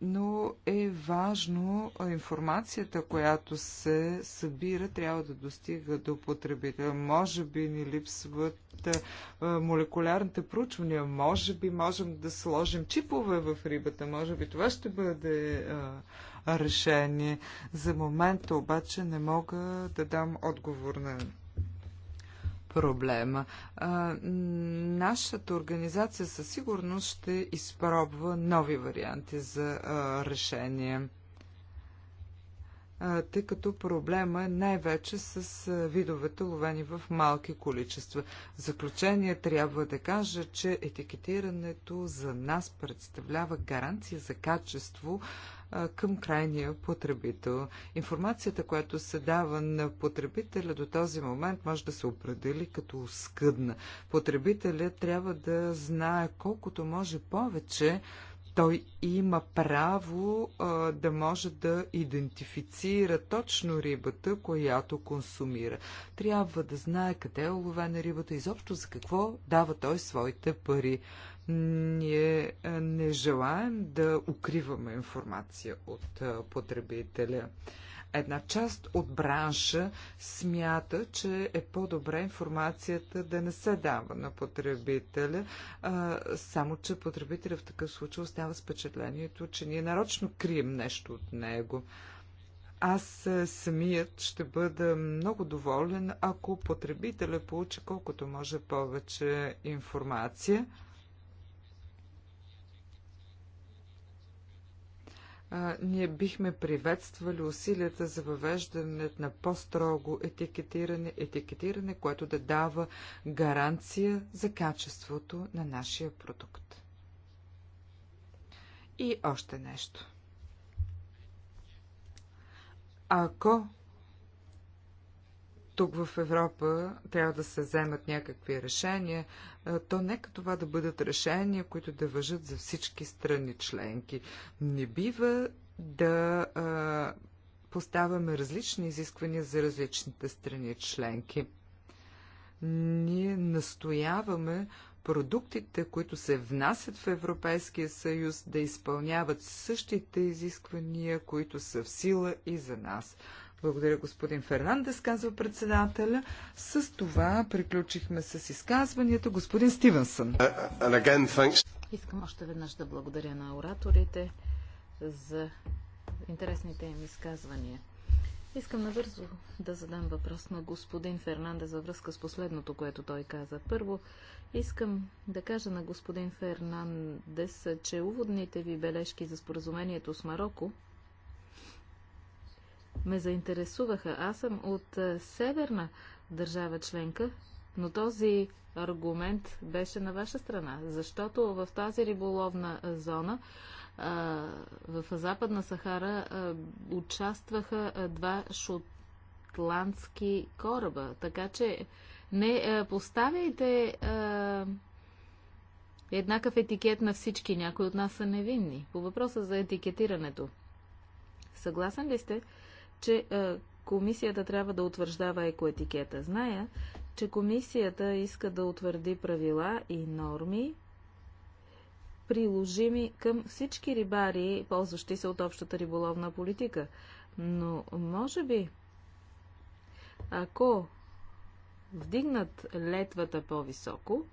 но е важно информацията, която се събира, трябва да достига до потребителя. Може би ни липсват молекулярните проучвания, може би можем да сложим чипове в рибата, може би това ще бъде решение. За момента обаче не мога да дам отговор на проблема. А, нашата организация със сигурност ще изпробва нови варианти за а, решение тъй като проблема е най-вече с видовете ловени в малки количества. В заключение трябва да кажа, че етикетирането за нас представлява гаранция за качество към крайния потребител. Информацията, която се дава на потребителя до този момент може да се определи като скъдна. Потребителя трябва да знае колкото може повече той има право а, да може да идентифицира точно рибата, която консумира. Трябва да знае къде е уловена рибата, изобщо за какво дава той своите пари. Ние е, не желаем да укриваме информация от е, потребителя. Една част от бранша смята, че е по-добре информацията да не се дава на потребителя, е, само че потребителя в такъв случай остава с впечатлението, че ние нарочно крием нещо от него аз самият ще бъда много доволен, ако потребителя получи колкото може повече информация. а, ние бихме приветствали усилията за въвеждане на по-строго етикетиране, етикетиране, което да дава гаранция за качеството на нашия продукт. И още нещо. Ако тук в Европа трябва да се вземат някакви решения, то нека това да бъдат решения, които да въжат за всички страни членки. Не бива да а, поставяме различни изисквания за различните страни членки. Ние настояваме продуктите, които се внасят в Европейския съюз, да изпълняват същите изисквания, които са в сила и за нас. Благодаря, господин Фернандес, казва председателя. С това приключихме с изказванията. Господин Стивенсън. Uh, искам още веднъж да благодаря на ораторите за интересните им изказвания. Искам набързо да задам въпрос на господин Фернандес във връзка с последното, което той каза. Първо, искам да кажа на господин Фернандес, че уводните ви бележки за споразумението с Марокко ме заинтересуваха. Аз съм от е, северна държава членка, но този аргумент беше на ваша страна, защото в тази риболовна е, зона в Западна Сахара е, участваха два шотландски кораба. Така че не поставяйте еднакъв етикет на всички. Някои от нас са невинни. По въпроса за етикетирането. Съгласен ли сте, че е, комисията трябва да утвърждава екоетикета. Зная, че комисията иска да утвърди правила и норми, приложими към всички рибари, ползващи се от общата риболовна политика. Но, може би, ако вдигнат летвата по-високо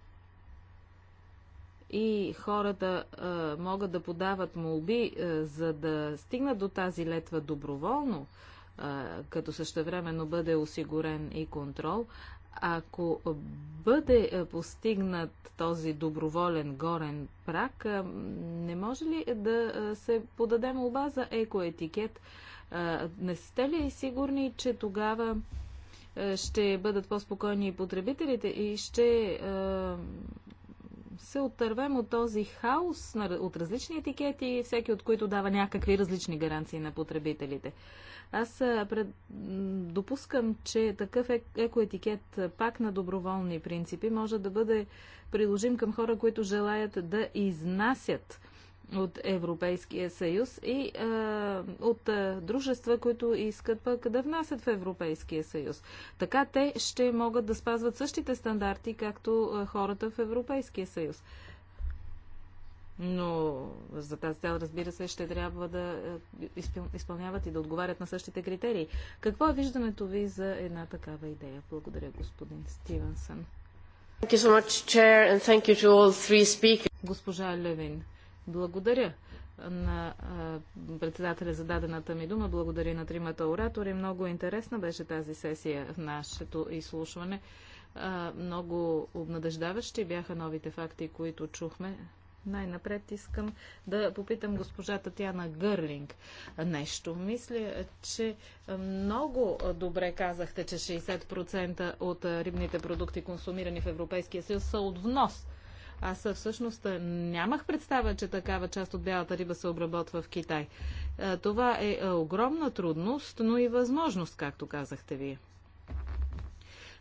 и хората а, е, могат да подават молби, а, е, за да стигнат до тази летва доброволно, като същевременно бъде осигурен и контрол, ако бъде постигнат този доброволен горен прак, не може ли да се подаде молба за екоетикет? Не сте ли сигурни, че тогава ще бъдат по-спокойни и потребителите и ще се отървем от този хаос от различни етикети, всеки от които дава някакви различни гаранции на потребителите? Аз пред... допускам, че такъв е, екоетикет пак на доброволни принципи може да бъде приложим към хора, които желаят да изнасят от Европейския съюз и а, от а, дружества, които искат пък да внасят в Европейския съюз. Така те ще могат да спазват същите стандарти, както а, хората в Европейския съюз но за тази цел, разбира се, ще трябва да е, изпълняват и да отговарят на същите критерии. Какво е виждането ви за една такава идея? Благодаря, господин Стивенсън. So much, Chair, Госпожа Левин, благодаря на председателя за дадената ми дума. Благодаря на тримата оратори. Много интересна беше тази сесия в нашето изслушване. Много обнадеждаващи бяха новите факти, които чухме най-напред искам да попитам госпожа Татьяна Гърлинг нещо. Мисля, че много добре казахте, че 60% от рибните продукти, консумирани в Европейския съюз, са от внос. Аз всъщност нямах представа, че такава част от бялата риба се обработва в Китай. Това е огромна трудност, но и възможност, както казахте вие.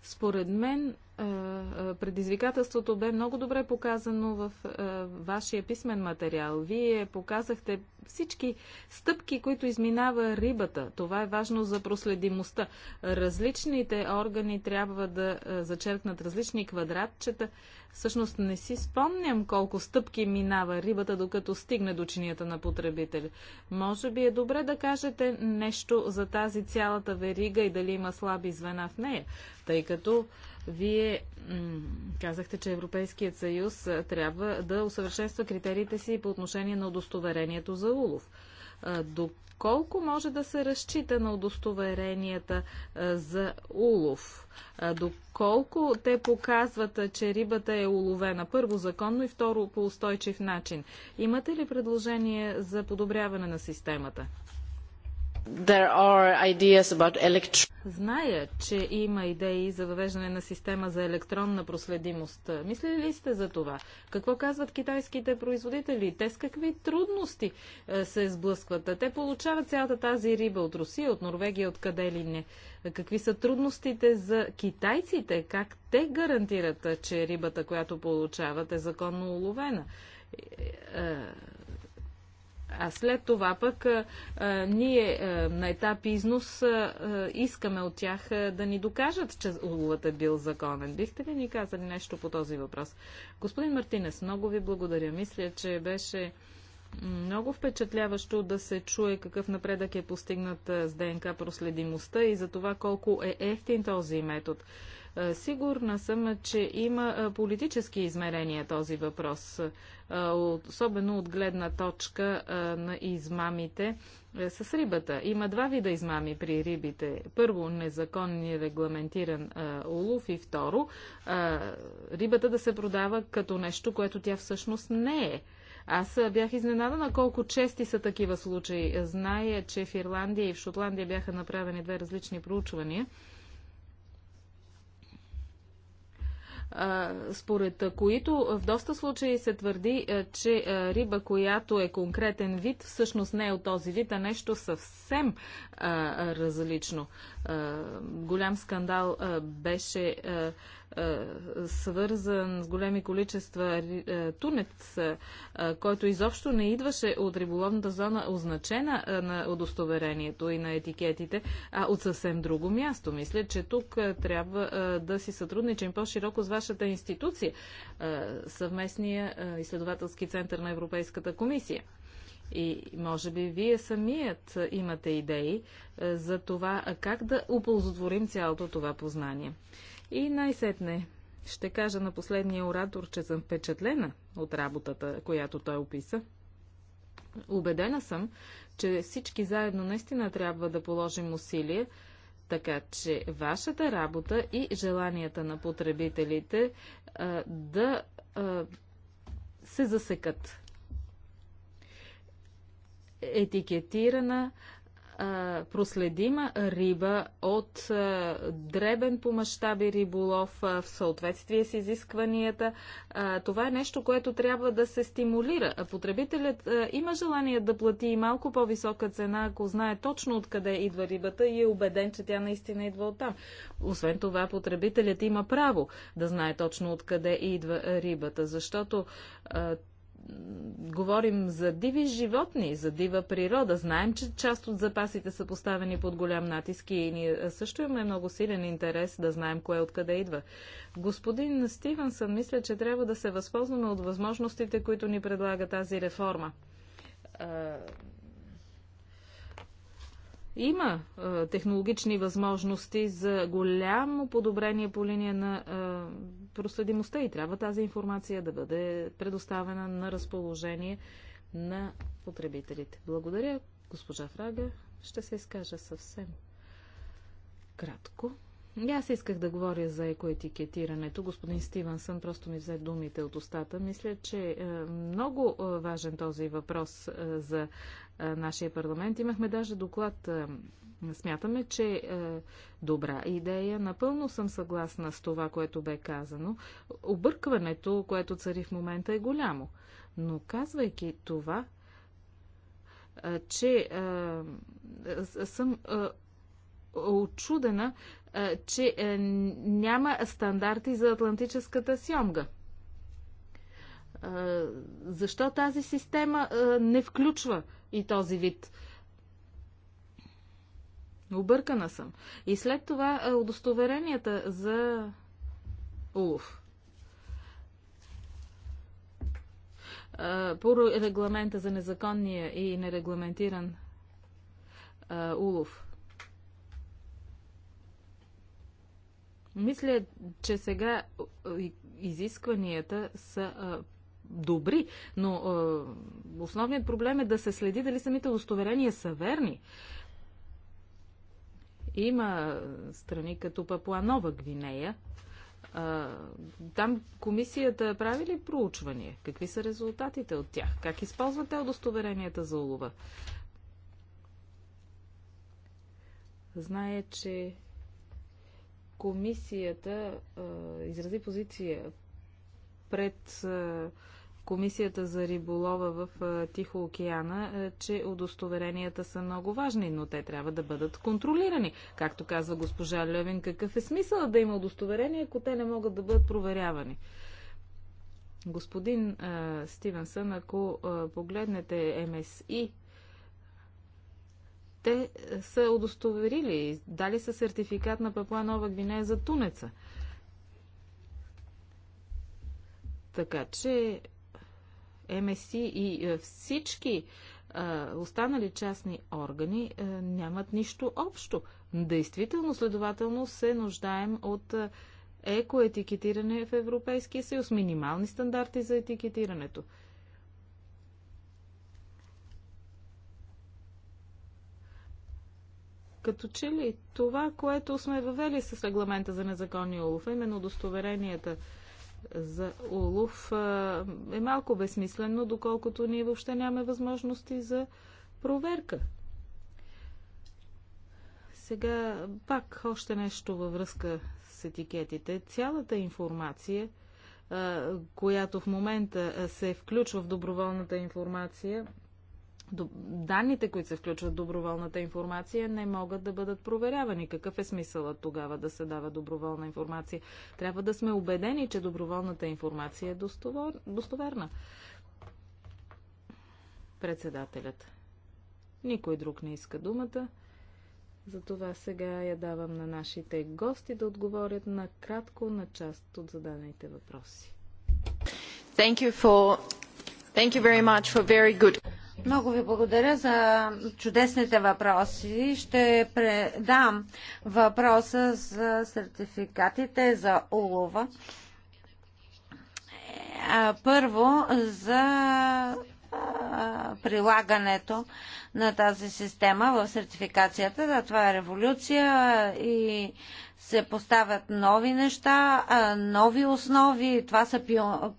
Според мен е, е, предизвикателството бе много добре показано в е, вашия писмен материал. Вие показахте всички стъпки, които изминава рибата. Това е важно за проследимостта. Различните органи трябва да зачеркнат различни квадратчета. Всъщност не си спомням колко стъпки минава рибата, докато стигне до чинията на потребителя. Може би е добре да кажете нещо за тази цялата верига и дали има слаби звена в нея, тъй като вие казахте, че Европейският съюз трябва да усъвършенства критериите си по отношение на удостоверението за улов. Доколко може да се разчита на удостоверенията за улов? Доколко те показват, че рибата е уловена? Първо, законно и второ, по устойчив начин. Имате ли предложение за подобряване на системата? Зная, че има идеи за въвеждане на система за електронна проследимост. Мислили ли сте за това? Какво казват китайските производители? Те с какви трудности е, се сблъскват? Те получават цялата тази риба от Русия, от Норвегия, откъде ли не. Какви са трудностите за китайците? Как те гарантират, е, че рибата, която получават, е законно уловена? Е, а след това пък а, ние а, на етап износ а, искаме от тях а, да ни докажат, че уловът е бил законен. Бихте ли ни казали нещо по този въпрос? Господин Мартинес, много ви благодаря. Мисля, че беше много впечатляващо да се чуе какъв напредък е постигнат с ДНК проследимостта и за това колко е ефтин този метод. Е, сигурна съм, че има е, политически измерения този въпрос, е, особено от гледна точка на измамите с рибата. Има два вида измами при рибите. Първо, незаконни регламентиран улов и второ, рибата да се продава като нещо, което тя всъщност не е. Аз бях изненадана колко чести са такива случаи. Зная, че в Ирландия и в Шотландия бяха направени две различни проучвания. според които в доста случаи се твърди, че риба, която е конкретен вид, всъщност не е от този вид, а нещо съвсем а, различно. А, голям скандал а, беше а, а, свързан с големи количества а, тунец, а, който изобщо не идваше от риболовната зона, означена а, на удостоверението и на етикетите, а от съвсем друго място. Мисля, че тук а, трябва а, да си сътрудничим по-широко с вашата институция, а, съвместния а, изследователски център на Европейската комисия. И може би вие самият имате идеи е, за това как да оползотворим цялото това познание. И най-сетне ще кажа на последния оратор, че съм впечатлена от работата, която той описа. Убедена съм, че всички заедно наистина трябва да положим усилие, така че вашата работа и желанията на потребителите а, е, да а, е, се засекат етикетирана проследима риба от дребен по мащаби риболов в съответствие с изискванията. Това е нещо, което трябва да се стимулира. Потребителят има желание да плати и малко по-висока цена, ако знае точно откъде идва рибата и е убеден, че тя наистина идва от там. Освен това, потребителят има право да знае точно откъде идва рибата, защото говорим за диви животни, за дива природа. Знаем, че част от запасите са поставени под голям натиск и ние също имаме много силен интерес да знаем кое откъде идва. Господин Стивенсън, мисля, че трябва да се възползваме от възможностите, които ни предлага тази реформа. Има технологични възможности за голямо подобрение по линия на проследимостта и трябва тази информация да бъде предоставена на разположение на потребителите. Благодаря, госпожа Фрага. Ще се изкажа съвсем кратко. И аз исках да говоря за екоетикетирането. Господин Стивенсън просто ми взе думите от устата. Мисля, че е много е, важен този въпрос е, за е, нашия парламент. Имахме даже доклад. Смятаме, че е добра идея. Напълно съм съгласна с това, което бе казано. Объркването, което цари в момента, е голямо. Но казвайки това, че е, съм е, очудена, че е, няма стандарти за атлантическата сьомга. Защо тази система не включва и този вид? Объркана съм. И след това удостоверенията за улов. По регламента за незаконния и нерегламентиран улов Мисля, че сега изискванията са добри, но основният проблем е да се следи дали самите удостоверения са верни. Има страни като Нова Гвинея. Там комисията прави ли проучвания? Какви са резултатите от тях? Как използвате удостоверенията за улова? Знае, че комисията а, изрази позиция пред а, Комисията за риболова в Тихо океана, че удостоверенията са много важни, но те трябва да бъдат контролирани. Както казва госпожа Левин, какъв е смисъл да има удостоверения, ако те не могат да бъдат проверявани? Господин а, Стивенсън, ако а, погледнете МСИ те е, са удостоверили, дали са сертификат на Папуа Нова Гвинея за тунеца. Така че МСИ и е, всички а, е, останали частни органи а, нямат нищо общо. Действително, следователно, се нуждаем от екоетикетиране в Европейския съюз, минимални стандарти за етикетирането. Като че ли това, което сме въвели с регламента за незаконния улов, именно удостоверенията за улов, е малко безсмислено, доколкото ние въобще нямаме възможности за проверка. Сега пак още нещо във връзка с етикетите. Цялата информация, която в момента се включва в доброволната информация, данните, които се включват доброволната информация, не могат да бъдат проверявани. Какъв е смисълът тогава да се дава доброволна информация? Трябва да сме убедени, че доброволната информация е достовор... достоверна. Председателят. Никой друг не иска думата. Затова сега я давам на нашите гости да отговорят на кратко на част от зададените въпроси. Thank you for... Thank you very much for very good... Много ви благодаря за чудесните въпроси. Ще предам въпроса за сертификатите за улова. Е, първо за прилагането на тази система в сертификацията. Да, това е революция и се поставят нови неща, нови основи. Това са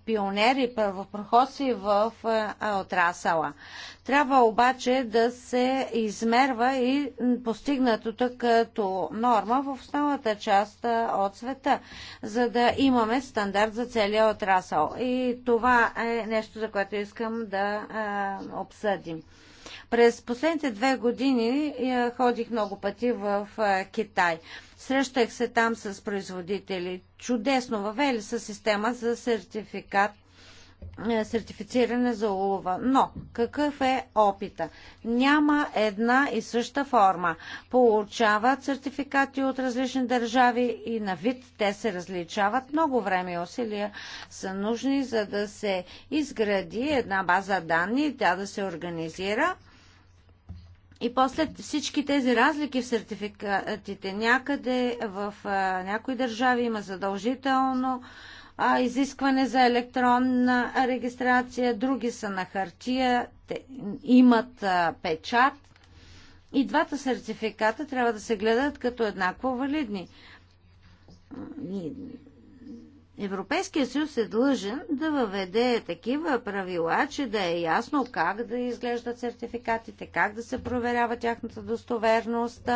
пионери, първопроходци в е, е, отрасала. Трябва обаче да се измерва и постигнатото като норма в основната част е, от света, за да имаме стандарт за целия отрасъл. И това е нещо, за което искам да обсъдим. През последните две години е, ходих много пъти в е, Китай. Срещах се там с производители. Чудесно въвели са система за сертификат е, сертифициране за улова. Но какъв е опита? Няма една и съща форма. Получават сертификати от различни държави и на вид те се различават. Много време и усилия са нужни, за да се изгради една база данни и тя да се организира и после всички тези разлики в сертификатите някъде в а, някои държави има задължително а, изискване за електронна регистрация, други са на хартия, те имат а, печат. И двата сертификата трябва да се гледат като еднакво валидни. Европейския съюз е длъжен да въведе такива правила, че да е ясно как да изглеждат сертификатите, как да се проверява тяхната достоверност,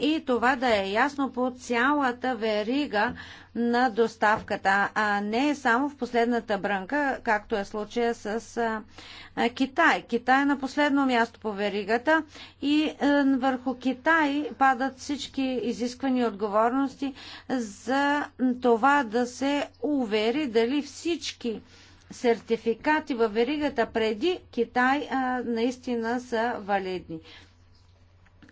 и това да е ясно по цялата верига на доставката, а не само в последната брънка, както е случая с Китай. Китай е на последно място по веригата и е, върху Китай падат всички изисквани отговорности за това да се увери дали всички сертификати във веригата преди Китай наистина са валидни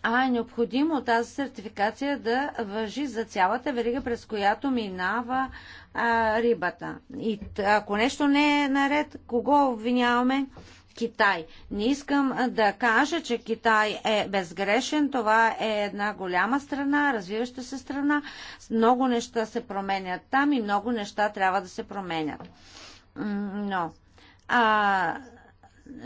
а е необходимо тази сертификация да въжи за цялата верига, през която минава а, рибата. И ако нещо не е наред, кого обвиняваме? Китай. Не искам да кажа, че Китай е безгрешен. Това е една голяма страна, развиваща се страна. Много неща се променят там и много неща трябва да се променят. Но а,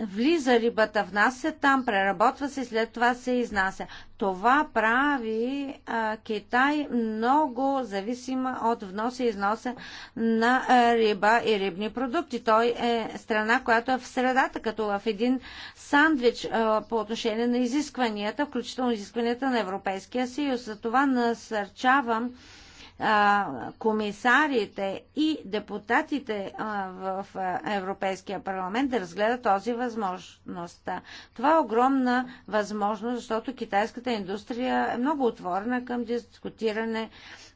влиза рибата, внася там, преработва се, след това се изнася. Това прави а, Китай много зависима от вноса и износа на а, риба и рибни продукти. Той е страна, която е в средата, като в един сандвич а, по отношение на изискванията, включително изискванията на Европейския съюз. За това насърчавам а, комисарите и депутатите а, в Европейския парламент да разгледат този възможност. Това е огромна възможност, защото китайската индустрия е много отворена към дискутиране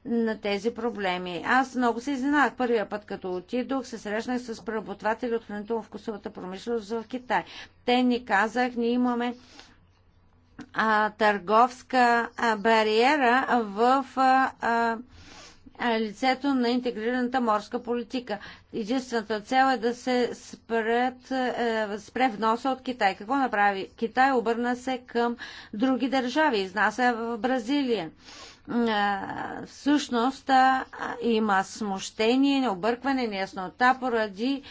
на тези проблеми. Аз много се изненадах първия път, като отидох, се срещнах с преработватели от хранително-вкусовата промишленост в Китай. Те ни казах, ние имаме а, търговска а, бариера в а, а, лицето на интегрираната морска политика. Единствената цел е да се спрет, е, спре вноса от Китай. Какво направи? Китай обърна се към други държави, изнася в Бразилия. Е, всъщност има смущение, объркване, неяснота поради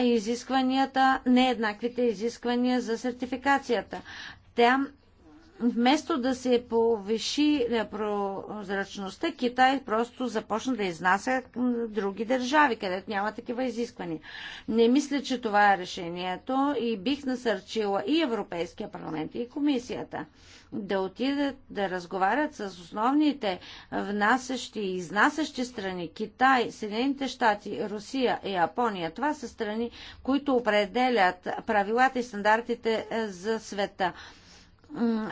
изискванията, нееднаквите изисквания за сертификацията. Там Вместо да се повиши е, прозрачността, Китай просто започна да изнася други държави, където няма такива изисквания. Не мисля, че това е решението и бих насърчила и Европейския парламент, и комисията да отидат да разговарят с основните внасящи и изнасящи страни Китай, Съединените щати, Русия и Япония. Това са страни, които определят правилата и стандартите е, за света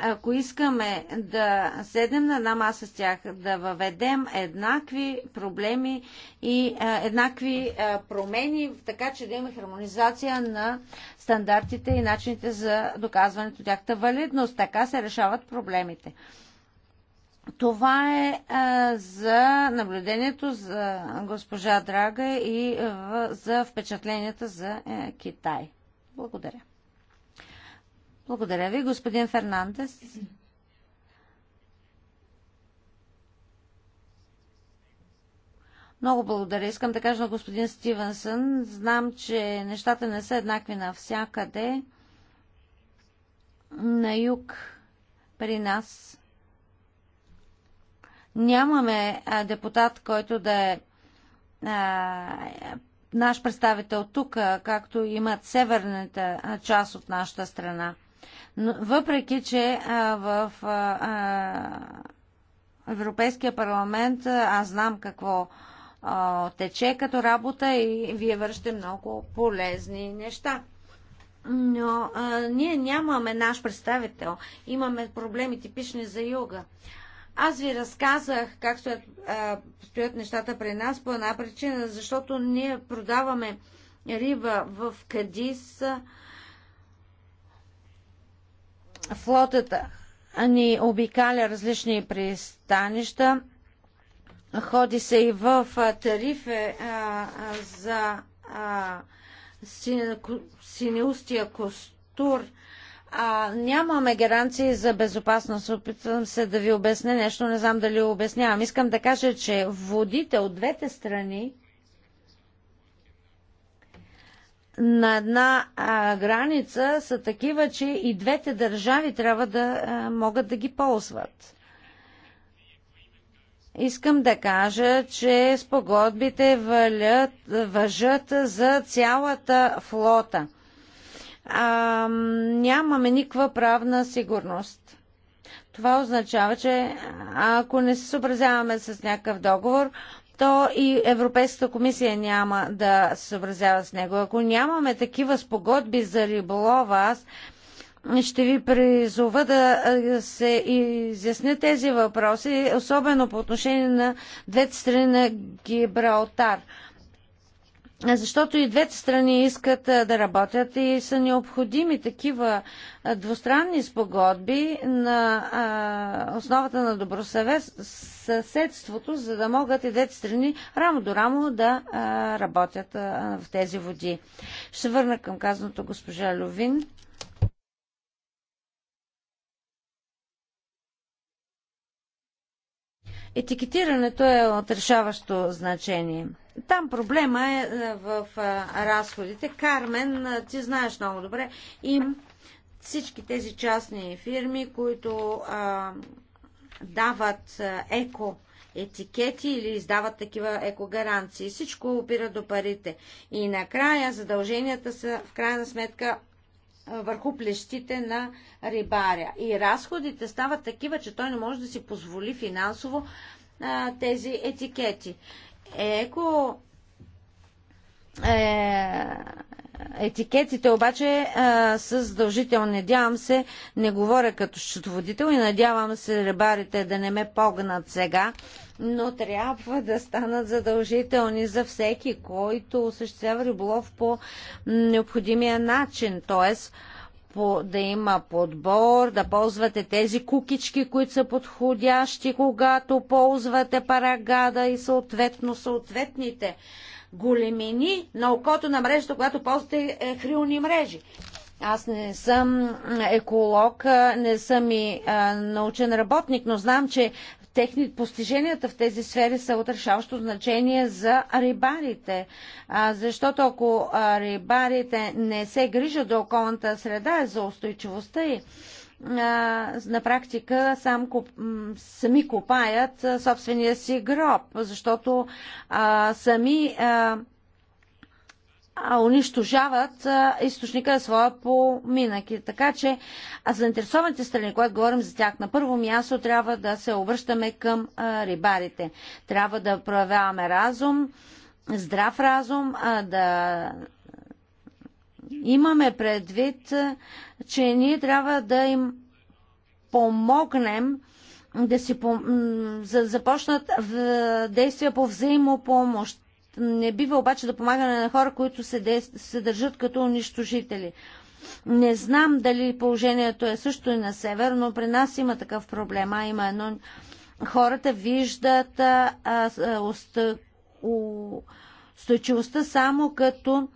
ако искаме да седнем на една маса с тях, да въведем еднакви проблеми и еднакви промени, така че да има хармонизация на стандартите и начините за доказването тяхта валидност. Така се решават проблемите. Това е за наблюдението за госпожа Драга и за впечатленията за е, Китай. Благодаря. Благодаря ви, господин Фернандес. Много благодаря. Искам да кажа на господин Стивенсън. Знам, че нещата не са еднакви навсякъде. На юг при нас нямаме депутат, който да е наш представител тук, както имат северната част от нашата страна. Но, въпреки, че а, в а, а, Европейския парламент аз знам какво а, тече като работа и вие вършите много полезни неща. Но а, ние нямаме наш представител. Имаме проблеми типични за юга. Аз ви разказах как стоят, а, стоят нещата при нас по една причина, защото ние продаваме риба в Кадис. А, Флотата ни обикаля различни пристанища. Ходи се и в тарифе а, за а, синеустия костур. А, нямаме гаранции за безопасност. Опитвам се да ви обясня нещо, не знам дали обяснявам. Искам да кажа, че водите от двете страни на една а, граница са такива, че и двете държави трябва да а, могат да ги ползват. Искам да кажа, че спогодбите валят, въжат за цялата флота. А, нямаме никаква правна сигурност. Това означава, че ако не се съобразяваме с някакъв договор, то и Европейската комисия няма да се съобразява с него. Ако нямаме такива спогодби за риболова, аз ще ви призова да се изясня тези въпроси, особено по отношение на двете страни на Гибралтар защото и двете страни искат да работят и са необходими такива двустранни спогодби на основата на добросъседството, за да могат и двете страни рамо до рамо да работят в тези води. Ще върна към казаното госпожа Лювин. Етикетирането е от решаващо значение. Там проблема е, е в е, разходите. Кармен, е, ти знаеш много добре, им всички тези частни фирми, които а, дават еко етикети или издават такива екогаранции. Всичко опира до парите. И накрая задълженията са в крайна сметка върху плещите на рибаря. И разходите стават такива, че той не може да си позволи финансово а, тези етикети. Еко е, етикетите обаче а, са задължителни. Надявам се, не говоря като счетоводител и надявам се рибарите да не ме погнат сега но трябва да станат задължителни за всеки, който осъществява риболов по необходимия начин. Т.е. по, да има подбор, да ползвате тези кукички, които са подходящи, когато ползвате парагада и съответно съответните големини на окото на мрежата, когато ползвате е, хрилни мрежи. Аз не съм еколог, не съм и научен работник, но знам, че техни, постиженията в тези сфери са от решаващо значение за рибарите. А, защото ако рибарите не се грижат до околната среда за устойчивостта и на практика сам, сами копаят собствения си гроб, защото а, сами а, а, унищожават а, източника на своя поминък. И така че а заинтересованите страни, когато говорим за тях, на първо място трябва да се обръщаме към а, рибарите. Трябва да проявяваме разум, здрав разум, а, да имаме предвид, а, че ние трябва да им помогнем да си започнат действия по взаимопомощ. Не бива обаче да помагаме на хора, които се, де... се държат като унищожители. Не знам дали положението е също и на север, но при нас има такъв проблем, а има едно... Хората виждат а, а, ост... у... устойчивостта само като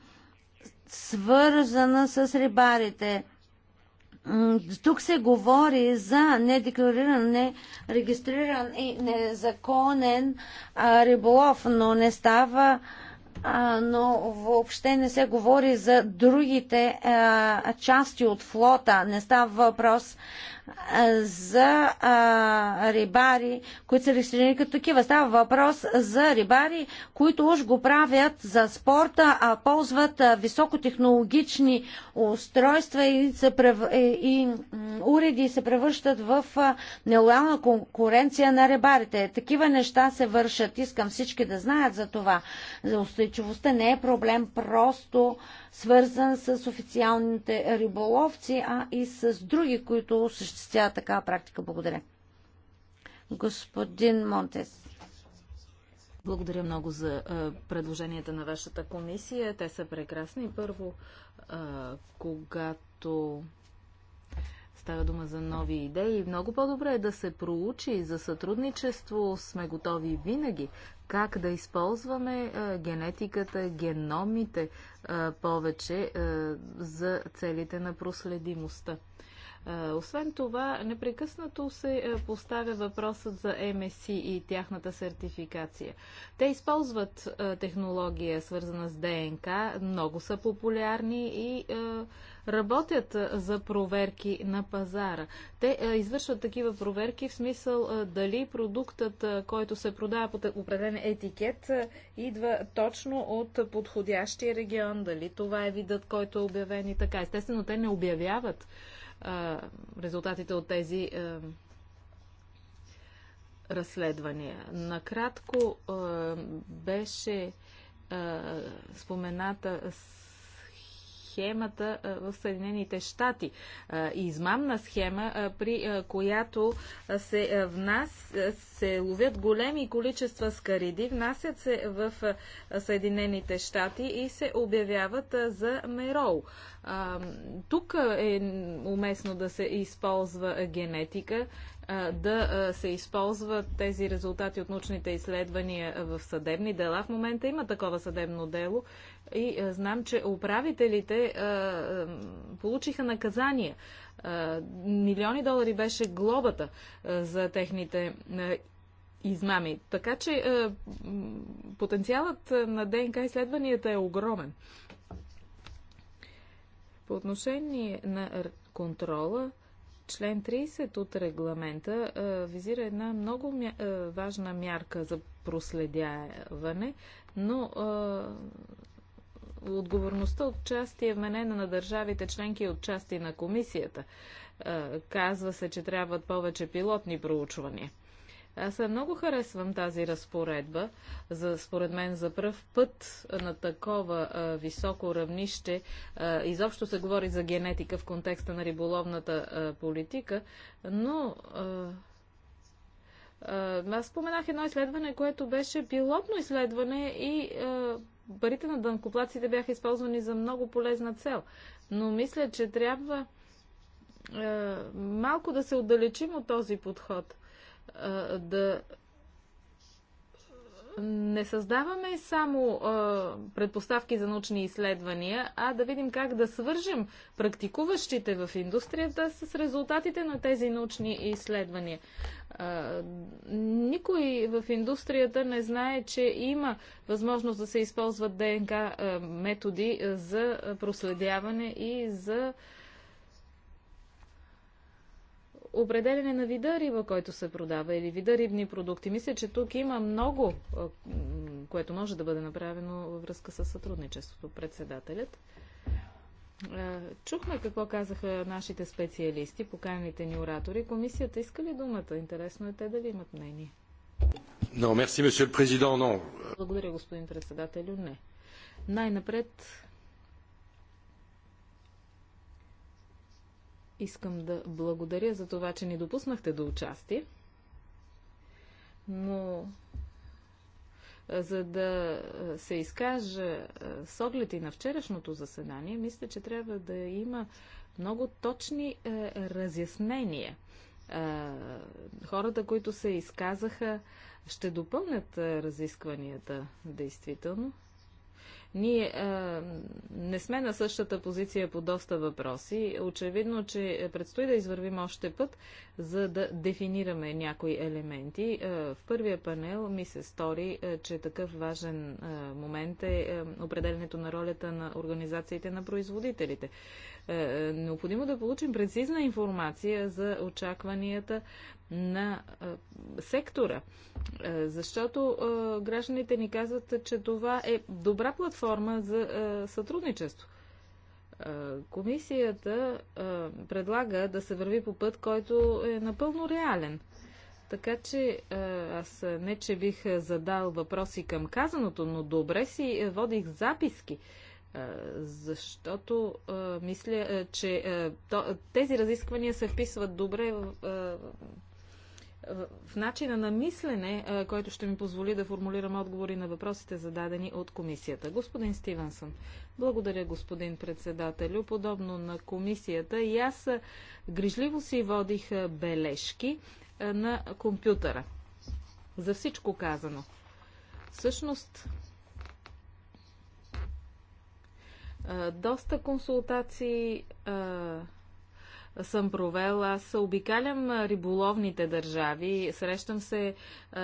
свързана с рибарите – тук се говори за недеклариран, нерегистриран и незаконен а, риболов, но не става, а, но въобще не се говори за другите а, части от флота. Не става въпрос за а, рибари, които са регистрирани като такива. Става въпрос за рибари, които уж го правят за спорта, а ползват а, високотехнологични устройства и, са прев... Е, и, и уреди се превръщат в нелоялна конкуренция на рибарите. Такива неща се вършат. Искам всички да знаят за това. За устойчивостта не е проблем просто свързан с официалните риболовци, а и с други, които осъществяват осъществява такава практика. Благодаря. Господин Монтес. Благодаря много за предложенията на вашата комисия. Те са прекрасни. Първо, когато става дума за нови идеи, много по-добре е да се проучи за сътрудничество. Сме готови винаги как да използваме генетиката, геномите повече за целите на проследимостта. Освен това, непрекъснато се поставя въпросът за МСИ и тяхната сертификация. Те използват технология, свързана с ДНК, много са популярни и работят за проверки на пазара. Те извършват такива проверки в смисъл дали продуктът, който се продава под определен етикет, идва точно от подходящия регион, дали това е видът, който е обявен и така. Естествено, те не обявяват резултатите от тези разследвания. Накратко беше спомената схемата в Съединените щати. Измамна схема, при която се, внас, се ловят големи количества скариди, внасят се в Съединените щати и се обявяват за мерол. Тук е уместно да се използва генетика, да се използват тези резултати от научните изследвания в съдебни дела. В момента има такова съдебно дело, и а, е, знам, че управителите а, е, е, получиха наказания. А, милиони долари беше глобата а, за техните а, измами. Така че а, потенциалът на ДНК изследванията е огромен. По отношение на контрола, член 30 от регламента а, визира една много мя... а, важна мярка за проследяване, но а, отговорността от части е вменена на държавите членки и от части на комисията. Казва се, че трябват повече пилотни проучвания. Аз много харесвам тази разпоредба. За, според мен за пръв път на такова а, високо равнище а, изобщо се говори за генетика в контекста на риболовната а, политика, но а, аз споменах едно изследване, което беше пилотно изследване и а, парите на дънкоплаците бяха използвани за много полезна цел. Но мисля, че трябва е, малко да се отдалечим от този подход. Е, да не създаваме само а, предпоставки за научни изследвания, а да видим как да свържем практикуващите в индустрията с резултатите на тези научни изследвания. А, никой в индустрията не знае, че има възможност да се използват ДНК методи за проследяване и за а, определене на вида риба, който се продава или вида рибни продукти. Мисля, че тук има много, което може да бъде направено във връзка с сътрудничеството. Председателят. Чухме какво казаха нашите специалисти, поканените ни оратори. Комисията иска ли думата? Интересно е те дали имат мнение. No, merci, Благодаря, господин председателю. Не. Най-напред Искам да благодаря за това, че ни допуснахте до участие. Но за да се изкажа с оглед и на вчерашното заседание, мисля, че трябва да има много точни е, разяснения. Е, хората, които се изказаха, ще допълнят е, разискванията, действително. Ние а, е, не сме на същата позиция по доста въпроси. Очевидно, че предстои да извървим още път, за да дефинираме някои елементи. А, е, в първия панел ми се стори, а, е, че такъв важен а, момент е, е определенето на ролята на организациите на производителите. Е, е, необходимо да получим прецизна информация за очакванията на е, сектора. Защото гражданите ни казват, че това е добра платформа за сътрудничество. Комисията предлага да се върви по път, който е напълно реален. Така че аз не, че бих задал въпроси към казаното, но добре си водих записки защото мисля, че тези разисквания се вписват добре в, в начина на мислене, който ще ми позволи да формулирам отговори на въпросите зададени от комисията. Господин Стивенсън, благодаря господин председателю. Подобно на комисията и аз грижливо си водих бележки на компютъра за всичко казано. Всъщност, доста консултации, съм провел. Аз обикалям риболовните държави, срещам се а,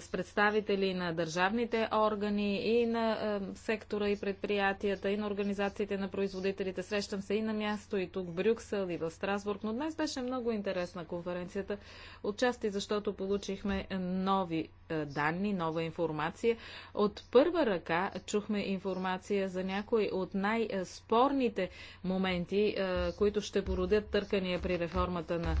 с представители на държавните органи и на а, сектора и предприятията, и на организациите на производителите. Срещам се и на място, и тук в Брюксел, и в Страсбург. Но днес беше много интересна конференцията, отчасти защото получихме нови данни, нова информация. От първа ръка чухме информация за някои от най-спорните моменти, които ще породят търка искания при реформата на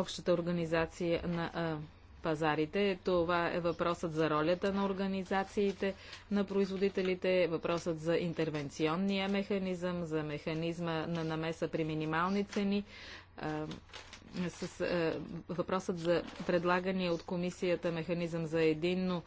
общата организация на а, пазарите. Това е въпросът за ролята на организациите на производителите, въпросът за интервенционния механизъм, за механизма на намеса при минимални цени, а, с а, въпросът за предлагания от комисията механизъм за единно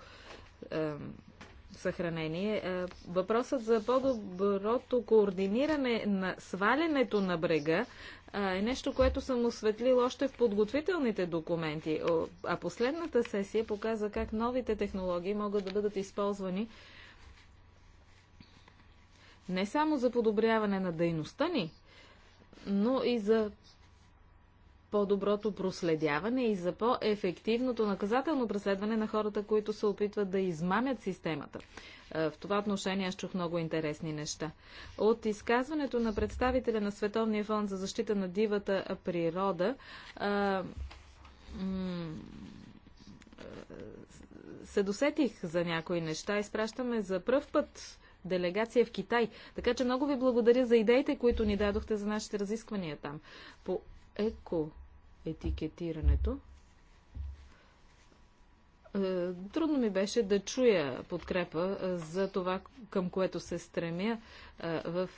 съхранение. Въпросът за по-доброто координиране на свалянето на брега е нещо, което съм осветлил още в подготвителните документи. А последната сесия показа как новите технологии могат да бъдат използвани не само за подобряване на дейността ни, но и за по-доброто проследяване и за по-ефективното наказателно преследване на хората, които се опитват да измамят системата. Е, в това отношение аз чух много интересни неща. От изказването на представителя на Световния фонд за защита на дивата природа е, е, се досетих за някои неща. Изпращаме за пръв път делегация в Китай. Така че много ви благодаря за идеите, които ни дадохте за нашите разисквания там. По еко етикетирането. Е, трудно ми беше да чуя подкрепа е, за това, към което се стремя е, в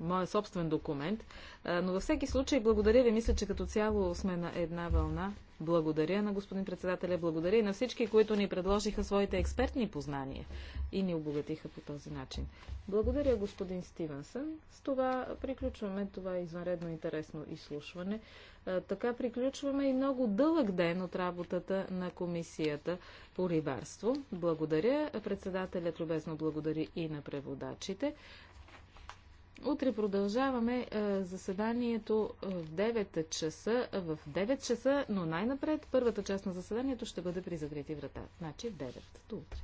моя собствен документ. Но във всеки случай благодаря ви. Мисля, че като цяло сме на една вълна. Благодаря на господин председателя, благодаря и на всички, които ни предложиха своите експертни познания и ни обогатиха по този начин. Благодаря господин Стивенсън. С това приключваме това извънредно интересно изслушване. Така приключваме и много дълъг ден от работата на комисията по рибарство. Благодаря. Председателят любезно благодари и на преводачите. Утре продължаваме е, заседанието в 9 часа, в 9 часа, но най-напред първата част на заседанието ще бъде при закрити врата. Значи в 9 до утре.